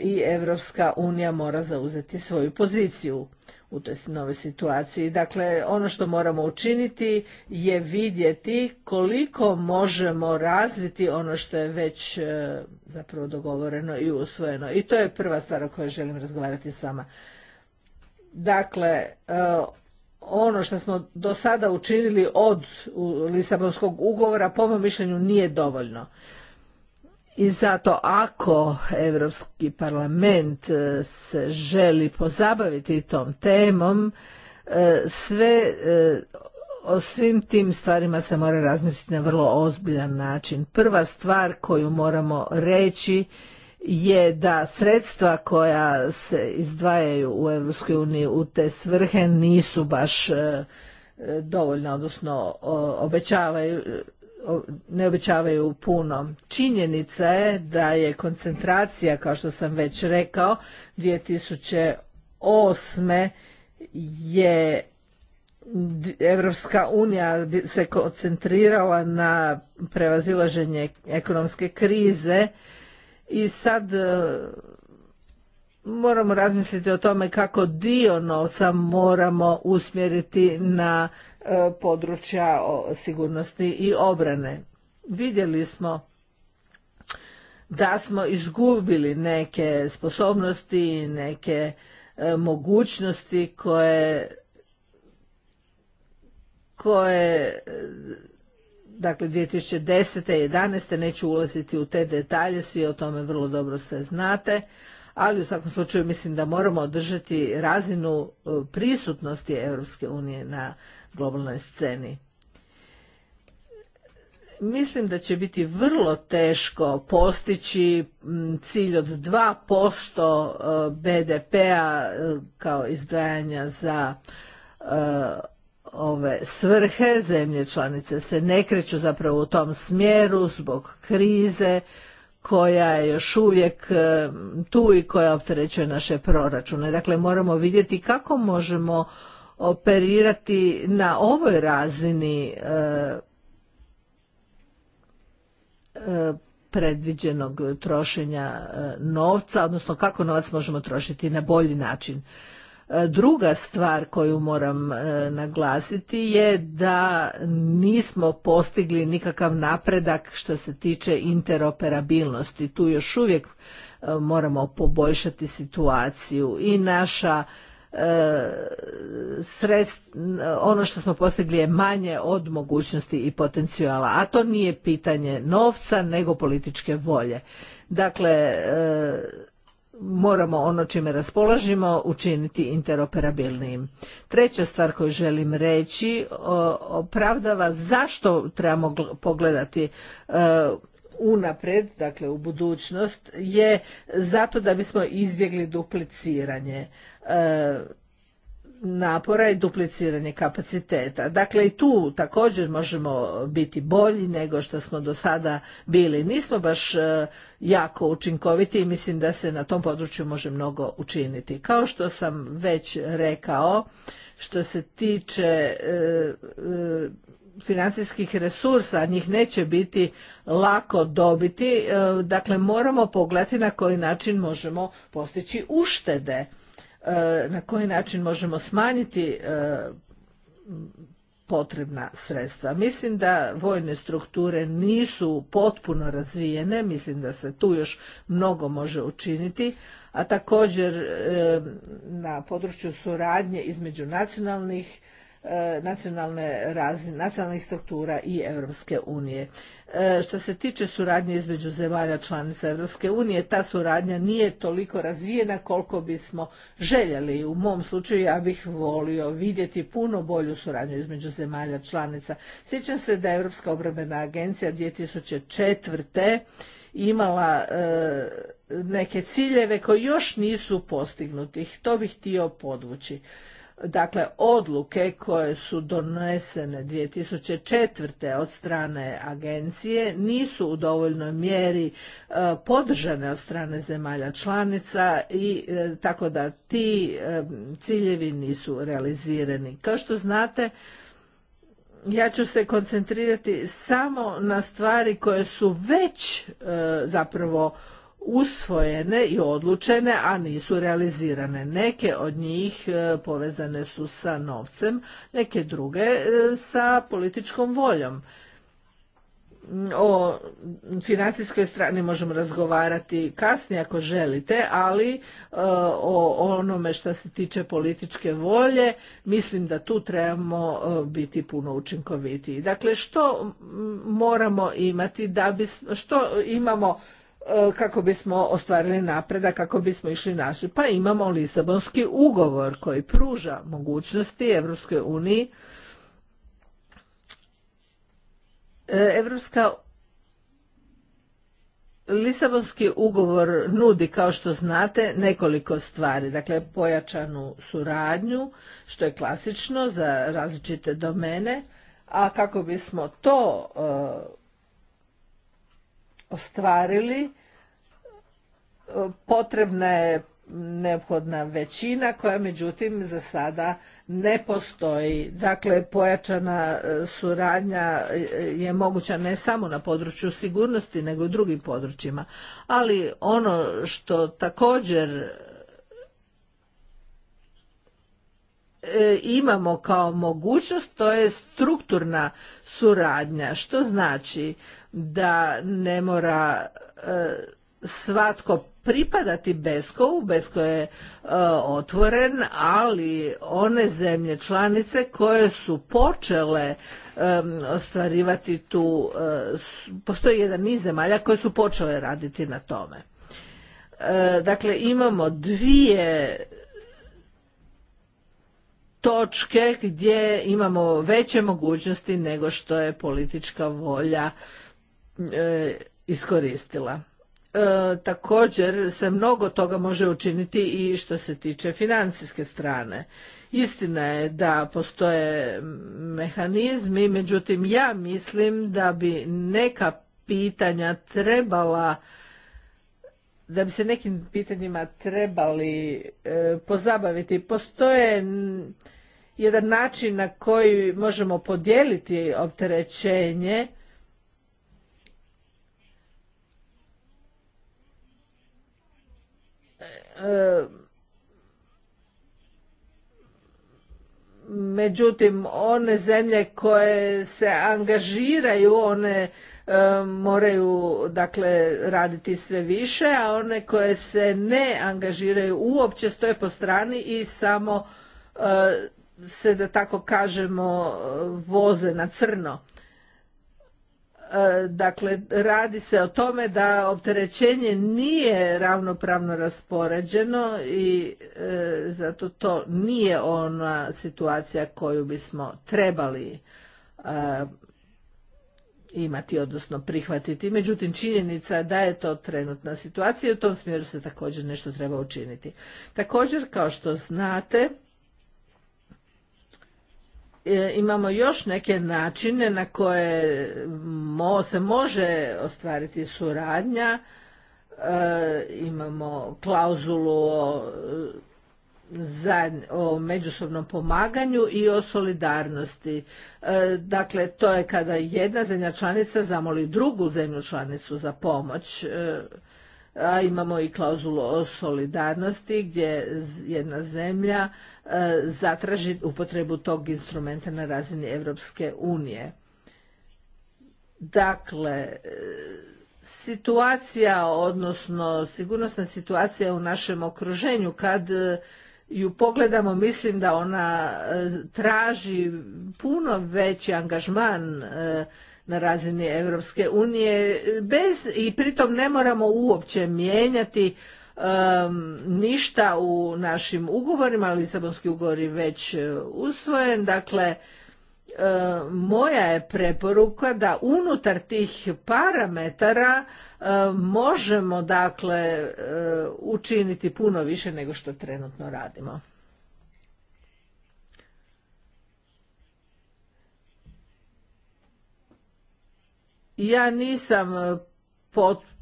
i Evropska unija mora zauzeti svoju poziciju u toj novoj situaciji. Dakle, ono što moramo učiniti je vidjeti koliko možemo razviti ono što je već e, zapravo dogovoreno i usvojeno. I to je prva stvar o kojoj želim razgovarati s vama. Dakle, e, ono što smo do sada učinili od Lisabonskog ugovora, po mom mišljenju, nije dovoljno i zato ako Europski parlament e, se želi pozabaviti tom temom, e, sve e, o svim tim stvarima se mora razmisliti na vrlo ozbiljan način. Prva stvar koju moramo reći je da sredstva koja se izdvajaju u EU u te svrhe nisu baš dovoljna, odnosno obećavaju ne obećavaju puno. Činjenica je da je koncentracija, kao što sam već rekao, 2008. je Evropska unija se koncentrirala na prevazilaženje ekonomske krize i sad e, moramo razmisliti o tome kako dio novca moramo usmjeriti na E, područja sigurnosti i obrane. Vidjeli smo da smo izgubili neke sposobnosti, neke e, mogućnosti koje koje dakle 2010. i 2011. neću ulaziti u te detalje, svi o tome vrlo dobro sve znate, ali u svakom slučaju mislim da moramo održati razinu e, prisutnosti Europske unije na globalnoj sceni. Mislim da će biti vrlo teško postići cilj od 2% e, BDP-a e, kao izdvajanja za e, ove svrhe. Zemlje članice se ne kreću zapravo u tom smjeru zbog krize koja je još uvijek tu i koja opterećuje naše proračune. Dakle, moramo vidjeti kako možemo operirati na ovoj razini e, e, predviđenog trošenja e, novca, odnosno kako novac možemo trošiti na bolji način. Druga stvar koju moram naglasiti je da nismo postigli nikakav napredak što se tiče interoperabilnosti. Tu još uvijek moramo poboljšati situaciju i naša Sredst, ono što smo postigli je manje od mogućnosti i potencijala, a to nije pitanje novca nego političke volje. Dakle, e, moramo ono čime raspolažimo učiniti interoperabilnijim. Treća stvar koju želim reći opravdava zašto trebamo pogledati e, unapred, dakle u budućnost, je zato da bismo izbjegli dupliciranje e, napora i dupliciranje kapaciteta. Dakle i tu također možemo biti bolji nego što smo do sada bili. Nismo baš e, jako učinkoviti i mislim da se na tom području može mnogo učiniti. Kao što sam već rekao, što se tiče e, financijskih resursa, njih neće biti lako dobiti, e, dakle moramo pogledati na koji način možemo postići uštede, e, na koji način možemo smanjiti e, potrebna sredstva. Mislim da vojne strukture nisu potpuno razvijene, mislim da se tu još mnogo može učiniti, a također na području suradnje između nacionalnih E, nacionalne razine, nacionalnih struktura i Europske unije. E, što se tiče suradnje između zemalja članica Europske unije, ta suradnja nije toliko razvijena koliko bismo željeli. U mom slučaju ja bih volio vidjeti puno bolju suradnju između zemalja članica. Sjećam se da je Europska obrambena agencija 2004 imala e, neke ciljeve koji još nisu postignuti. To bih htio podvući dakle odluke koje su donesene 2004. od strane agencije nisu u dovoljnoj mjeri e, podržane od strane zemalja članica i e, tako da ti e, ciljevi nisu realizirani. Kao što znate, ja ću se koncentrirati samo na stvari koje su već zapravo usvojene i odlučene, a nisu realizirane. Neke od njih e, povezane su sa novcem, neke druge e, sa političkom voljom. O financijskoj strani možemo razgovarati kasnije ako želite, ali e, o onome što se tiče političke volje mislim da tu trebamo biti puno učinkovitiji. Dakle, što moramo imati da bismo što imamo E, kako bismo ostvarili napredak, kako bismo išli naši. Pa imamo Lisabonski ugovor koji pruža mogućnosti Evropskoj uniji. E, Evropska Lisabonski ugovor nudi, kao što znate, nekoliko stvari. Dakle, pojačanu suradnju, što je klasično za različite domene, a kako bismo to e, ostvarili. E, potrebna je neophodna većina koja međutim za sada ne postoji. Dakle, pojačana e, suradnja e, je moguća ne samo na području sigurnosti nego i u drugim područjima. Ali ono što također imamo kao mogućnost to je strukturna suradnja što znači da ne mora e, svatko pripadati Beskovu, Besko je e, otvoren, ali one zemlje članice koje su počele ostvarivati tu, e, postoji jedan niz zemalja koje su počele raditi na tome. Dakle, imamo dvije točke gdje imamo veće mogućnosti nego što je politička volja E, iskoristila. E, također se mnogo toga može učiniti i što se tiče financijske strane. Istina je da postoje mehanizmi, međutim ja mislim da bi neka pitanja trebala da bi se nekim pitanjima trebali e, pozabaviti. Postoje jedan način na koji možemo podijeliti opterećenje međutim one zemlje koje se angažiraju one e, moraju dakle raditi sve više a one koje se ne angažiraju uopće stoje po strani i samo e, se da tako kažemo voze na crno E, dakle, radi se o tome da opterećenje nije ravnopravno raspoređeno i e, zato to nije ona situacija koju bismo trebali e, imati, odnosno prihvatiti. Međutim, činjenica da je to trenutna situacija i u tom smjeru se također nešto treba učiniti. Također, kao što znate, E, imamo još neke načine na koje se može ostvariti suradnja. E, imamo klauzulu o, međusobnom pomaganju i o solidarnosti. E, dakle, to je kada jedna zemlja članica zamoli drugu zemlju članicu za pomoć imamo i klauzulu o solidarnosti gdje jedna zemlja e, zatraži upotrebu tog instrumenta na razini Europske unije. Dakle, e, situacija, odnosno sigurnosna situacija u našem okruženju, kad e, ju pogledamo, mislim da ona traži puno veći angažman na razini Europske unije bez i pritom ne moramo uopće mijenjati ništa u našim ugovorima, Lisabonski ugovor je već e, usvojen, dakle e, moja je preporuka da unutar tih parametara e, možemo dakle učiniti puno više nego što trenutno radimo. Ja nisam e,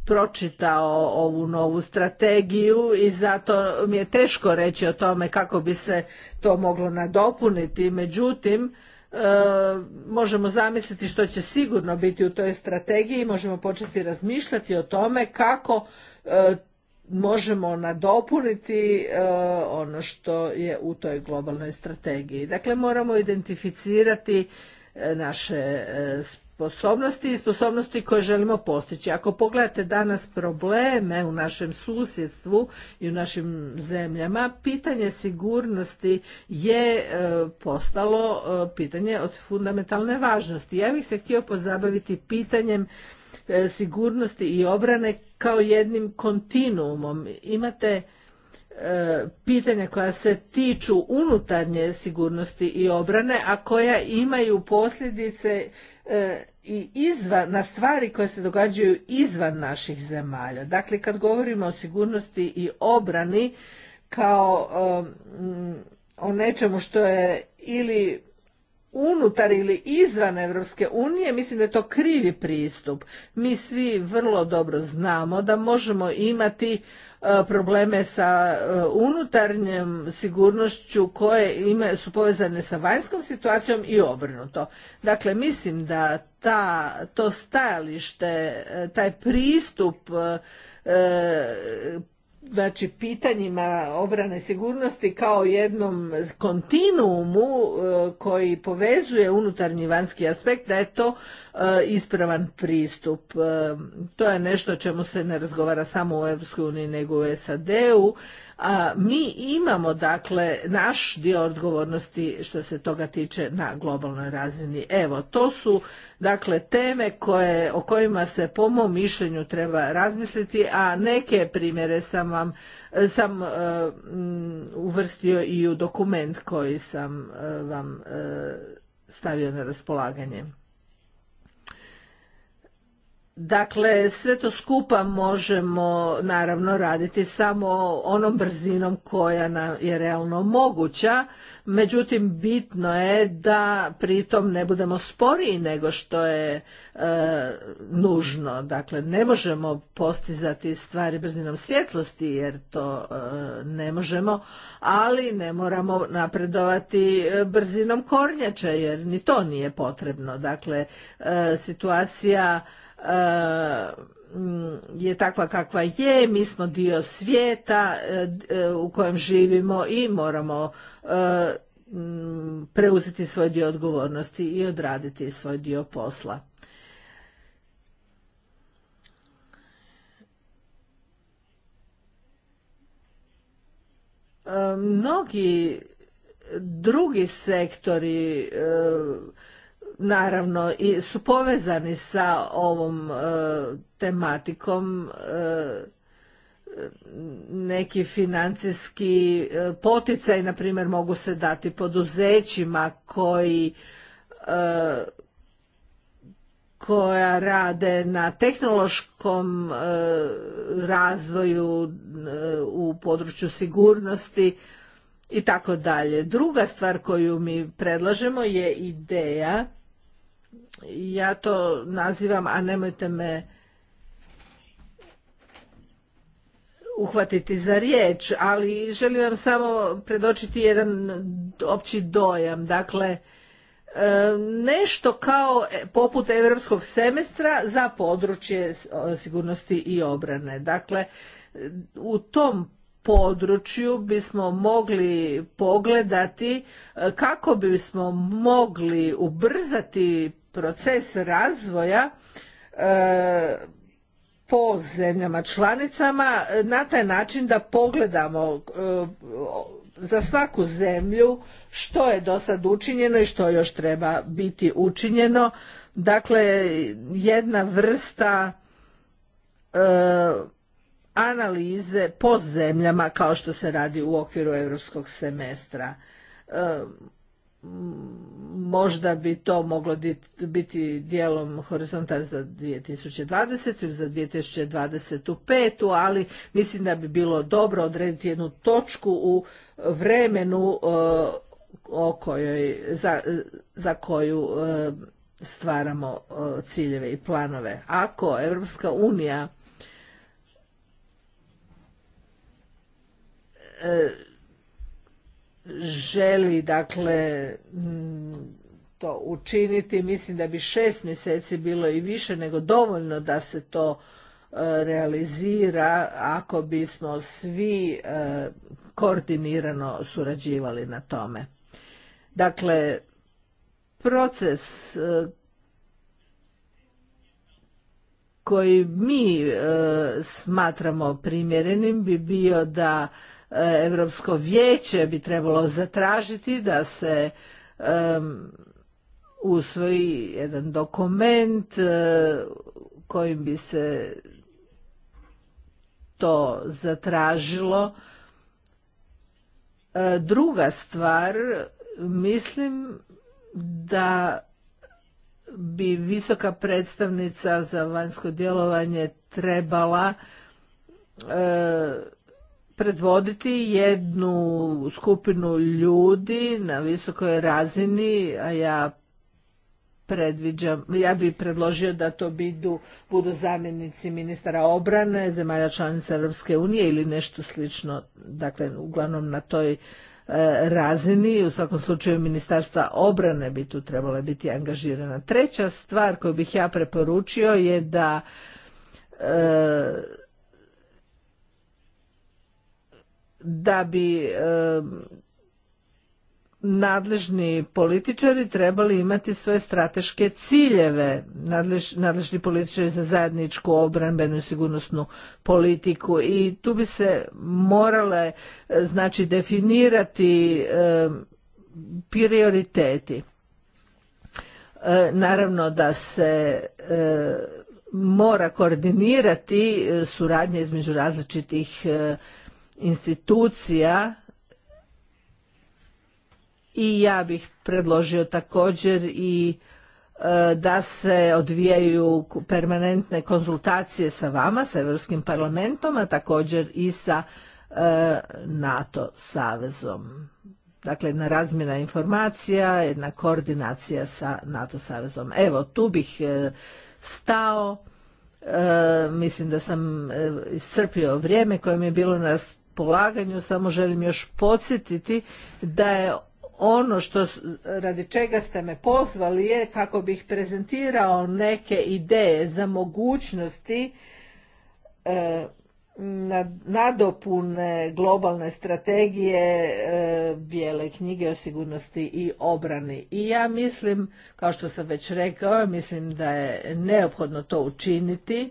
pročitao ovu novu strategiju i zato mi je teško reći o tome kako bi se to moglo nadopuniti. Međutim, e, možemo zamisliti što će sigurno biti u toj strategiji, možemo početi razmišljati o tome kako e, možemo nadopuniti ono što je u toj globalnoj strategiji. Dakle, moramo identificirati naše sposobnosti i sposobnosti koje želimo postići. Ako pogledate danas probleme u našem susjedstvu i u našim zemljama, pitanje sigurnosti je e, postalo e, pitanje od fundamentalne važnosti. Ja bih se htio pozabaviti pitanjem e, sigurnosti i obrane kao jednim kontinuumom. Imate pitanja koja se tiču unutarnje sigurnosti i obrane, a koja imaju posljedice i izvan, na stvari koje se događaju izvan naših zemalja. Dakle, kad govorimo o sigurnosti i obrani kao um, o nečemu što je ili unutar ili izvan Evropske unije, mislim da je to krivi pristup. Mi svi vrlo dobro znamo da možemo imati E, probleme sa e, unutarnjom sigurnošću koje su povezane sa vanjskom situacijom i obrnuto. Dakle, mislim da ta, to stajalište, e, taj pristup znači pitanjima obrane sigurnosti kao jednom kontinuumu e, koji povezuje unutarnji vanjski aspekt da je to e, ispravan pristup. E, to je nešto o čemu se ne razgovara samo u EU nego u SAD-u a mi imamo dakle naš dio odgovornosti što se toga tiče na globalnoj razini. Evo, to su dakle teme koje, o kojima se po mom mišljenju treba razmisliti, a neke primjere sam vam sam e, mm, uvrstio i u dokument koji sam e, vam e, stavio na raspolaganje. Dakle, sve to skupa možemo naravno raditi samo onom brzinom koja nam je realno moguća, međutim bitno je da pritom ne budemo sporiji nego što je e, nužno. Dakle, ne možemo postizati stvari brzinom svjetlosti jer to e, ne možemo, ali ne moramo napredovati e, brzinom kornjače jer ni to nije potrebno. Dakle, situacija E, mm, je takva kakva je, mi smo dio svijeta e, e, u kojem živimo i moramo mm, preuzeti svoj dio odgovornosti i odraditi svoj dio posla. Mnogi drugi sektori naravno i su povezani sa ovom e, tematikom e, neki financijski e, poticaj na primjer mogu se dati poduzećima koji koja rade na tehnološkom razvoju u području sigurnosti i tako dalje. Druga stvar koju mi predlažemo je ideja ja to nazivam, a nemojte me uhvatiti za riječ, ali želim vam samo predočiti jedan opći dojam. Dakle, e, nešto kao poput europskog semestra za područje sigurnosti i obrane. Dakle, u tom području bismo mogli pogledati kako bismo mogli ubrzati proces razvoja e, po zemljama članicama na taj način da pogledamo e, za svaku zemlju što je do sad učinjeno i što još treba biti učinjeno. Dakle, jedna vrsta e, analize po zemljama kao što se radi u okviru europskog semestra možda bi to moglo biti dijelom horizonta za 2020. ili za 2025. ali mislim da bi bilo dobro odrediti jednu točku u vremenu e, o kojoj, za, za koju e, stvaramo e, ciljeve i planove. Ako Europska unija želi dakle mm, to učiniti. Mislim da bi šest mjeseci bilo i više nego dovoljno da se to e, realizira ako bismo svi e, koordinirano surađivali na tome. Dakle, proces e, koji mi smatramo primjerenim bi bio da Europsko vijeće bi trebalo zatražiti da se usvoji jedan dokument e, kojim bi se to zatražilo. E, druga stvar, mislim da bi visoka predstavnica za vanjsko djelovanje trebala e, predvoditi jednu skupinu ljudi na visokoj razini, a ja predviđam, ja bih predložio da to bidu, budu zamjenici ministara obrane, zemalja članica Europske unije ili nešto slično, dakle uglavnom na toj e, razini, u svakom slučaju ministarstva obrane bi tu trebala biti angažirana. Treća stvar koju bih ja preporučio je da e, da bi nadležni političari trebali imati svoje strateške ciljeve, nadležni političari za zajedničku obrambenu i sigurnosnu politiku i tu bi se morale eh, znači definirati prioriteti. Eh, naravno da se eh, mora koordinirati suradnje između različitih institucija i ja bih predložio također i e, da se odvijaju permanentne konzultacije sa vama, sa Europskim parlamentom, a također i sa e, NATO savezom. Dakle, jedna razmjena informacija, jedna koordinacija sa NATO savezom. Evo, tu bih e, stao. mislim da sam iscrpio vrijeme koje mi je bilo na polaganju, samo želim još podsjetiti da je ono što radi čega ste me pozvali je kako bih prezentirao neke ideje za mogućnosti e, nadopune globalne strategije e, bijele knjige o sigurnosti i obrani. I ja mislim, kao što sam već rekao, mislim da je neophodno to učiniti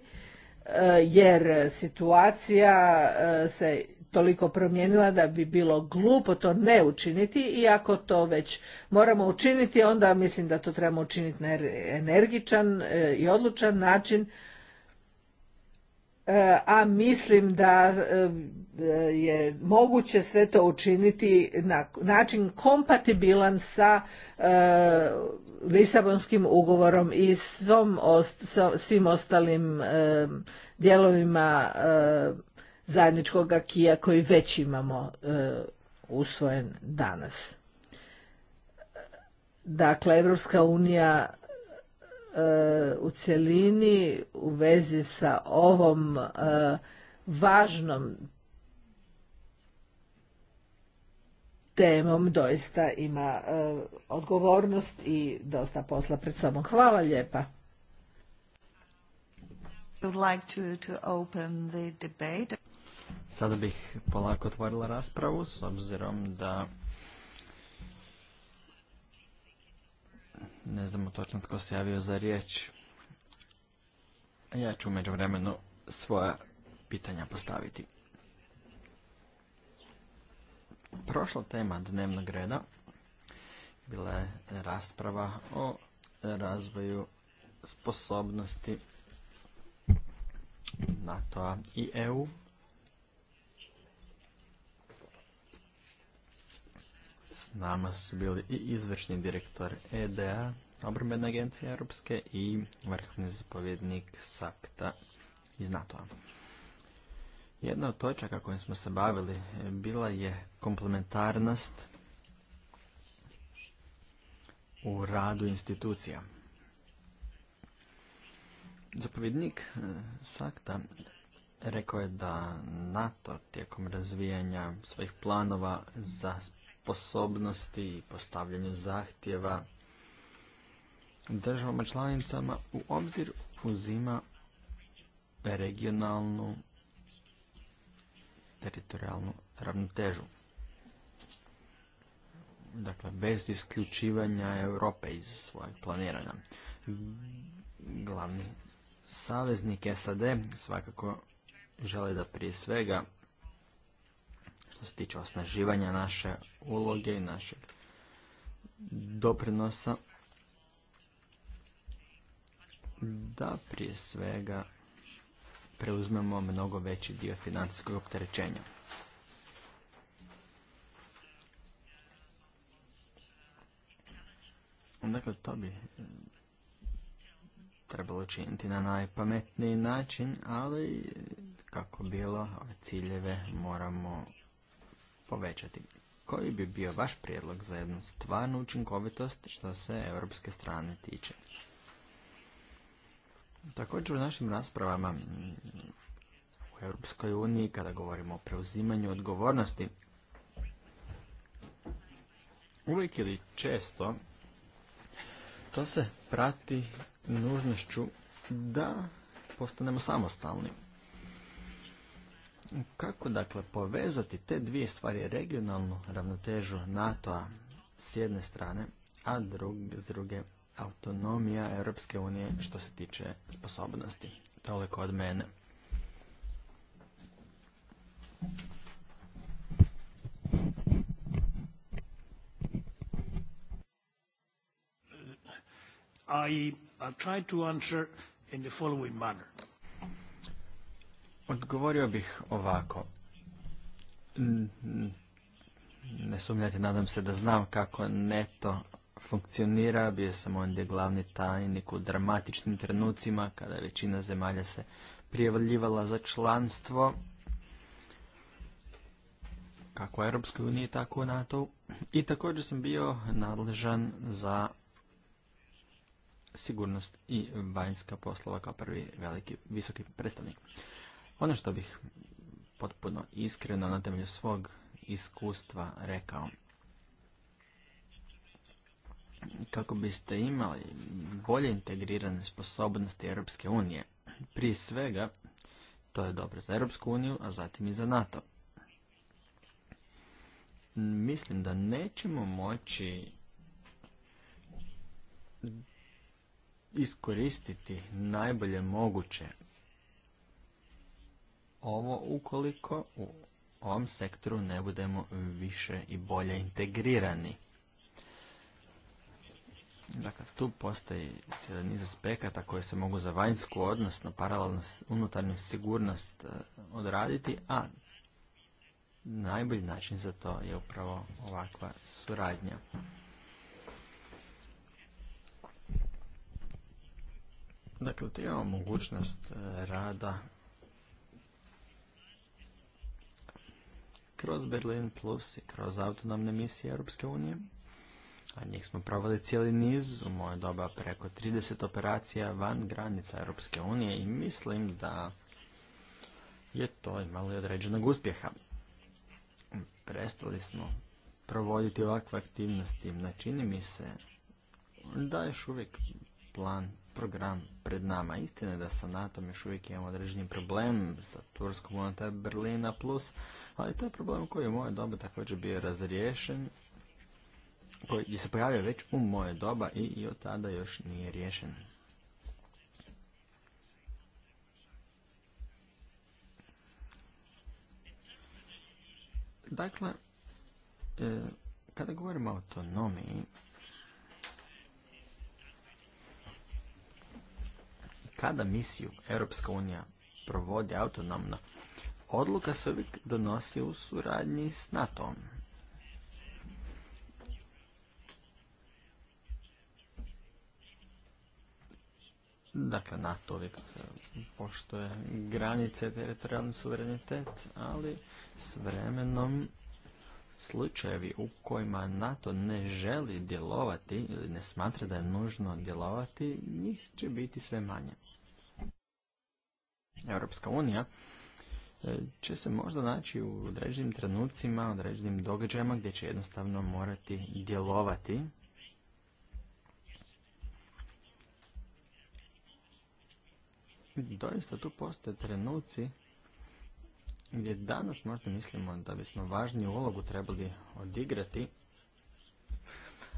e, jer situacija e, se toliko promijenila da bi bilo glupo to ne učiniti i ako to već moramo učiniti onda mislim da to trebamo učiniti na energičan e, i odlučan način e, a mislim da e, je moguće sve to učiniti na način kompatibilan sa Lisabonskim ugovorom i svim ostalim dijelovima zajedničkog akija koji već imamo e, usvojen danas. Dakle, Evropska unija e, u cjelini u vezi sa ovom e, važnom temom doista ima odgovornost i dosta posla pred sobom. Hvala lijepa. I would like to, to open the debate. Sada bih polako otvorila raspravu s obzirom da ne znamo točno tko se javio za riječ. Ja ću među vremenu svoja pitanja postaviti. Prošla tema dnevnog reda bila je rasprava o razvoju sposobnosti NATO-a i EU nama su bili i izvršni direktor EDA, obrambena agencija Europske i vrhovni zapovjednik SAPTA iz NATO-a. Jedna od točaka kojim smo se bavili bila je komplementarnost u radu institucija. Zapovjednik e, SAKTA rekao je da NATO tijekom razvijanja svojih planova za sposobnosti i postavljanje zahtjeva državama članicama u obzir uzima regionalnu teritorijalnu ravnotežu. Dakle, bez isključivanja Europe iz svojeg planiranja. Glavni saveznik SAD svakako žele da prije svega što se tiče osnaživanja naše uloge i našeg doprinosa da prije svega preuzmemo mnogo veći dio financijskog opterećenja. Dakle, to bi eh, trebalo činiti na najpametniji način, ali eh, kako bilo, ciljeve moramo povećati. Koji bi bio vaš prijedlog za jednu stvarnu učinkovitost što se europske strane tiče? Također u našim raspravama u Europskoj uniji, kada govorimo o preuzimanju odgovornosti, uvijek ili često to se prati nužnošću da postanemo samostalni. Kako dakle povezati te dvije stvari, regionalnu ravnotežu NATO-a s jedne strane, a drug, s druge autonomija Europske unije što se tiče sposobnosti. Toliko od mene. I try to answer in the following manner. Odgovorio bih ovako. Ne sumnjate, nadam se da znam kako neto funkcionira. Bio sam ondje glavni tajnik u dramatičnim trenucima kada je većina zemalja se prijavljivala za članstvo kako u Europskoj uniji, tako u NATO. I također sam bio nadležan za sigurnost i vanjska poslova kao prvi veliki visoki predstavnik. Ono što bih potpuno iskreno na temelju svog iskustva rekao. Kako biste imali bolje integrirane sposobnosti Europske unije, prije svega to je dobro za Europsku uniju, a zatim i za NATO. Mislim da nećemo moći iskoristiti najbolje moguće ovo ukoliko u ovom sektoru ne budemo više i bolje integrirani. Dakle, tu postoji cijeli niz aspekata koje se mogu za vanjsku, odnosno paralelno unutarnju sigurnost e, odraditi, a najbolji način za to je upravo ovakva suradnja. Dakle, tu imamo mogućnost e, rada kroz Berlin Plus i kroz autonomne misije Europske unije. A njih smo provali cijeli niz, u moje doba preko 30 operacija van granica Europske unije i mislim da je to imalo i određenog uspjeha. Prestali smo provoditi ovakve aktivnosti, znači čini mi se da još uvijek plan program pred nama. Istina je da sa NATO još uvijek imamo određeni problem sa Turskom unata Berlina plus, ali to je problem koji je u moje doba također bio razriješen, koji se pojavio već u moje doba i, i od tada još nije riješen. Dakle, e, kada govorimo o autonomiji, kada misiju Europska unija provodi autonomno, odluka se uvijek donosi u suradnji s NATO-om. Dakle, NATO uvijek e, poštoje granice teritorijalni suverenitet, ali s vremenom slučajevi u kojima NATO ne želi djelovati ili ne smatra da je nužno djelovati, njih će biti sve manje. Europska unija e, će se možda naći u određenim trenucima, određenim događajima gdje će jednostavno morati djelovati doista tu postoje trenuci gdje danas možda mislimo da bismo važniju ulogu trebali odigrati,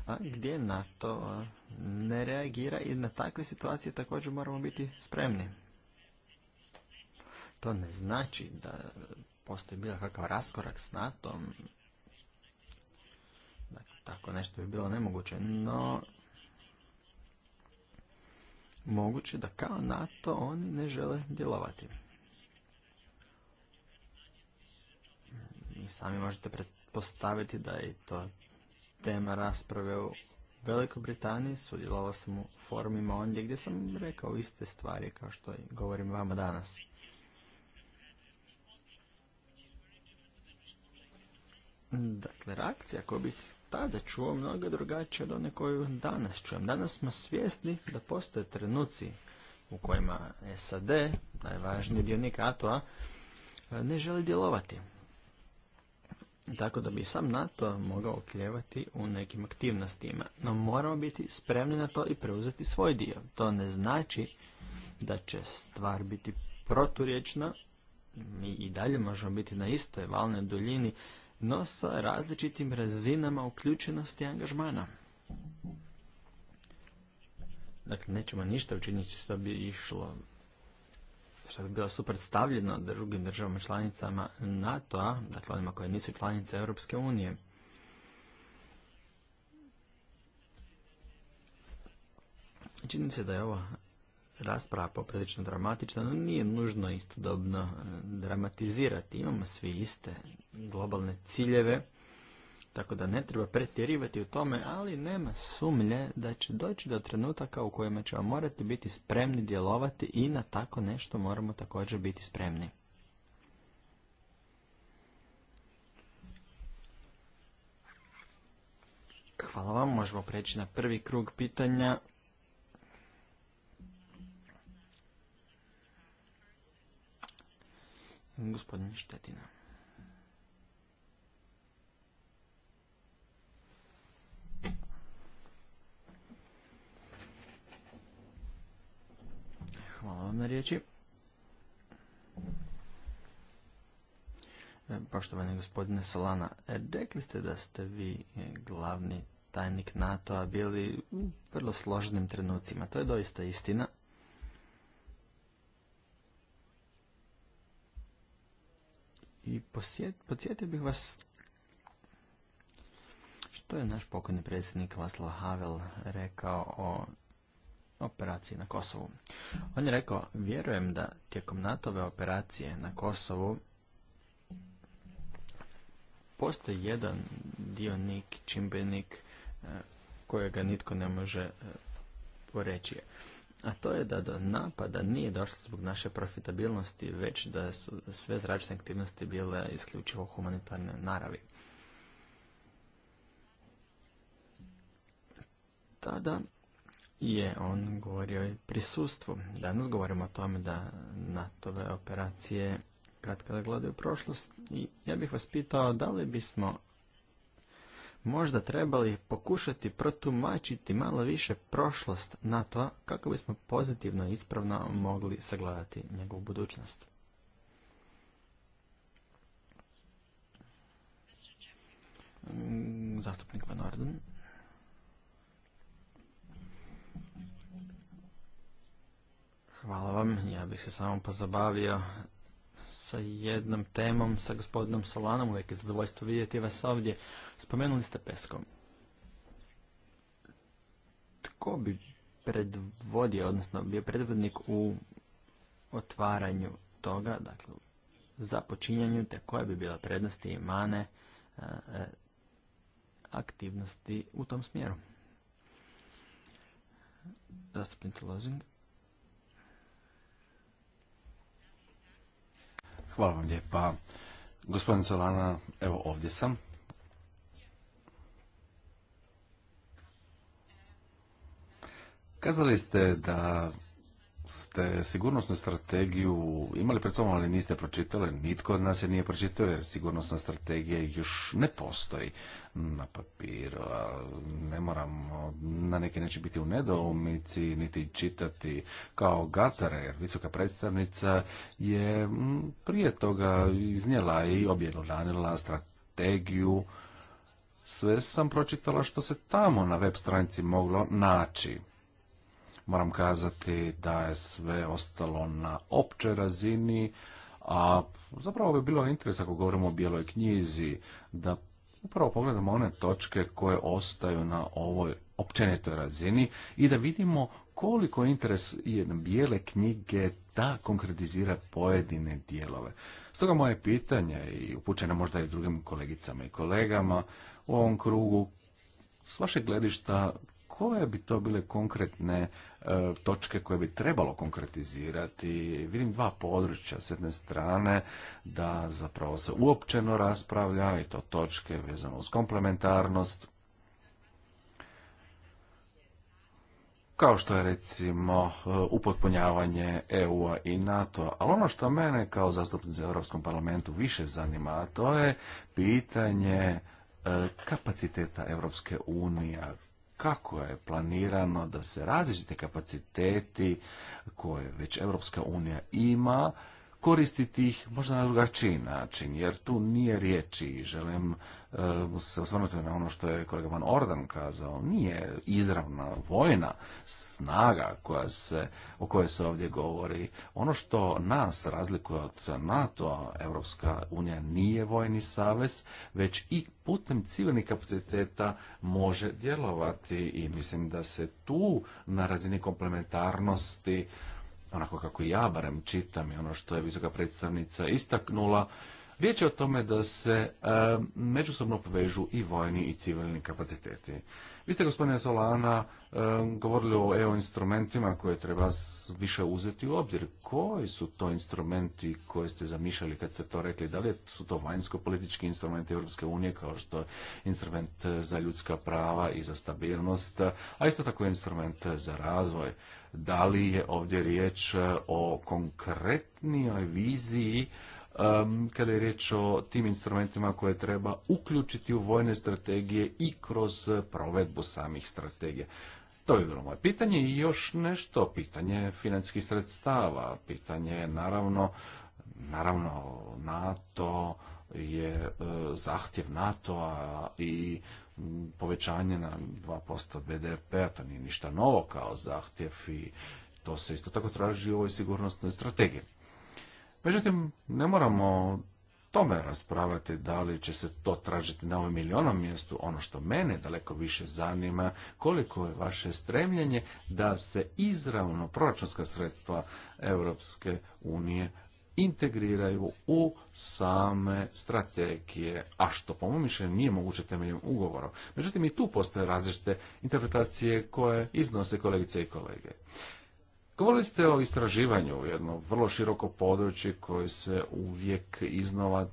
a gdje NATO ne reagira i na takve situacije također moramo biti spremni. To ne znači da postoji bilo kakav raskorak s NATO-om. Dakle, tako nešto bi bilo nemoguće, no moguće da kao NATO oni ne žele djelovati. I sami možete pretpostaviti da je to tema rasprave u Velikoj Britaniji. Sudjelovao sam u forumima ondje gdje sam rekao iste stvari kao što govorim vama danas. Dakle, reakcija koju bih tada čuo mnogo drugačije od one koju danas čujem. Danas smo svjesni da postoje trenuci u kojima SAD, najvažniji dionik NATO-a, ne želi djelovati. Tako da bi sam NATO mogao okljevati u nekim aktivnostima, no moramo biti spremni na to i preuzeti svoj dio. To ne znači da će stvar biti proturječna, mi i dalje možemo biti na istoj valnoj duljini no sa različitim razinama uključenosti i angažmana. Dakle, nećemo ništa učiniti što bi išlo, što bi bilo suprotstavljeno drugim državama članicama NATO-a, dakle onima koje nisu članice Europske unije. Čini se da je ovo rasprava poprilično dramatična, no nije nužno istodobno e, dramatizirati. Imamo svi iste globalne ciljeve, tako da ne treba pretjerivati u tome, ali nema sumnje da će doći do trenutaka u kojima ćemo morati biti spremni djelovati i na tako nešto moramo također biti spremni. Hvala vam, možemo preći na prvi krug pitanja. Gospodin Štetina. Hvala vam na riječi. E, poštovani gospodine Solana, e, rekli ste da ste vi e, glavni tajnik NATO-a bili u vrlo složenim trenucima. To je doista istina. i podsjetio bih vas što je naš pokojni predsjednik Vaslav Havel rekao o operaciji na Kosovu. On je rekao, vjerujem da tijekom NATO-ve operacije na Kosovu postoji jedan dionik, čimbenik eh, kojega nitko ne može eh, poreći a to je da do napada nije došlo zbog naše profitabilnosti, već da su sve zračne aktivnosti bile isključivo humanitarne naravi. Tada je on govorio i prisustvu. Danas govorimo o tome da nato operacije kad kada gledaju prošlost i ja bih vas pitao da li bismo možda trebali pokušati protumačiti malo više prošlost na to, kako bismo pozitivno i ispravno mogli sagledati njegovu budućnost. Mm, zastupnik Van Orden. Hvala vam. Ja bih se samo pozabavio sa jednom temom, sa gospodinom Solanom. Uvijek je zadovoljstvo vidjeti vas ovdje. Spomenuli ste Peskom. Tko bi predvodio, odnosno bio predvodnik u otvaranju toga, dakle, počinjanju, te koje bi bila prednosti i mane e, aktivnosti u tom smjeru? Zastupnite Lozing. Hvala vam lijepa. Gospodin Solana, evo ovdje sam. Kazali ste da ste sigurnosnu strategiju imali pred sobom, ali niste pročitali, nitko od nas je nije pročitao, jer sigurnosna strategija još ne postoji na papiru. Ne moramo na neki način biti u nedoumici, niti čitati kao gatare, jer visoka predstavnica je prije toga iznijela i objelodanila strategiju sve sam pročitala što se tamo na web stranici moglo naći. Moram kazati da je sve ostalo na općoj razini, a zapravo bi bilo interes ako govorimo o bijeloj knjizi, da upravo pogledamo one točke koje ostaju na ovoj općenitoj razini i da vidimo koliko interes jedne bijele knjige da konkretizira pojedine dijelove. Stoga moje pitanje i upućeno možda i drugim kolegicama i kolegama u ovom krugu s vašeg gledišta koje bi to bile konkretne E, točke koje bi trebalo konkretizirati. Vidim dva područja s jedne strane da zapravo se uopćeno raspravlja i to točke vezano uz komplementarnost. Kao što je recimo e, upotpunjavanje EU-a i NATO-a. Ali ono što mene kao zastupnice u Europskom parlamentu više zanima, to je pitanje e, kapaciteta Europske unije kako je planirano da se različite kapaciteti koje već Europska unija ima koristiti ih možda na drugačiji način, jer tu nije riječi. Želim E, se osvrnuti na ono što je kolega Van Orden kazao. Nije izravna vojna snaga koja se, o kojoj se ovdje govori. Ono što nas razlikuje od NATO, Europska unija nije vojni savez, već i putem civilnih kapaciteta može djelovati i mislim da se tu na razini komplementarnosti onako kako ja barem čitam i ono što je visoka predstavnica istaknula, Riječ je o tome da se e, međusobno povežu i vojni i civilni kapaciteti. Vi ste, gospodine Solana, e, govorili o EU instrumentima koje treba više uzeti u obzir. Koji su to instrumenti koje ste zamišljali kad ste to rekli? Da li su to vanjsko-politički instrumenti Europske unije kao što je instrument za ljudska prava i za stabilnost, a isto tako je instrument za razvoj? Da li je ovdje riječ o konkretnijoj viziji kada je riječ o tim instrumentima koje treba uključiti u vojne strategije i kroz provedbu samih strategija. To je bilo moje pitanje i još nešto, pitanje financijskih sredstava, pitanje naravno, naravno NATO je e, zahtjev NATO-a i povećanje na 2% BDP-a, to nije ništa novo kao zahtjev i to se isto tako traži u ovoj sigurnosnoj strategiji. Međutim, ne moramo tome raspravati da li će se to tražiti na ovom ili mjestu. Ono što mene daleko više zanima, koliko je vaše stremljenje da se izravno proračunska sredstva Europske unije integriraju u same strategije, a što po mom mišljenju nije moguće temeljem ugovora. Međutim, i tu postoje različite interpretacije koje iznose kolegice i kolege. Govorili ste o istraživanju, jedno vrlo široko područje koje se uvijek iznova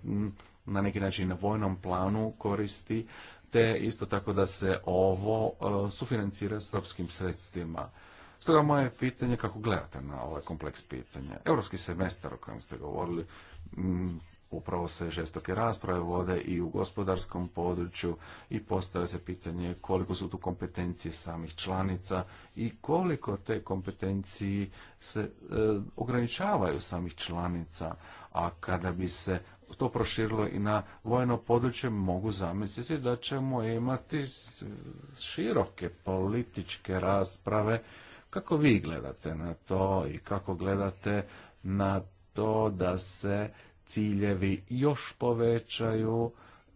na neki način na vojnom planu koristi, te isto tako da se ovo e, sufinancira srpskim sredstvima. Stoga moje pitanje kako gledate na ovaj kompleks pitanja. Europski semestar o kojem ste govorili, upravo se žestoke rasprave vode i u gospodarskom području i postavlja se pitanje koliko su tu kompetencije samih članica i koliko te kompetencije se e, ograničavaju samih članica, a kada bi se to proširilo i na vojno područje, mogu zamisliti da ćemo imati široke političke rasprave. Kako vi gledate na to i kako gledate na to da se ciljevi još povećaju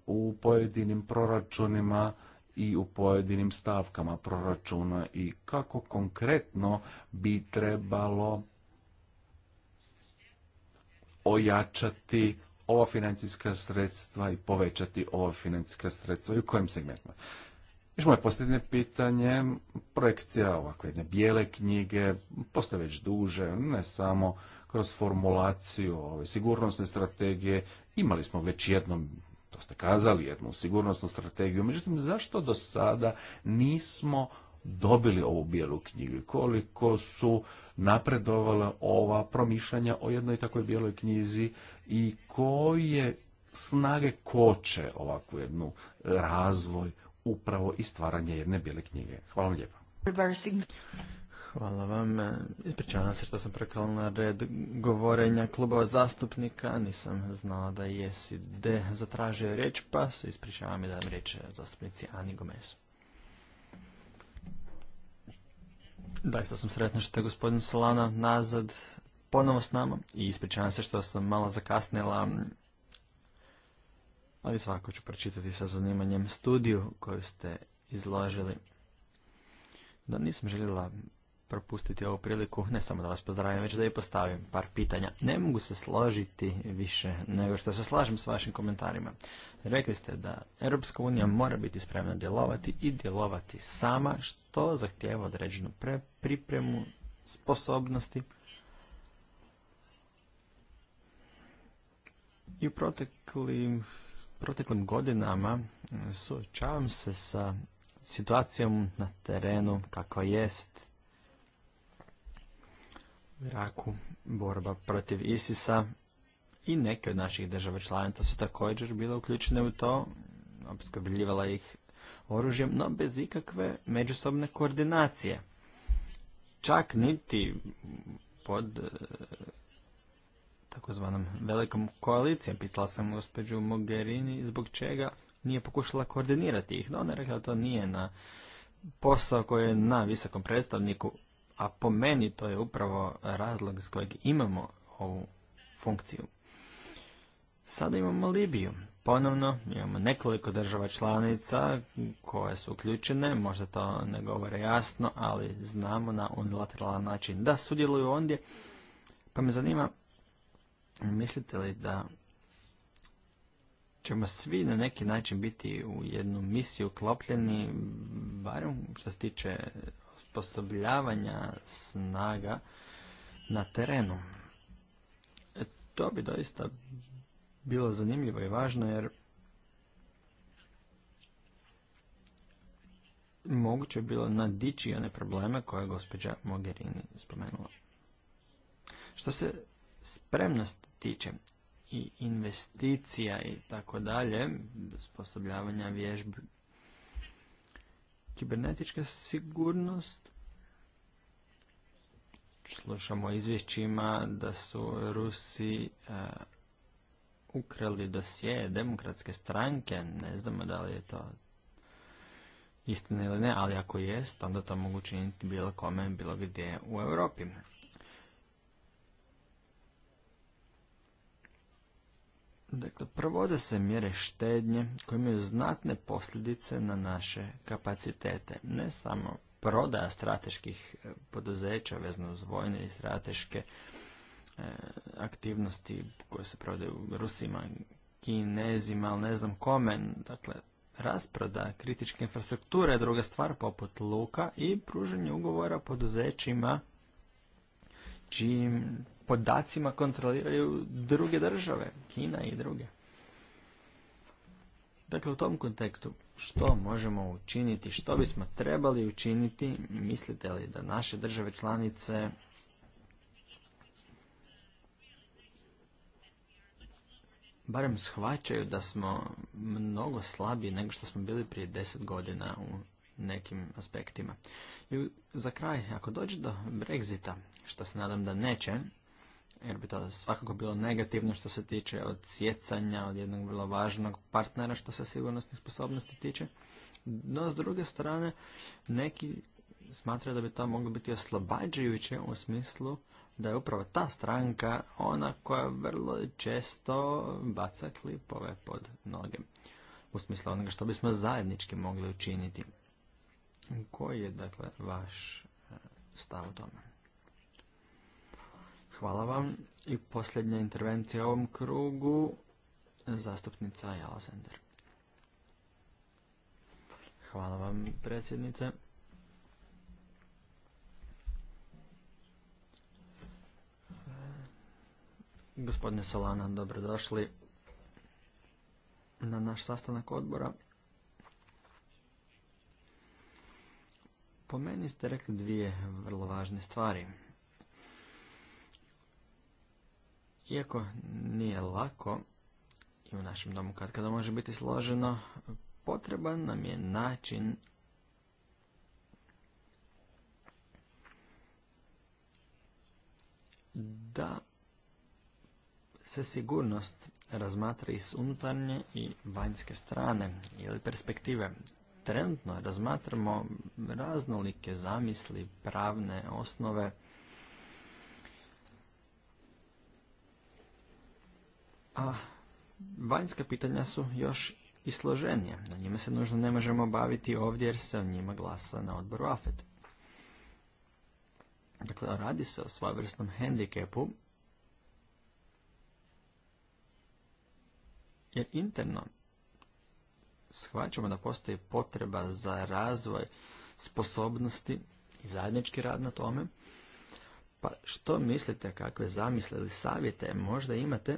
u pojedinim proračunima i u pojedinim stavkama proračuna i kako konkretno bi trebalo ojačati ova financijska sredstva i povećati ova financijska sredstva i u kojem segmentu. Još moje posljednje pitanje, projekcija ovakve jedne bijele knjige, postoje već duže, ne samo kroz formulaciju ove sigurnosne strategije. Imali smo već jednom to ste kazali, jednu sigurnosnu strategiju. Međutim, zašto do sada nismo dobili ovu bijelu knjigu? Koliko su napredovala ova promišljanja o jednoj takvoj bijeloj knjizi i koje snage koče ovakvu jednu razvoj upravo i stvaranje jedne bijele knjige? Hvala vam lijepa. Hvala vam. Ispričavam se što sam prekala na red govorenja klubova zastupnika. Nisam znala da je SID zatražio riječ, pa se ispričavam i dajem riječ zastupnici Ani Gomesu. Da, sam sretna što je gospodin Solana nazad ponovo s nama i ispričavam se što sam malo zakasnila, ali svako ću pročitati sa zanimanjem studiju koju ste izložili. Da nisam željela propustiti ovu priliku ne samo da vas pozdravim, već da i postavim par pitanja. Ne mogu se složiti više nego što se slažem s vašim komentarima. Rekli ste da Europska unija mora biti spremna djelovati i djelovati sama, što zahtjeva određenu pripremu sposobnosti. I u proteklim, proteklim godinama suočavam se sa situacijom na terenu kakva jest, Iraku, borba protiv Isisa i neke od naših država članica su također bile uključene u to, opskrbljivala ih oružjem, no bez ikakve međusobne koordinacije. Čak niti pod e, takozvanom velikom koalicijom. Pitala sam gospođu Mogherini zbog čega nije pokušala koordinirati ih, no ona je rekla da to nije na posao koji je na visokom predstavniku a po meni to je upravo razlog s kojeg imamo ovu funkciju. Sada imamo Libiju. Ponovno imamo nekoliko država članica koje su uključene, možda to ne govore jasno, ali znamo na unilateralan način da sudjeluju ondje. Pa me zanima, mislite li da ćemo svi na neki način biti u jednu misiju uklopljeni, barem što se tiče osposobljavanja snaga na terenu. E, to bi doista bilo zanimljivo i važno jer moguće je bilo nadići one probleme koje je gospođa Mogherini spomenula. Što se spremnost tiče i investicija i tako dalje, sposobljavanja vježbi kibernetička sigurnost. Slušamo izvješćima da su Rusi e, ukrali dosije demokratske stranke. Ne znamo da li je to istina ili ne, ali ako jest, onda to mogu činiti bilo kome, bilo gdje u Europi. Dakle, provode se mjere štednje koje imaju znatne posljedice na naše kapacitete. Ne samo prodaja strateških e, poduzeća vezano uz vojne i strateške e, aktivnosti koje se prodaju Rusima, Kinezima, ali ne znam kome. Dakle, rasproda kritičke infrastrukture je druga stvar poput luka i pruženje ugovora poduzećima čijim podacima kontroliraju druge države, Kina i druge. Dakle, u tom kontekstu, što možemo učiniti, što bismo trebali učiniti, mislite li da naše države članice barem shvaćaju da smo mnogo slabiji nego što smo bili prije deset godina u nekim aspektima. I za kraj, ako dođe do Brexita, što se nadam da neće, jer bi to svakako bilo negativno što se tiče od sjecanja od jednog vrlo važnog partnera što se sigurnosnih sposobnosti tiče. No, s druge strane, neki smatraju da bi to moglo biti oslobađajuće u smislu da je upravo ta stranka ona koja vrlo često baca klipove pod noge. U smislu onoga što bismo zajednički mogli učiniti. Koji je, dakle, vaš e, stav o tome? Hvala vam. I posljednja intervencija u ovom krugu, zastupnica Sender. Hvala vam, predsjednice. Gospodine Solana, dobrodošli na naš sastanak odbora. Po meni ste rekli dvije vrlo važne stvari. Iako nije lako i u našem domu kad kada može biti složeno, potreban nam je način da se sigurnost razmatra i s unutarnje i vanjske strane ili perspektive. Trenutno razmatramo raznolike zamisli, pravne osnove A vanjska pitanja su još i složenije. Na njima se nužno ne možemo baviti ovdje jer se o njima glasa na odboru AFET. Dakle, radi se o svojevrsnom hendikepu jer interno shvaćamo da postoji potreba za razvoj sposobnosti i zajednički rad na tome. Pa što mislite, kakve zamisle ili savjete možda imate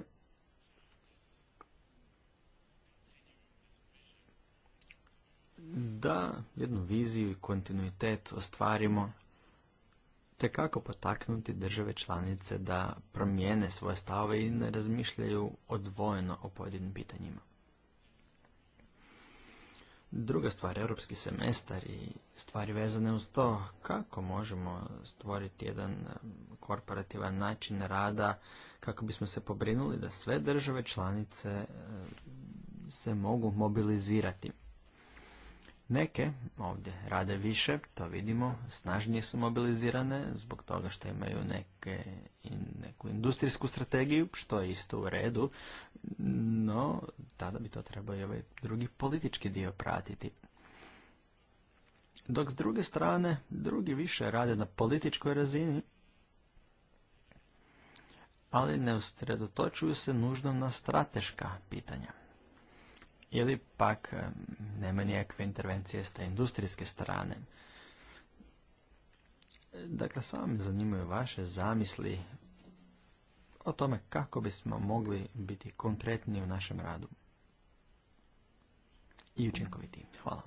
da jednu viziju i kontinuitet ostvarimo, te kako potaknuti države članice da promijene svoje stave i ne razmišljaju odvojeno o pojedinim pitanjima. Druga stvar, europski semestar i stvari vezane uz to kako možemo stvoriti jedan korporativan način rada kako bismo se pobrinuli da sve države članice se mogu mobilizirati Neke ovdje rade više, to vidimo, snažnije su mobilizirane zbog toga što imaju neke, neku industrijsku strategiju, što je isto u redu, no tada bi to trebao i ovaj drugi politički dio pratiti. Dok s druge strane, drugi više rade na političkoj razini, ali ne usredotočuju se nužno na strateška pitanja ili pak e, nema nikakve intervencije s industrijske strane. Dakle, samo me zanimaju vaše zamisli o tome kako bismo mogli biti konkretniji u našem radu i učinkovitiji. Hvala.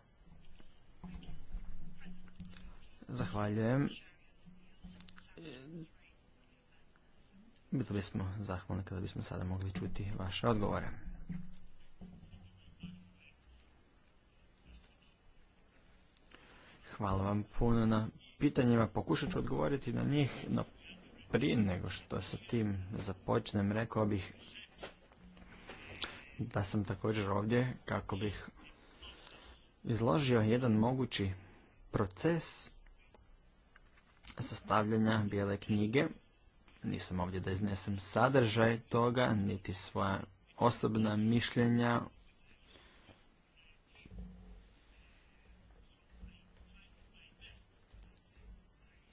Zahvaljujem. Bili bismo zahvalni kada bismo sada mogli čuti vaše odgovore. Hvala vam puno na pitanjima. Pokušat ću odgovoriti na njih, no prije nego što sa tim započnem, rekao bih da sam također ovdje kako bih izložio jedan mogući proces sastavljanja bijele knjige. Nisam ovdje da iznesem sadržaj toga, niti svoja osobna mišljenja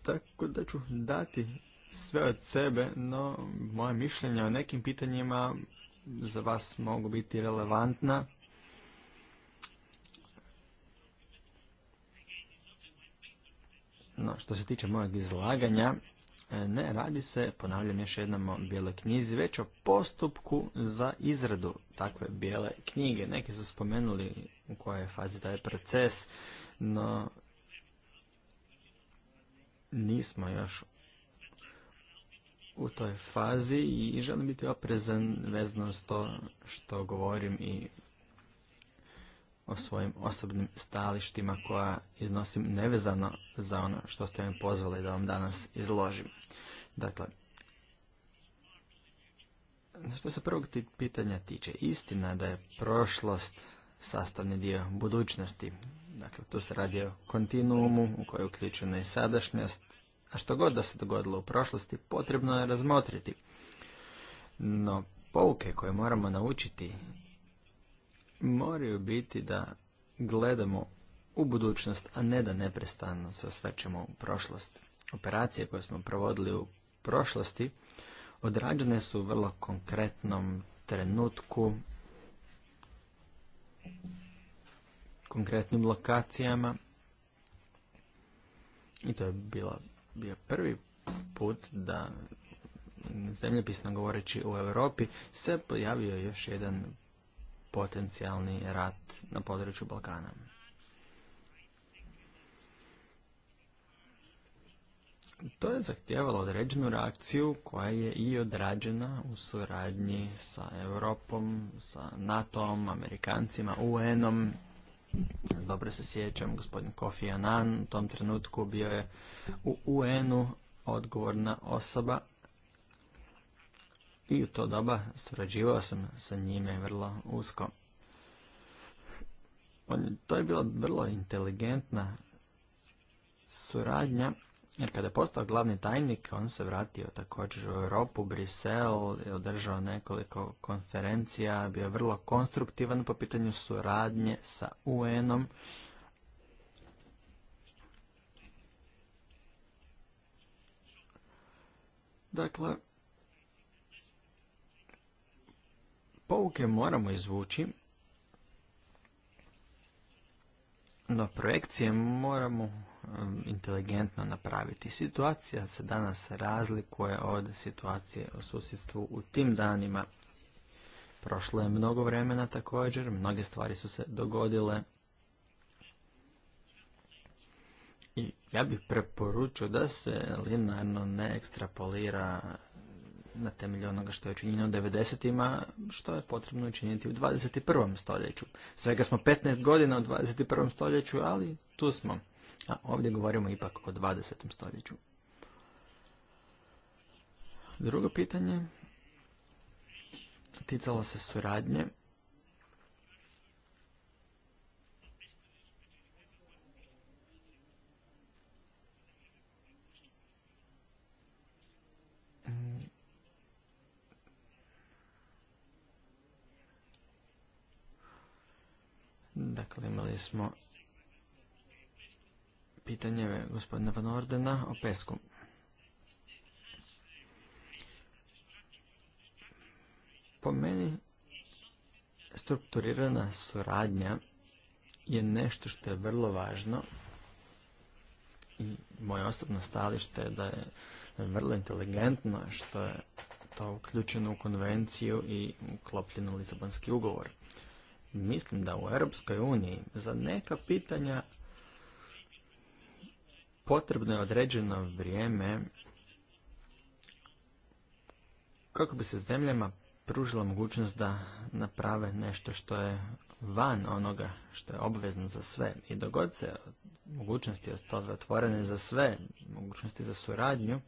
Tako da ću dati sve od sebe, no moje mišljenje o nekim pitanjima za vas mogu biti relevantna. No, što se tiče mojeg izlaganja, e, ne radi se, ponavljam još jednom o bijeloj knjizi, već o postupku za izradu takve bijele knjige. Neki su spomenuli u kojoj je fazi taj proces, no nismo još u toj fazi i želim biti oprezan vezano s to što govorim i o svojim osobnim stalištima koja iznosim nevezano za ono što ste mi pozvali da vam danas izložim. Dakle, što se prvog pitanja tiče, istina da je prošlost sastavni dio budućnosti. Dakle, tu se radi o kontinuumu u kojoj je uključena i sadašnjost, a što god da se dogodilo u prošlosti potrebno je razmotriti. No, pouke koje moramo naučiti moraju biti da gledamo u budućnost, a ne da neprestano se u prošlost. Operacije koje smo provodili u prošlosti odrađene su u vrlo konkretnom trenutku, konkretnim lokacijama i to je bila bio prvi put da zemljopisno govoreći u Europi se pojavio još jedan potencijalni rat na području Balkana. To je zahtjevalo određenu reakciju koja je i odrađena u suradnji sa Europom, sa NATO-om, Amerikancima, UN-om dobro se sjećam, gospodin Kofi u tom trenutku bio je u UN-u odgovorna osoba i u to doba surađivao sam sa njime vrlo usko. to je bila vrlo inteligentna suradnja jer kada je postao glavni tajnik, on se vratio također u Europu, Brisel, je održao nekoliko konferencija, bio je vrlo konstruktivan po pitanju suradnje sa UN-om. Dakle, pouke moramo izvući, no projekcije moramo Um, inteligentno napraviti. Situacija se danas razlikuje od situacije u susjedstvu u tim danima. Prošlo je mnogo vremena također, mnoge stvari su se dogodile. I ja bih preporučio da se linarno ne ekstrapolira na temelju onoga što je učinjeno u 90-ima, što je potrebno učiniti u 21. stoljeću. Svega smo 15 godina u 21. stoljeću, ali tu smo. A ovdje govorimo ipak o 20. stoljeću. Drugo pitanje ticalo se suradnje Dakle, imali smo pitanje gospodina Van Ordena o pesku. Po meni strukturirana suradnja je nešto što je vrlo važno i moje osobno stalište je da je vrlo inteligentno što je to uključeno u konvenciju i uklopljeno u Lisabonski ugovor. Mislim da u Europskoj uniji za neka pitanja potrebno je određeno vrijeme kako bi se zemljama pružila mogućnost da naprave nešto što je van onoga što je obvezno za sve. I dogod se mogućnosti ostale otvorene za sve, mogućnosti za suradnju,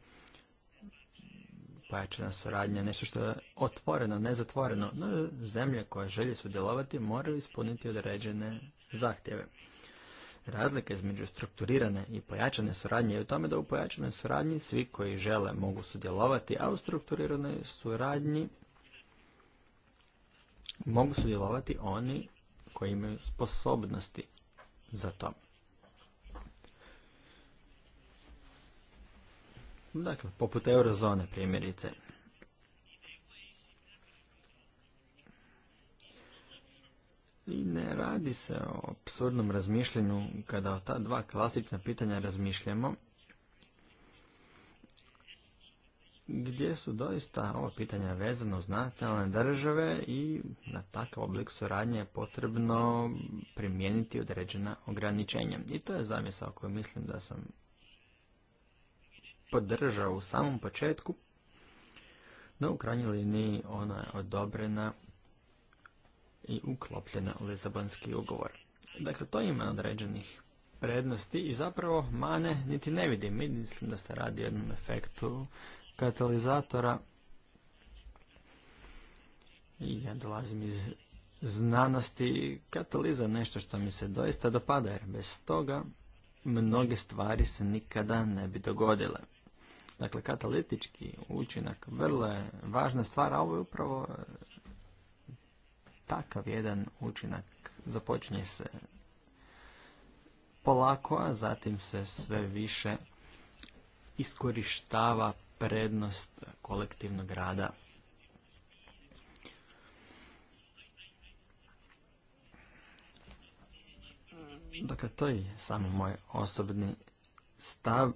pojačana suradnja, nešto što je otvoreno, nezatvoreno. No, zemlje koje želje sudjelovati moraju ispuniti određene zahtjeve. Razlika između strukturirane i pojačane suradnje je u tome da u pojačanoj suradnji svi koji žele mogu sudjelovati, a u strukturiranoj suradnji mogu sudjelovati oni koji imaju sposobnosti za to. Dakle, poput eurozone primjerice. I ne radi se o absurdnom razmišljenju kada o ta dva klasična pitanja razmišljamo, gdje su doista ova pitanja vezana uz nacionalne države i na takav oblik suradnje je potrebno primijeniti određena ograničenja. I to je zamisao koju mislim da sam podržao u samom početku, no u krajnjoj liniji ona je odobrena i uklopljena u Lisabonski ugovor. Dakle, to ima određenih prednosti i zapravo mane niti ne vidim. Mislim da se radi o jednom efektu katalizatora i ja dolazim iz znanosti. Kataliza nešto što mi se doista dopada jer bez toga mnoge stvari se nikada ne bi dogodile. Dakle, katalitički učinak vrlo je važna stvar, a ovo je upravo takav jedan učinak započinje se polako, a zatim se sve više iskorištava prednost kolektivnog rada. Dakle, to je samo moj osobni stav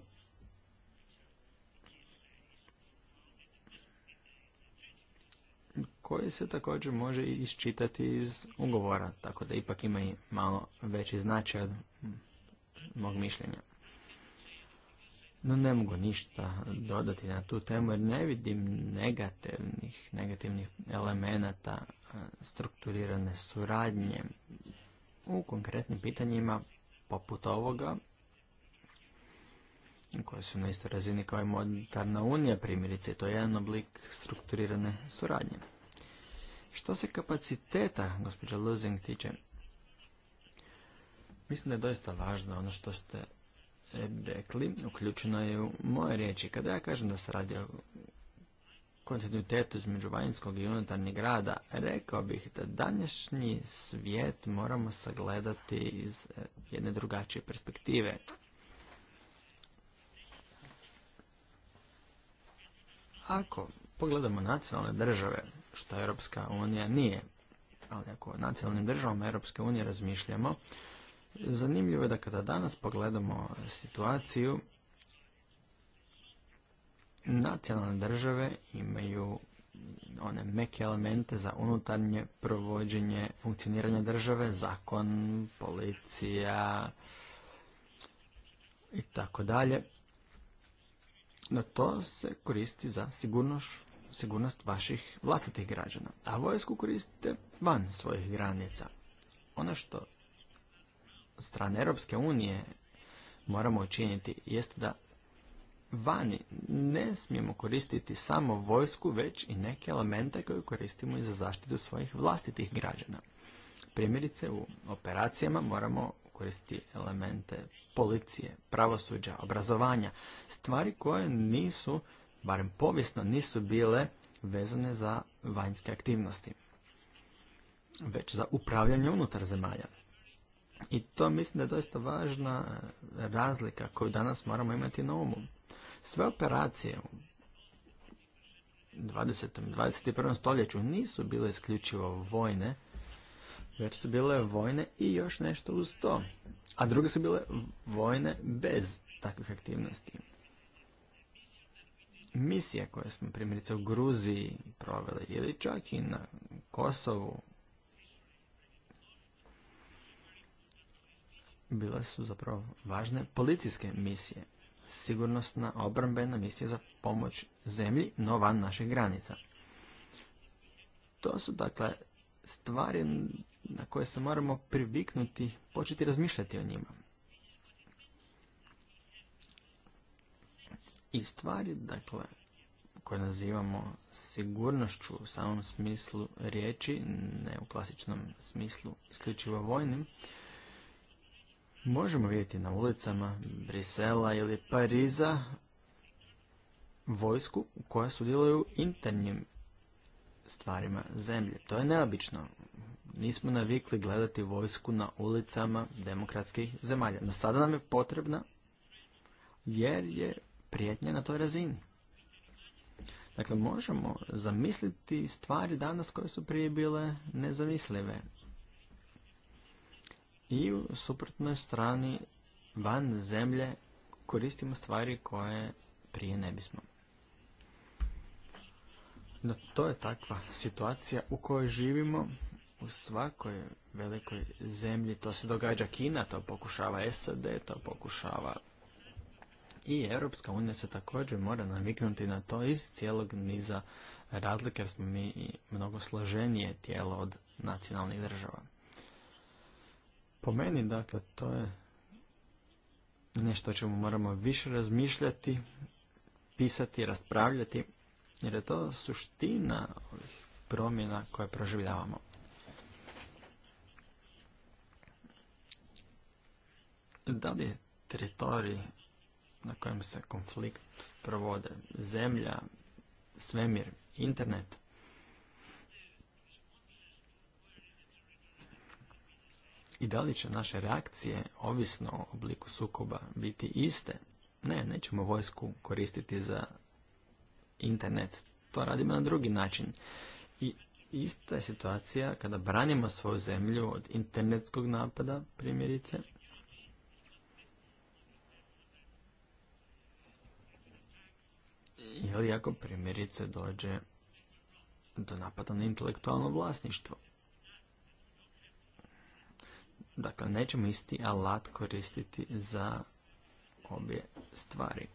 koji se također može iščitati iz ugovora, tako da ipak ima i malo veći značaj od mog mišljenja. No ne mogu ništa dodati na tu temu jer ne vidim negativnih, negativnih elemenata e, strukturirane suradnje u konkretnim pitanjima poput ovoga koje su na istoj razini kao i monetarna unija primjerice. To je jedan oblik strukturirane suradnje. Što se kapaciteta, gospođa Luzing, tiče, mislim da je doista važno ono što ste rekli, uključeno je u moje riječi. Kada ja kažem da se radi o kontinuitetu između vanjskog i unutarnjeg rada, rekao bih da današnji svijet moramo sagledati iz eh, jedne drugačije perspektive. Ako pogledamo nacionalne države, što Europska unija nije. Ali ako o nacionalnim državama Europske unije razmišljamo, zanimljivo je da kada danas pogledamo situaciju, nacionalne države imaju one meke elemente za unutarnje provođenje funkcioniranja države, zakon, policija i tako dalje. No to se koristi za sigurnošću sigurnost vaših vlastitih građana, a vojsku koristite van svojih granica. Ono što strane Europske unije moramo učiniti jest da vani ne smijemo koristiti samo vojsku, već i neke elemente koje koristimo i za zaštitu svojih vlastitih građana. Primjerice, u operacijama moramo koristiti elemente policije, pravosuđa, obrazovanja, stvari koje nisu barem povijesno, nisu bile vezane za vanjske aktivnosti, već za upravljanje unutar zemalja. I to mislim da je dosta važna razlika koju danas moramo imati na umu. Sve operacije u 20. 21. stoljeću nisu bile isključivo vojne, već su bile vojne i još nešto uz to. A druge su bile vojne bez takvih aktivnosti misije koje smo primjerice u Gruziji proveli ili čak i na Kosovu bile su zapravo važne politiske misije, sigurnosna obrambena misija za pomoć zemlji, no van naših granica. To su dakle stvari na koje se moramo priviknuti, početi razmišljati o njima. i stvari, dakle, koje nazivamo sigurnošću u samom smislu riječi, ne u klasičnom smislu isključivo vojnim, možemo vidjeti na ulicama Brisela ili Pariza vojsku koja su u internim stvarima zemlje. To je neobično. Nismo navikli gledati vojsku na ulicama demokratskih zemalja. No sada nam je potrebna jer je prijetnje na toj razini. Dakle, možemo zamisliti stvari danas koje su prije bile nezamislive. I u suprotnoj strani van zemlje koristimo stvari koje prije ne bismo. No, to je takva situacija u kojoj živimo u svakoj velikoj zemlji. To se događa Kina, to pokušava SAD, to pokušava i Europska unija se također mora naviknuti na to iz cijelog niza razlike jer smo mi mnogo složenije tijelo od nacionalnih država. Po meni, dakle, to je nešto o čemu moramo više razmišljati, pisati, raspravljati, jer je to suština ovih promjena koje proživljavamo. Da li je teritorij na kojem se konflikt provode zemlja, svemir, internet. I da li će naše reakcije, ovisno o obliku sukoba, biti iste? Ne, nećemo vojsku koristiti za internet. To radimo na drugi način. I ista je situacija kada branimo svoju zemlju od internetskog napada, primjerice, ili ako primjerice dođe do napada na intelektualno vlasništvo. Dakle, nećemo isti alat koristiti za obje stvari.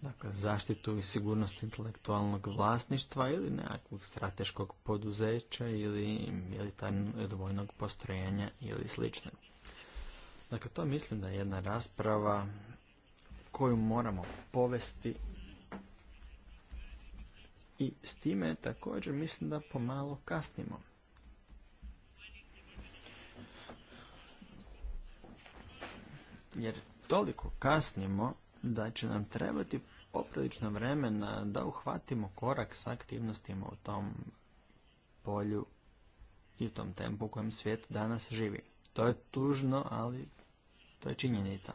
Dakle, zaštitu i sigurnost intelektualnog vlasništva ili nekakvog strateškog poduzeća ili militarnog dvojnog postrojenja ili slično. Dakle, to mislim da je jedna rasprava koju moramo povesti i s time također mislim da pomalo kasnimo. Jer toliko kasnimo da će nam trebati poprilično vremena da uhvatimo korak s aktivnostima u tom polju i u tom tempu u kojem svijet danas živi. To je tužno, ali to je činjenica.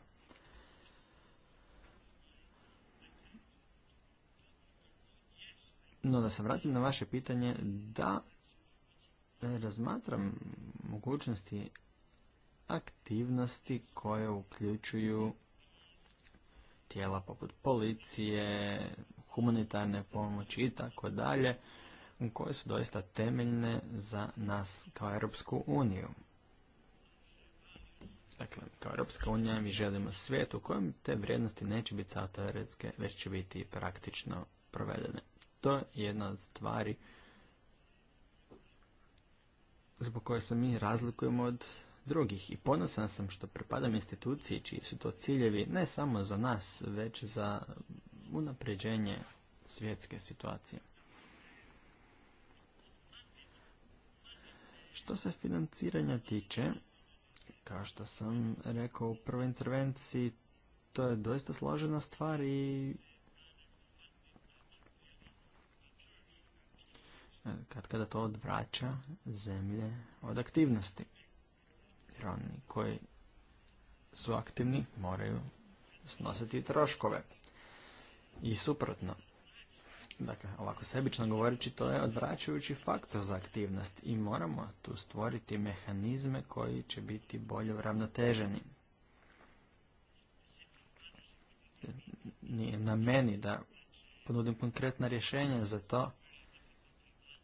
No da se vratim na vaše pitanje, da e, razmatram mogućnosti aktivnosti koje uključuju tijela poput policije, humanitarne pomoći i tako dalje, koje su doista temeljne za nas kao Europsku uniju. Dakle, kao Europska unija mi želimo svijet u kojem te vrijednosti neće biti satoretske, već će biti praktično provedene. To je jedna od stvari zbog koje se mi razlikujemo od drugih i ponosan sam što prepadam instituciji čiji su to ciljevi ne samo za nas, već za unapređenje svjetske situacije. Što se financiranja tiče, kao što sam rekao u prvoj intervenciji, to je doista složena stvar i e, kad kada to odvraća zemlje od aktivnosti. Jer oni koji su aktivni moraju snositi troškove. I suprotno, Dakle, ovako sebično govoreći, to je odvraćajući faktor za aktivnost i moramo tu stvoriti mehanizme koji će biti bolje uravnoteženi. Nije na meni da ponudim konkretna rješenja za to,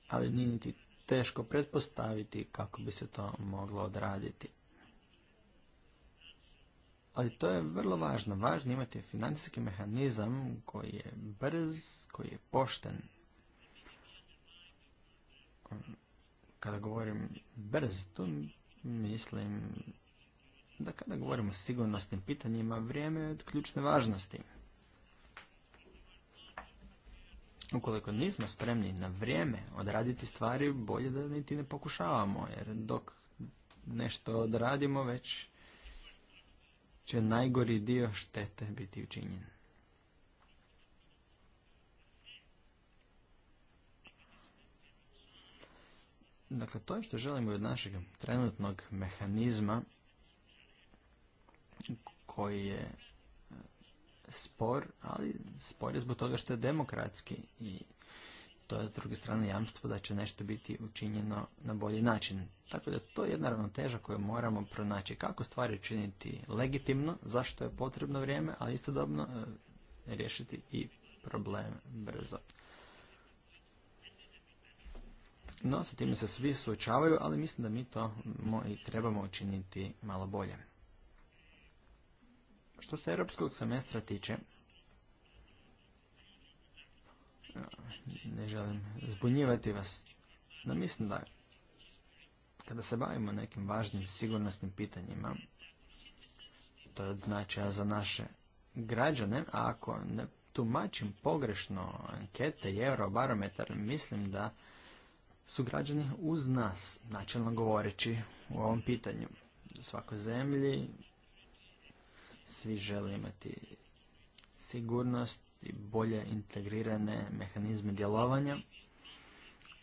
ali nije niti teško pretpostaviti kako bi se to moglo odraditi. Ali to je vrlo važno. Važno imati financijski mehanizam koji je brz, koji je pošten. Kada govorim brz, tu mislim da kada govorimo o sigurnosnim pitanjima, vrijeme je od ključne važnosti. Ukoliko nismo spremni na vrijeme odraditi stvari, bolje da niti ne pokušavamo, jer dok nešto odradimo već će najgori dio štete biti učinjen. Dakle, to je što želimo od našeg trenutnog mehanizma koji je e, spor, ali spor je zbog toga što je demokratski i je, s druge strane jamstvo da će nešto biti učinjeno na bolji način. Tako da to je jedna ravnoteža koju moramo pronaći kako stvari učiniti legitimno, zašto je potrebno vrijeme, ali istodobno e, riješiti i problem brzo. No, sa time se svi suočavaju, ali mislim da mi to i trebamo učiniti malo bolje. Što se europskog semestra tiče, ne želim zbunjivati vas, no mislim da kada se bavimo nekim važnim sigurnosnim pitanjima, to je od značaja za naše građane, a ako ne tumačim pogrešno ankete i eurobarometar, mislim da su građani uz nas, načelno govoreći u ovom pitanju. U svakoj zemlji svi žele imati sigurnost, i bolje integrirane mehanizme djelovanja.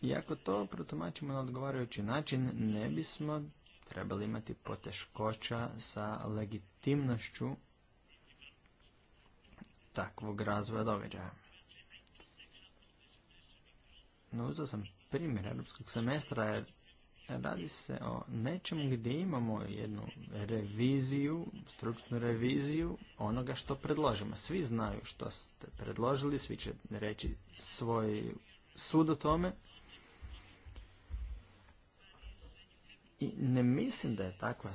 I ako to protumačimo na odgovarajući način, ne bismo trebali imati poteškoća sa legitimnošću takvog razvoja događaja. No, uzao sam primjer europskog semestra jer radi se o nečemu gdje imamo jednu reviziju, stručnu reviziju onoga što predložimo. Svi znaju što ste predložili, svi će reći svoj sud o tome. I ne mislim da je takva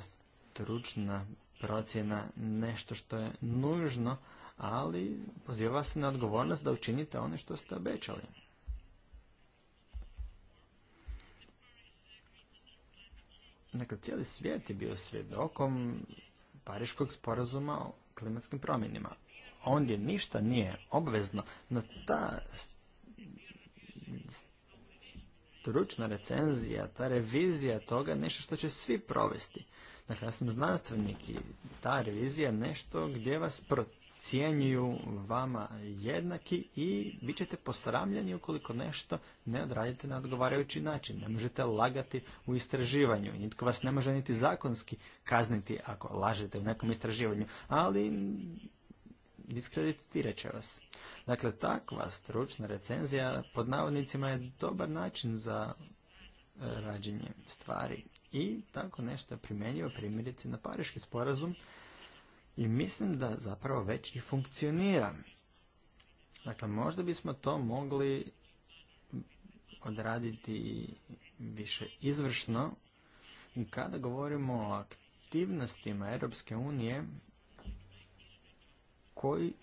stručna procjena nešto što je nužno, ali poziva se na odgovornost da učinite ono što ste obećali. Dakle, cijeli svijet je bio svjedokom Pariškog sporazuma o klimatskim promjenima. Ondje ništa nije obvezno, no ta stručna recenzija, ta revizija toga je nešto što će svi provesti. Dakle, ja sam znanstvenik i ta revizija je nešto gdje vas protiv cijenjuju vama jednaki i bit ćete posramljeni ukoliko nešto ne odradite na odgovarajući način. Ne možete lagati u istraživanju. Nitko vas ne može niti zakonski kazniti ako lažete u nekom istraživanju, ali diskreditirat će vas. Dakle, takva stručna recenzija pod navodnicima je dobar način za rađenje stvari. I tako nešto je primjenjivo primjerice na Pariški sporazum i mislim da zapravo već i funkcionira. Dakle, možda bismo to mogli odraditi više izvršno kada govorimo o aktivnostima Europske unije koji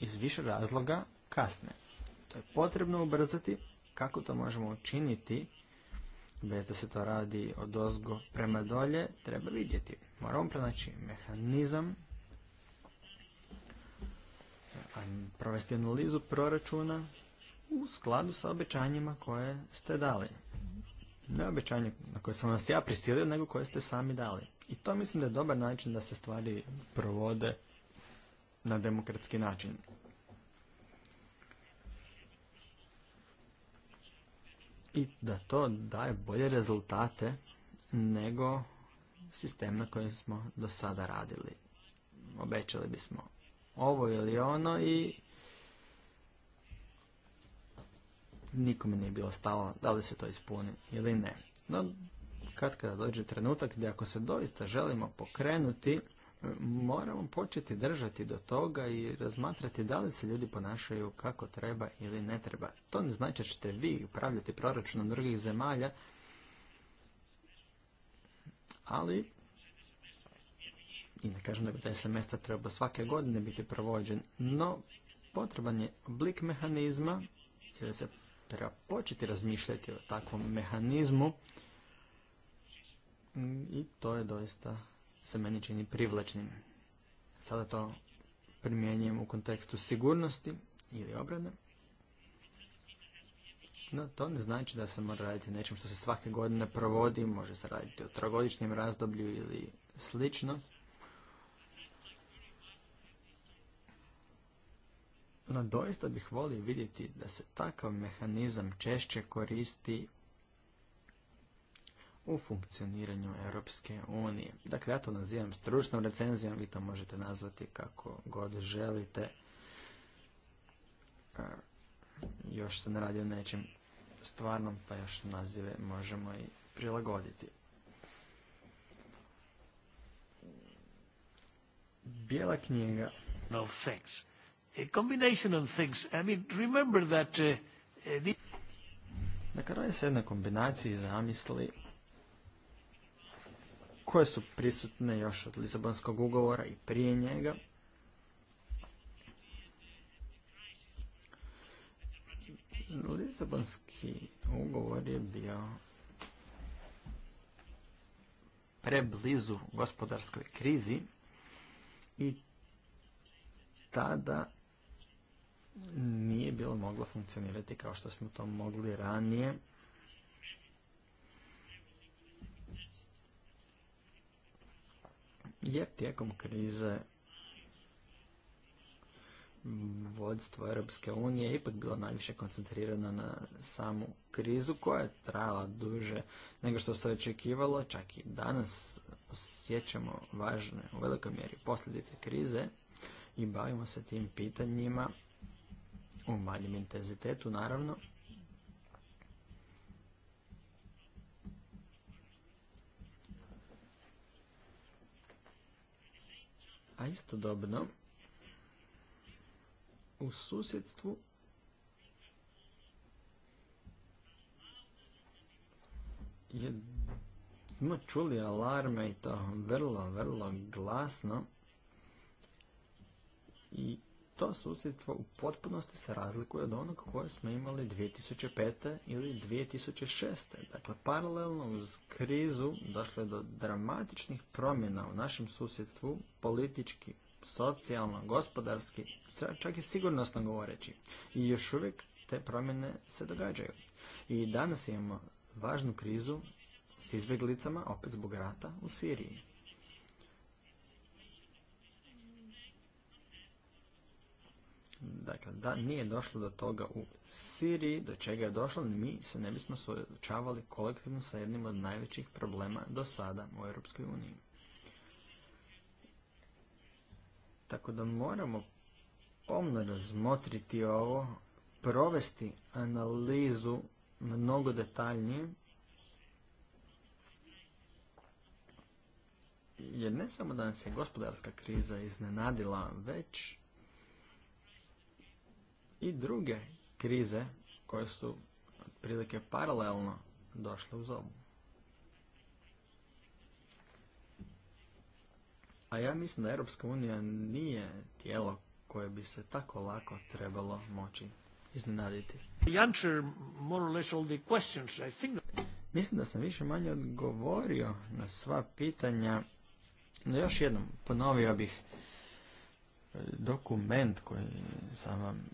iz više razloga kasne. To je potrebno ubrzati kako to možemo učiniti bez da se to radi od ozgo prema dolje, treba vidjeti. Moramo pronaći mehanizam provesti analizu proračuna u skladu sa obećanjima koje ste dali. Ne obećanje na koje sam vas ja prisilio, nego koje ste sami dali. I to mislim da je dobar način da se stvari provode na demokratski način. I da to daje bolje rezultate nego sistem na kojem smo do sada radili. Obećali bismo ovo ili ono i nikome nije bilo stalo da li se to ispuni ili ne. No, kad kada dođe trenutak gdje ako se doista želimo pokrenuti, moramo početi držati do toga i razmatrati da li se ljudi ponašaju kako treba ili ne treba. To ne znači da ćete vi upravljati proračunom drugih zemalja, ali i ne kažem da bi taj semestar trebao svake godine biti provođen, no potreban je oblik mehanizma jer se treba početi razmišljati o takvom mehanizmu i to je doista se meni čini privlačnim. Sada to primjenjujem u kontekstu sigurnosti ili obrane. No, to ne znači da se mora raditi nečem što se svake godine provodi, može se raditi o trogodišnjem razdoblju ili slično. No doista bih volio vidjeti da se takav mehanizam češće koristi u funkcioniranju Europske unije. Dakle, ja to nazivam stručnom recenzijom, vi to možete nazvati kako god želite. Još se ne radi o nečem stvarnom, pa još nazive možemo i prilagoditi. Bijela knjiga. No a combination of things. I mean, remember that... Uh, uh, the... Dakle, se jedna kombinaciji zamisli koje su prisutne još od Lisabonskog ugovora i prije njega. Lisabonski ugovor je bio preblizu gospodarskoj krizi i tada nije bilo moglo funkcionirati kao što smo to mogli ranije. Jer tijekom krize vodstvo Europske unije je ipak bilo najviše koncentrirano na samu krizu koja je trajala duže nego što se očekivalo. Čak i danas osjećamo važne u velikoj mjeri posljedice krize i bavimo se tim pitanjima u manjem intenzitetu naravno. A dobno, u susjedstvu smo čuli alarme i to vrlo, vrlo glasno i to susjedstvo u potpunosti se razlikuje od onog koje smo imali 2005. ili 2006. Dakle, paralelno uz krizu došlo je do dramatičnih promjena u našem susjedstvu, politički, socijalno, gospodarski, čak i sigurnosno govoreći. I još uvijek te promjene se događaju. I danas imamo važnu krizu s izbjeglicama, opet zbog rata, u Siriji. dakle, da nije došlo do toga u Siriji, do čega je došlo, mi se ne bismo suočavali kolektivno sa jednim od najvećih problema do sada u Europskoj uniji. Tako da moramo pomno razmotriti ovo, provesti analizu mnogo detaljnije, jer ne samo da nas je gospodarska kriza iznenadila, već i druge krize koje su otprilike paralelno došle u zobu. A ja mislim da Europska unija nije tijelo koje bi se tako lako trebalo moći iznenaditi. Mislim da sam više manje odgovorio na sva pitanja. No još jednom ponovio bih e, dokument koji sam vam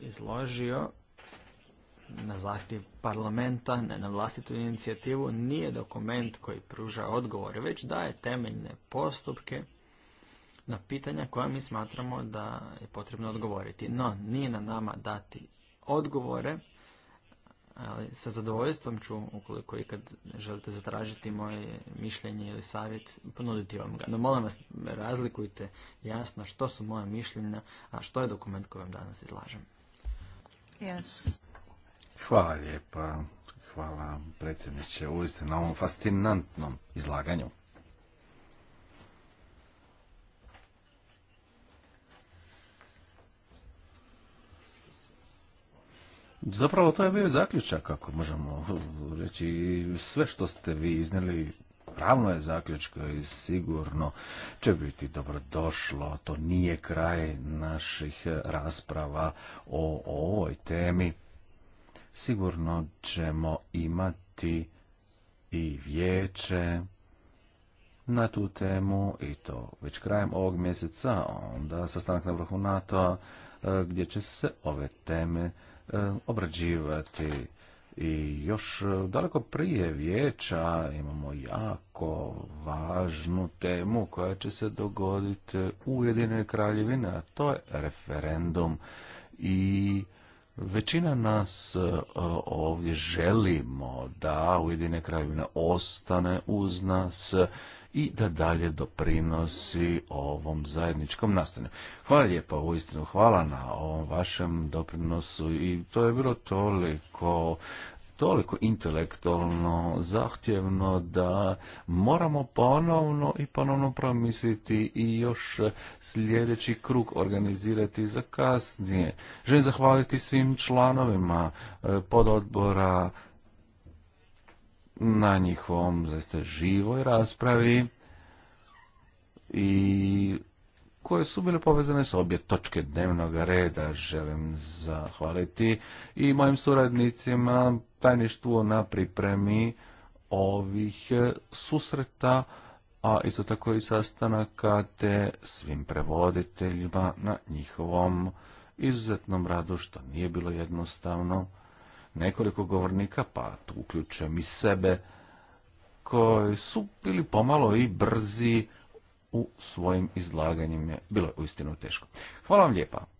izložio na zahtjev parlamenta, ne na vlastitu inicijativu, nije dokument koji pruža odgovore, već daje temeljne postupke na pitanja koja mi smatramo da je potrebno odgovoriti. No, nije na nama dati odgovore, ali sa zadovoljstvom ću, ukoliko kad želite zatražiti moje mišljenje ili savjet, ponuditi vam ga. No, molim vas, razlikujte jasno što su moja mišljenja, a što je dokument koji vam danas izlažem. Hvala lijepa. Hvala predsjedniče Uvijek na ovom fascinantnom izlaganju. Zapravo to je bio zaključak, ako možemo reći. Sve što ste vi iznijeli ravno je zaključka i sigurno će biti dobrodošlo. To nije kraj naših rasprava o, ovoj temi. Sigurno ćemo imati i vijeće na tu temu i to već krajem ovog mjeseca, onda sastanak na vrhu NATO-a e, gdje će se ove teme e, obrađivati i još e, daleko prije vijeća imamo jako važnu temu koja će se dogoditi u Ujedinjenoj kraljevini, a to je referendum i Većina nas e, ovdje želimo da Ujedine kraljevine ostane uz nas i da dalje doprinosi ovom zajedničkom nastanju. Hvala lijepa, uistinu hvala na ovom vašem doprinosu i to je bilo toliko toliko intelektualno zahtjevno da moramo ponovno i ponovno promisliti i još sljedeći krug organizirati za kasnije. Želim zahvaliti svim članovima e, pododbora na njihovom zaista živoj raspravi i koje su bile povezane s obje točke dnevnog reda. Želim zahvaliti i mojim suradnicima tajništvu na pripremi ovih susreta, a isto tako i sastanaka te svim prevoditeljima na njihovom izuzetnom radu, što nije bilo jednostavno nekoliko govornika, pa tu uključujem i sebe, koji su bili pomalo i brzi u svojim izlaganjima. Bilo je uistinu teško. Hvala vam lijepa.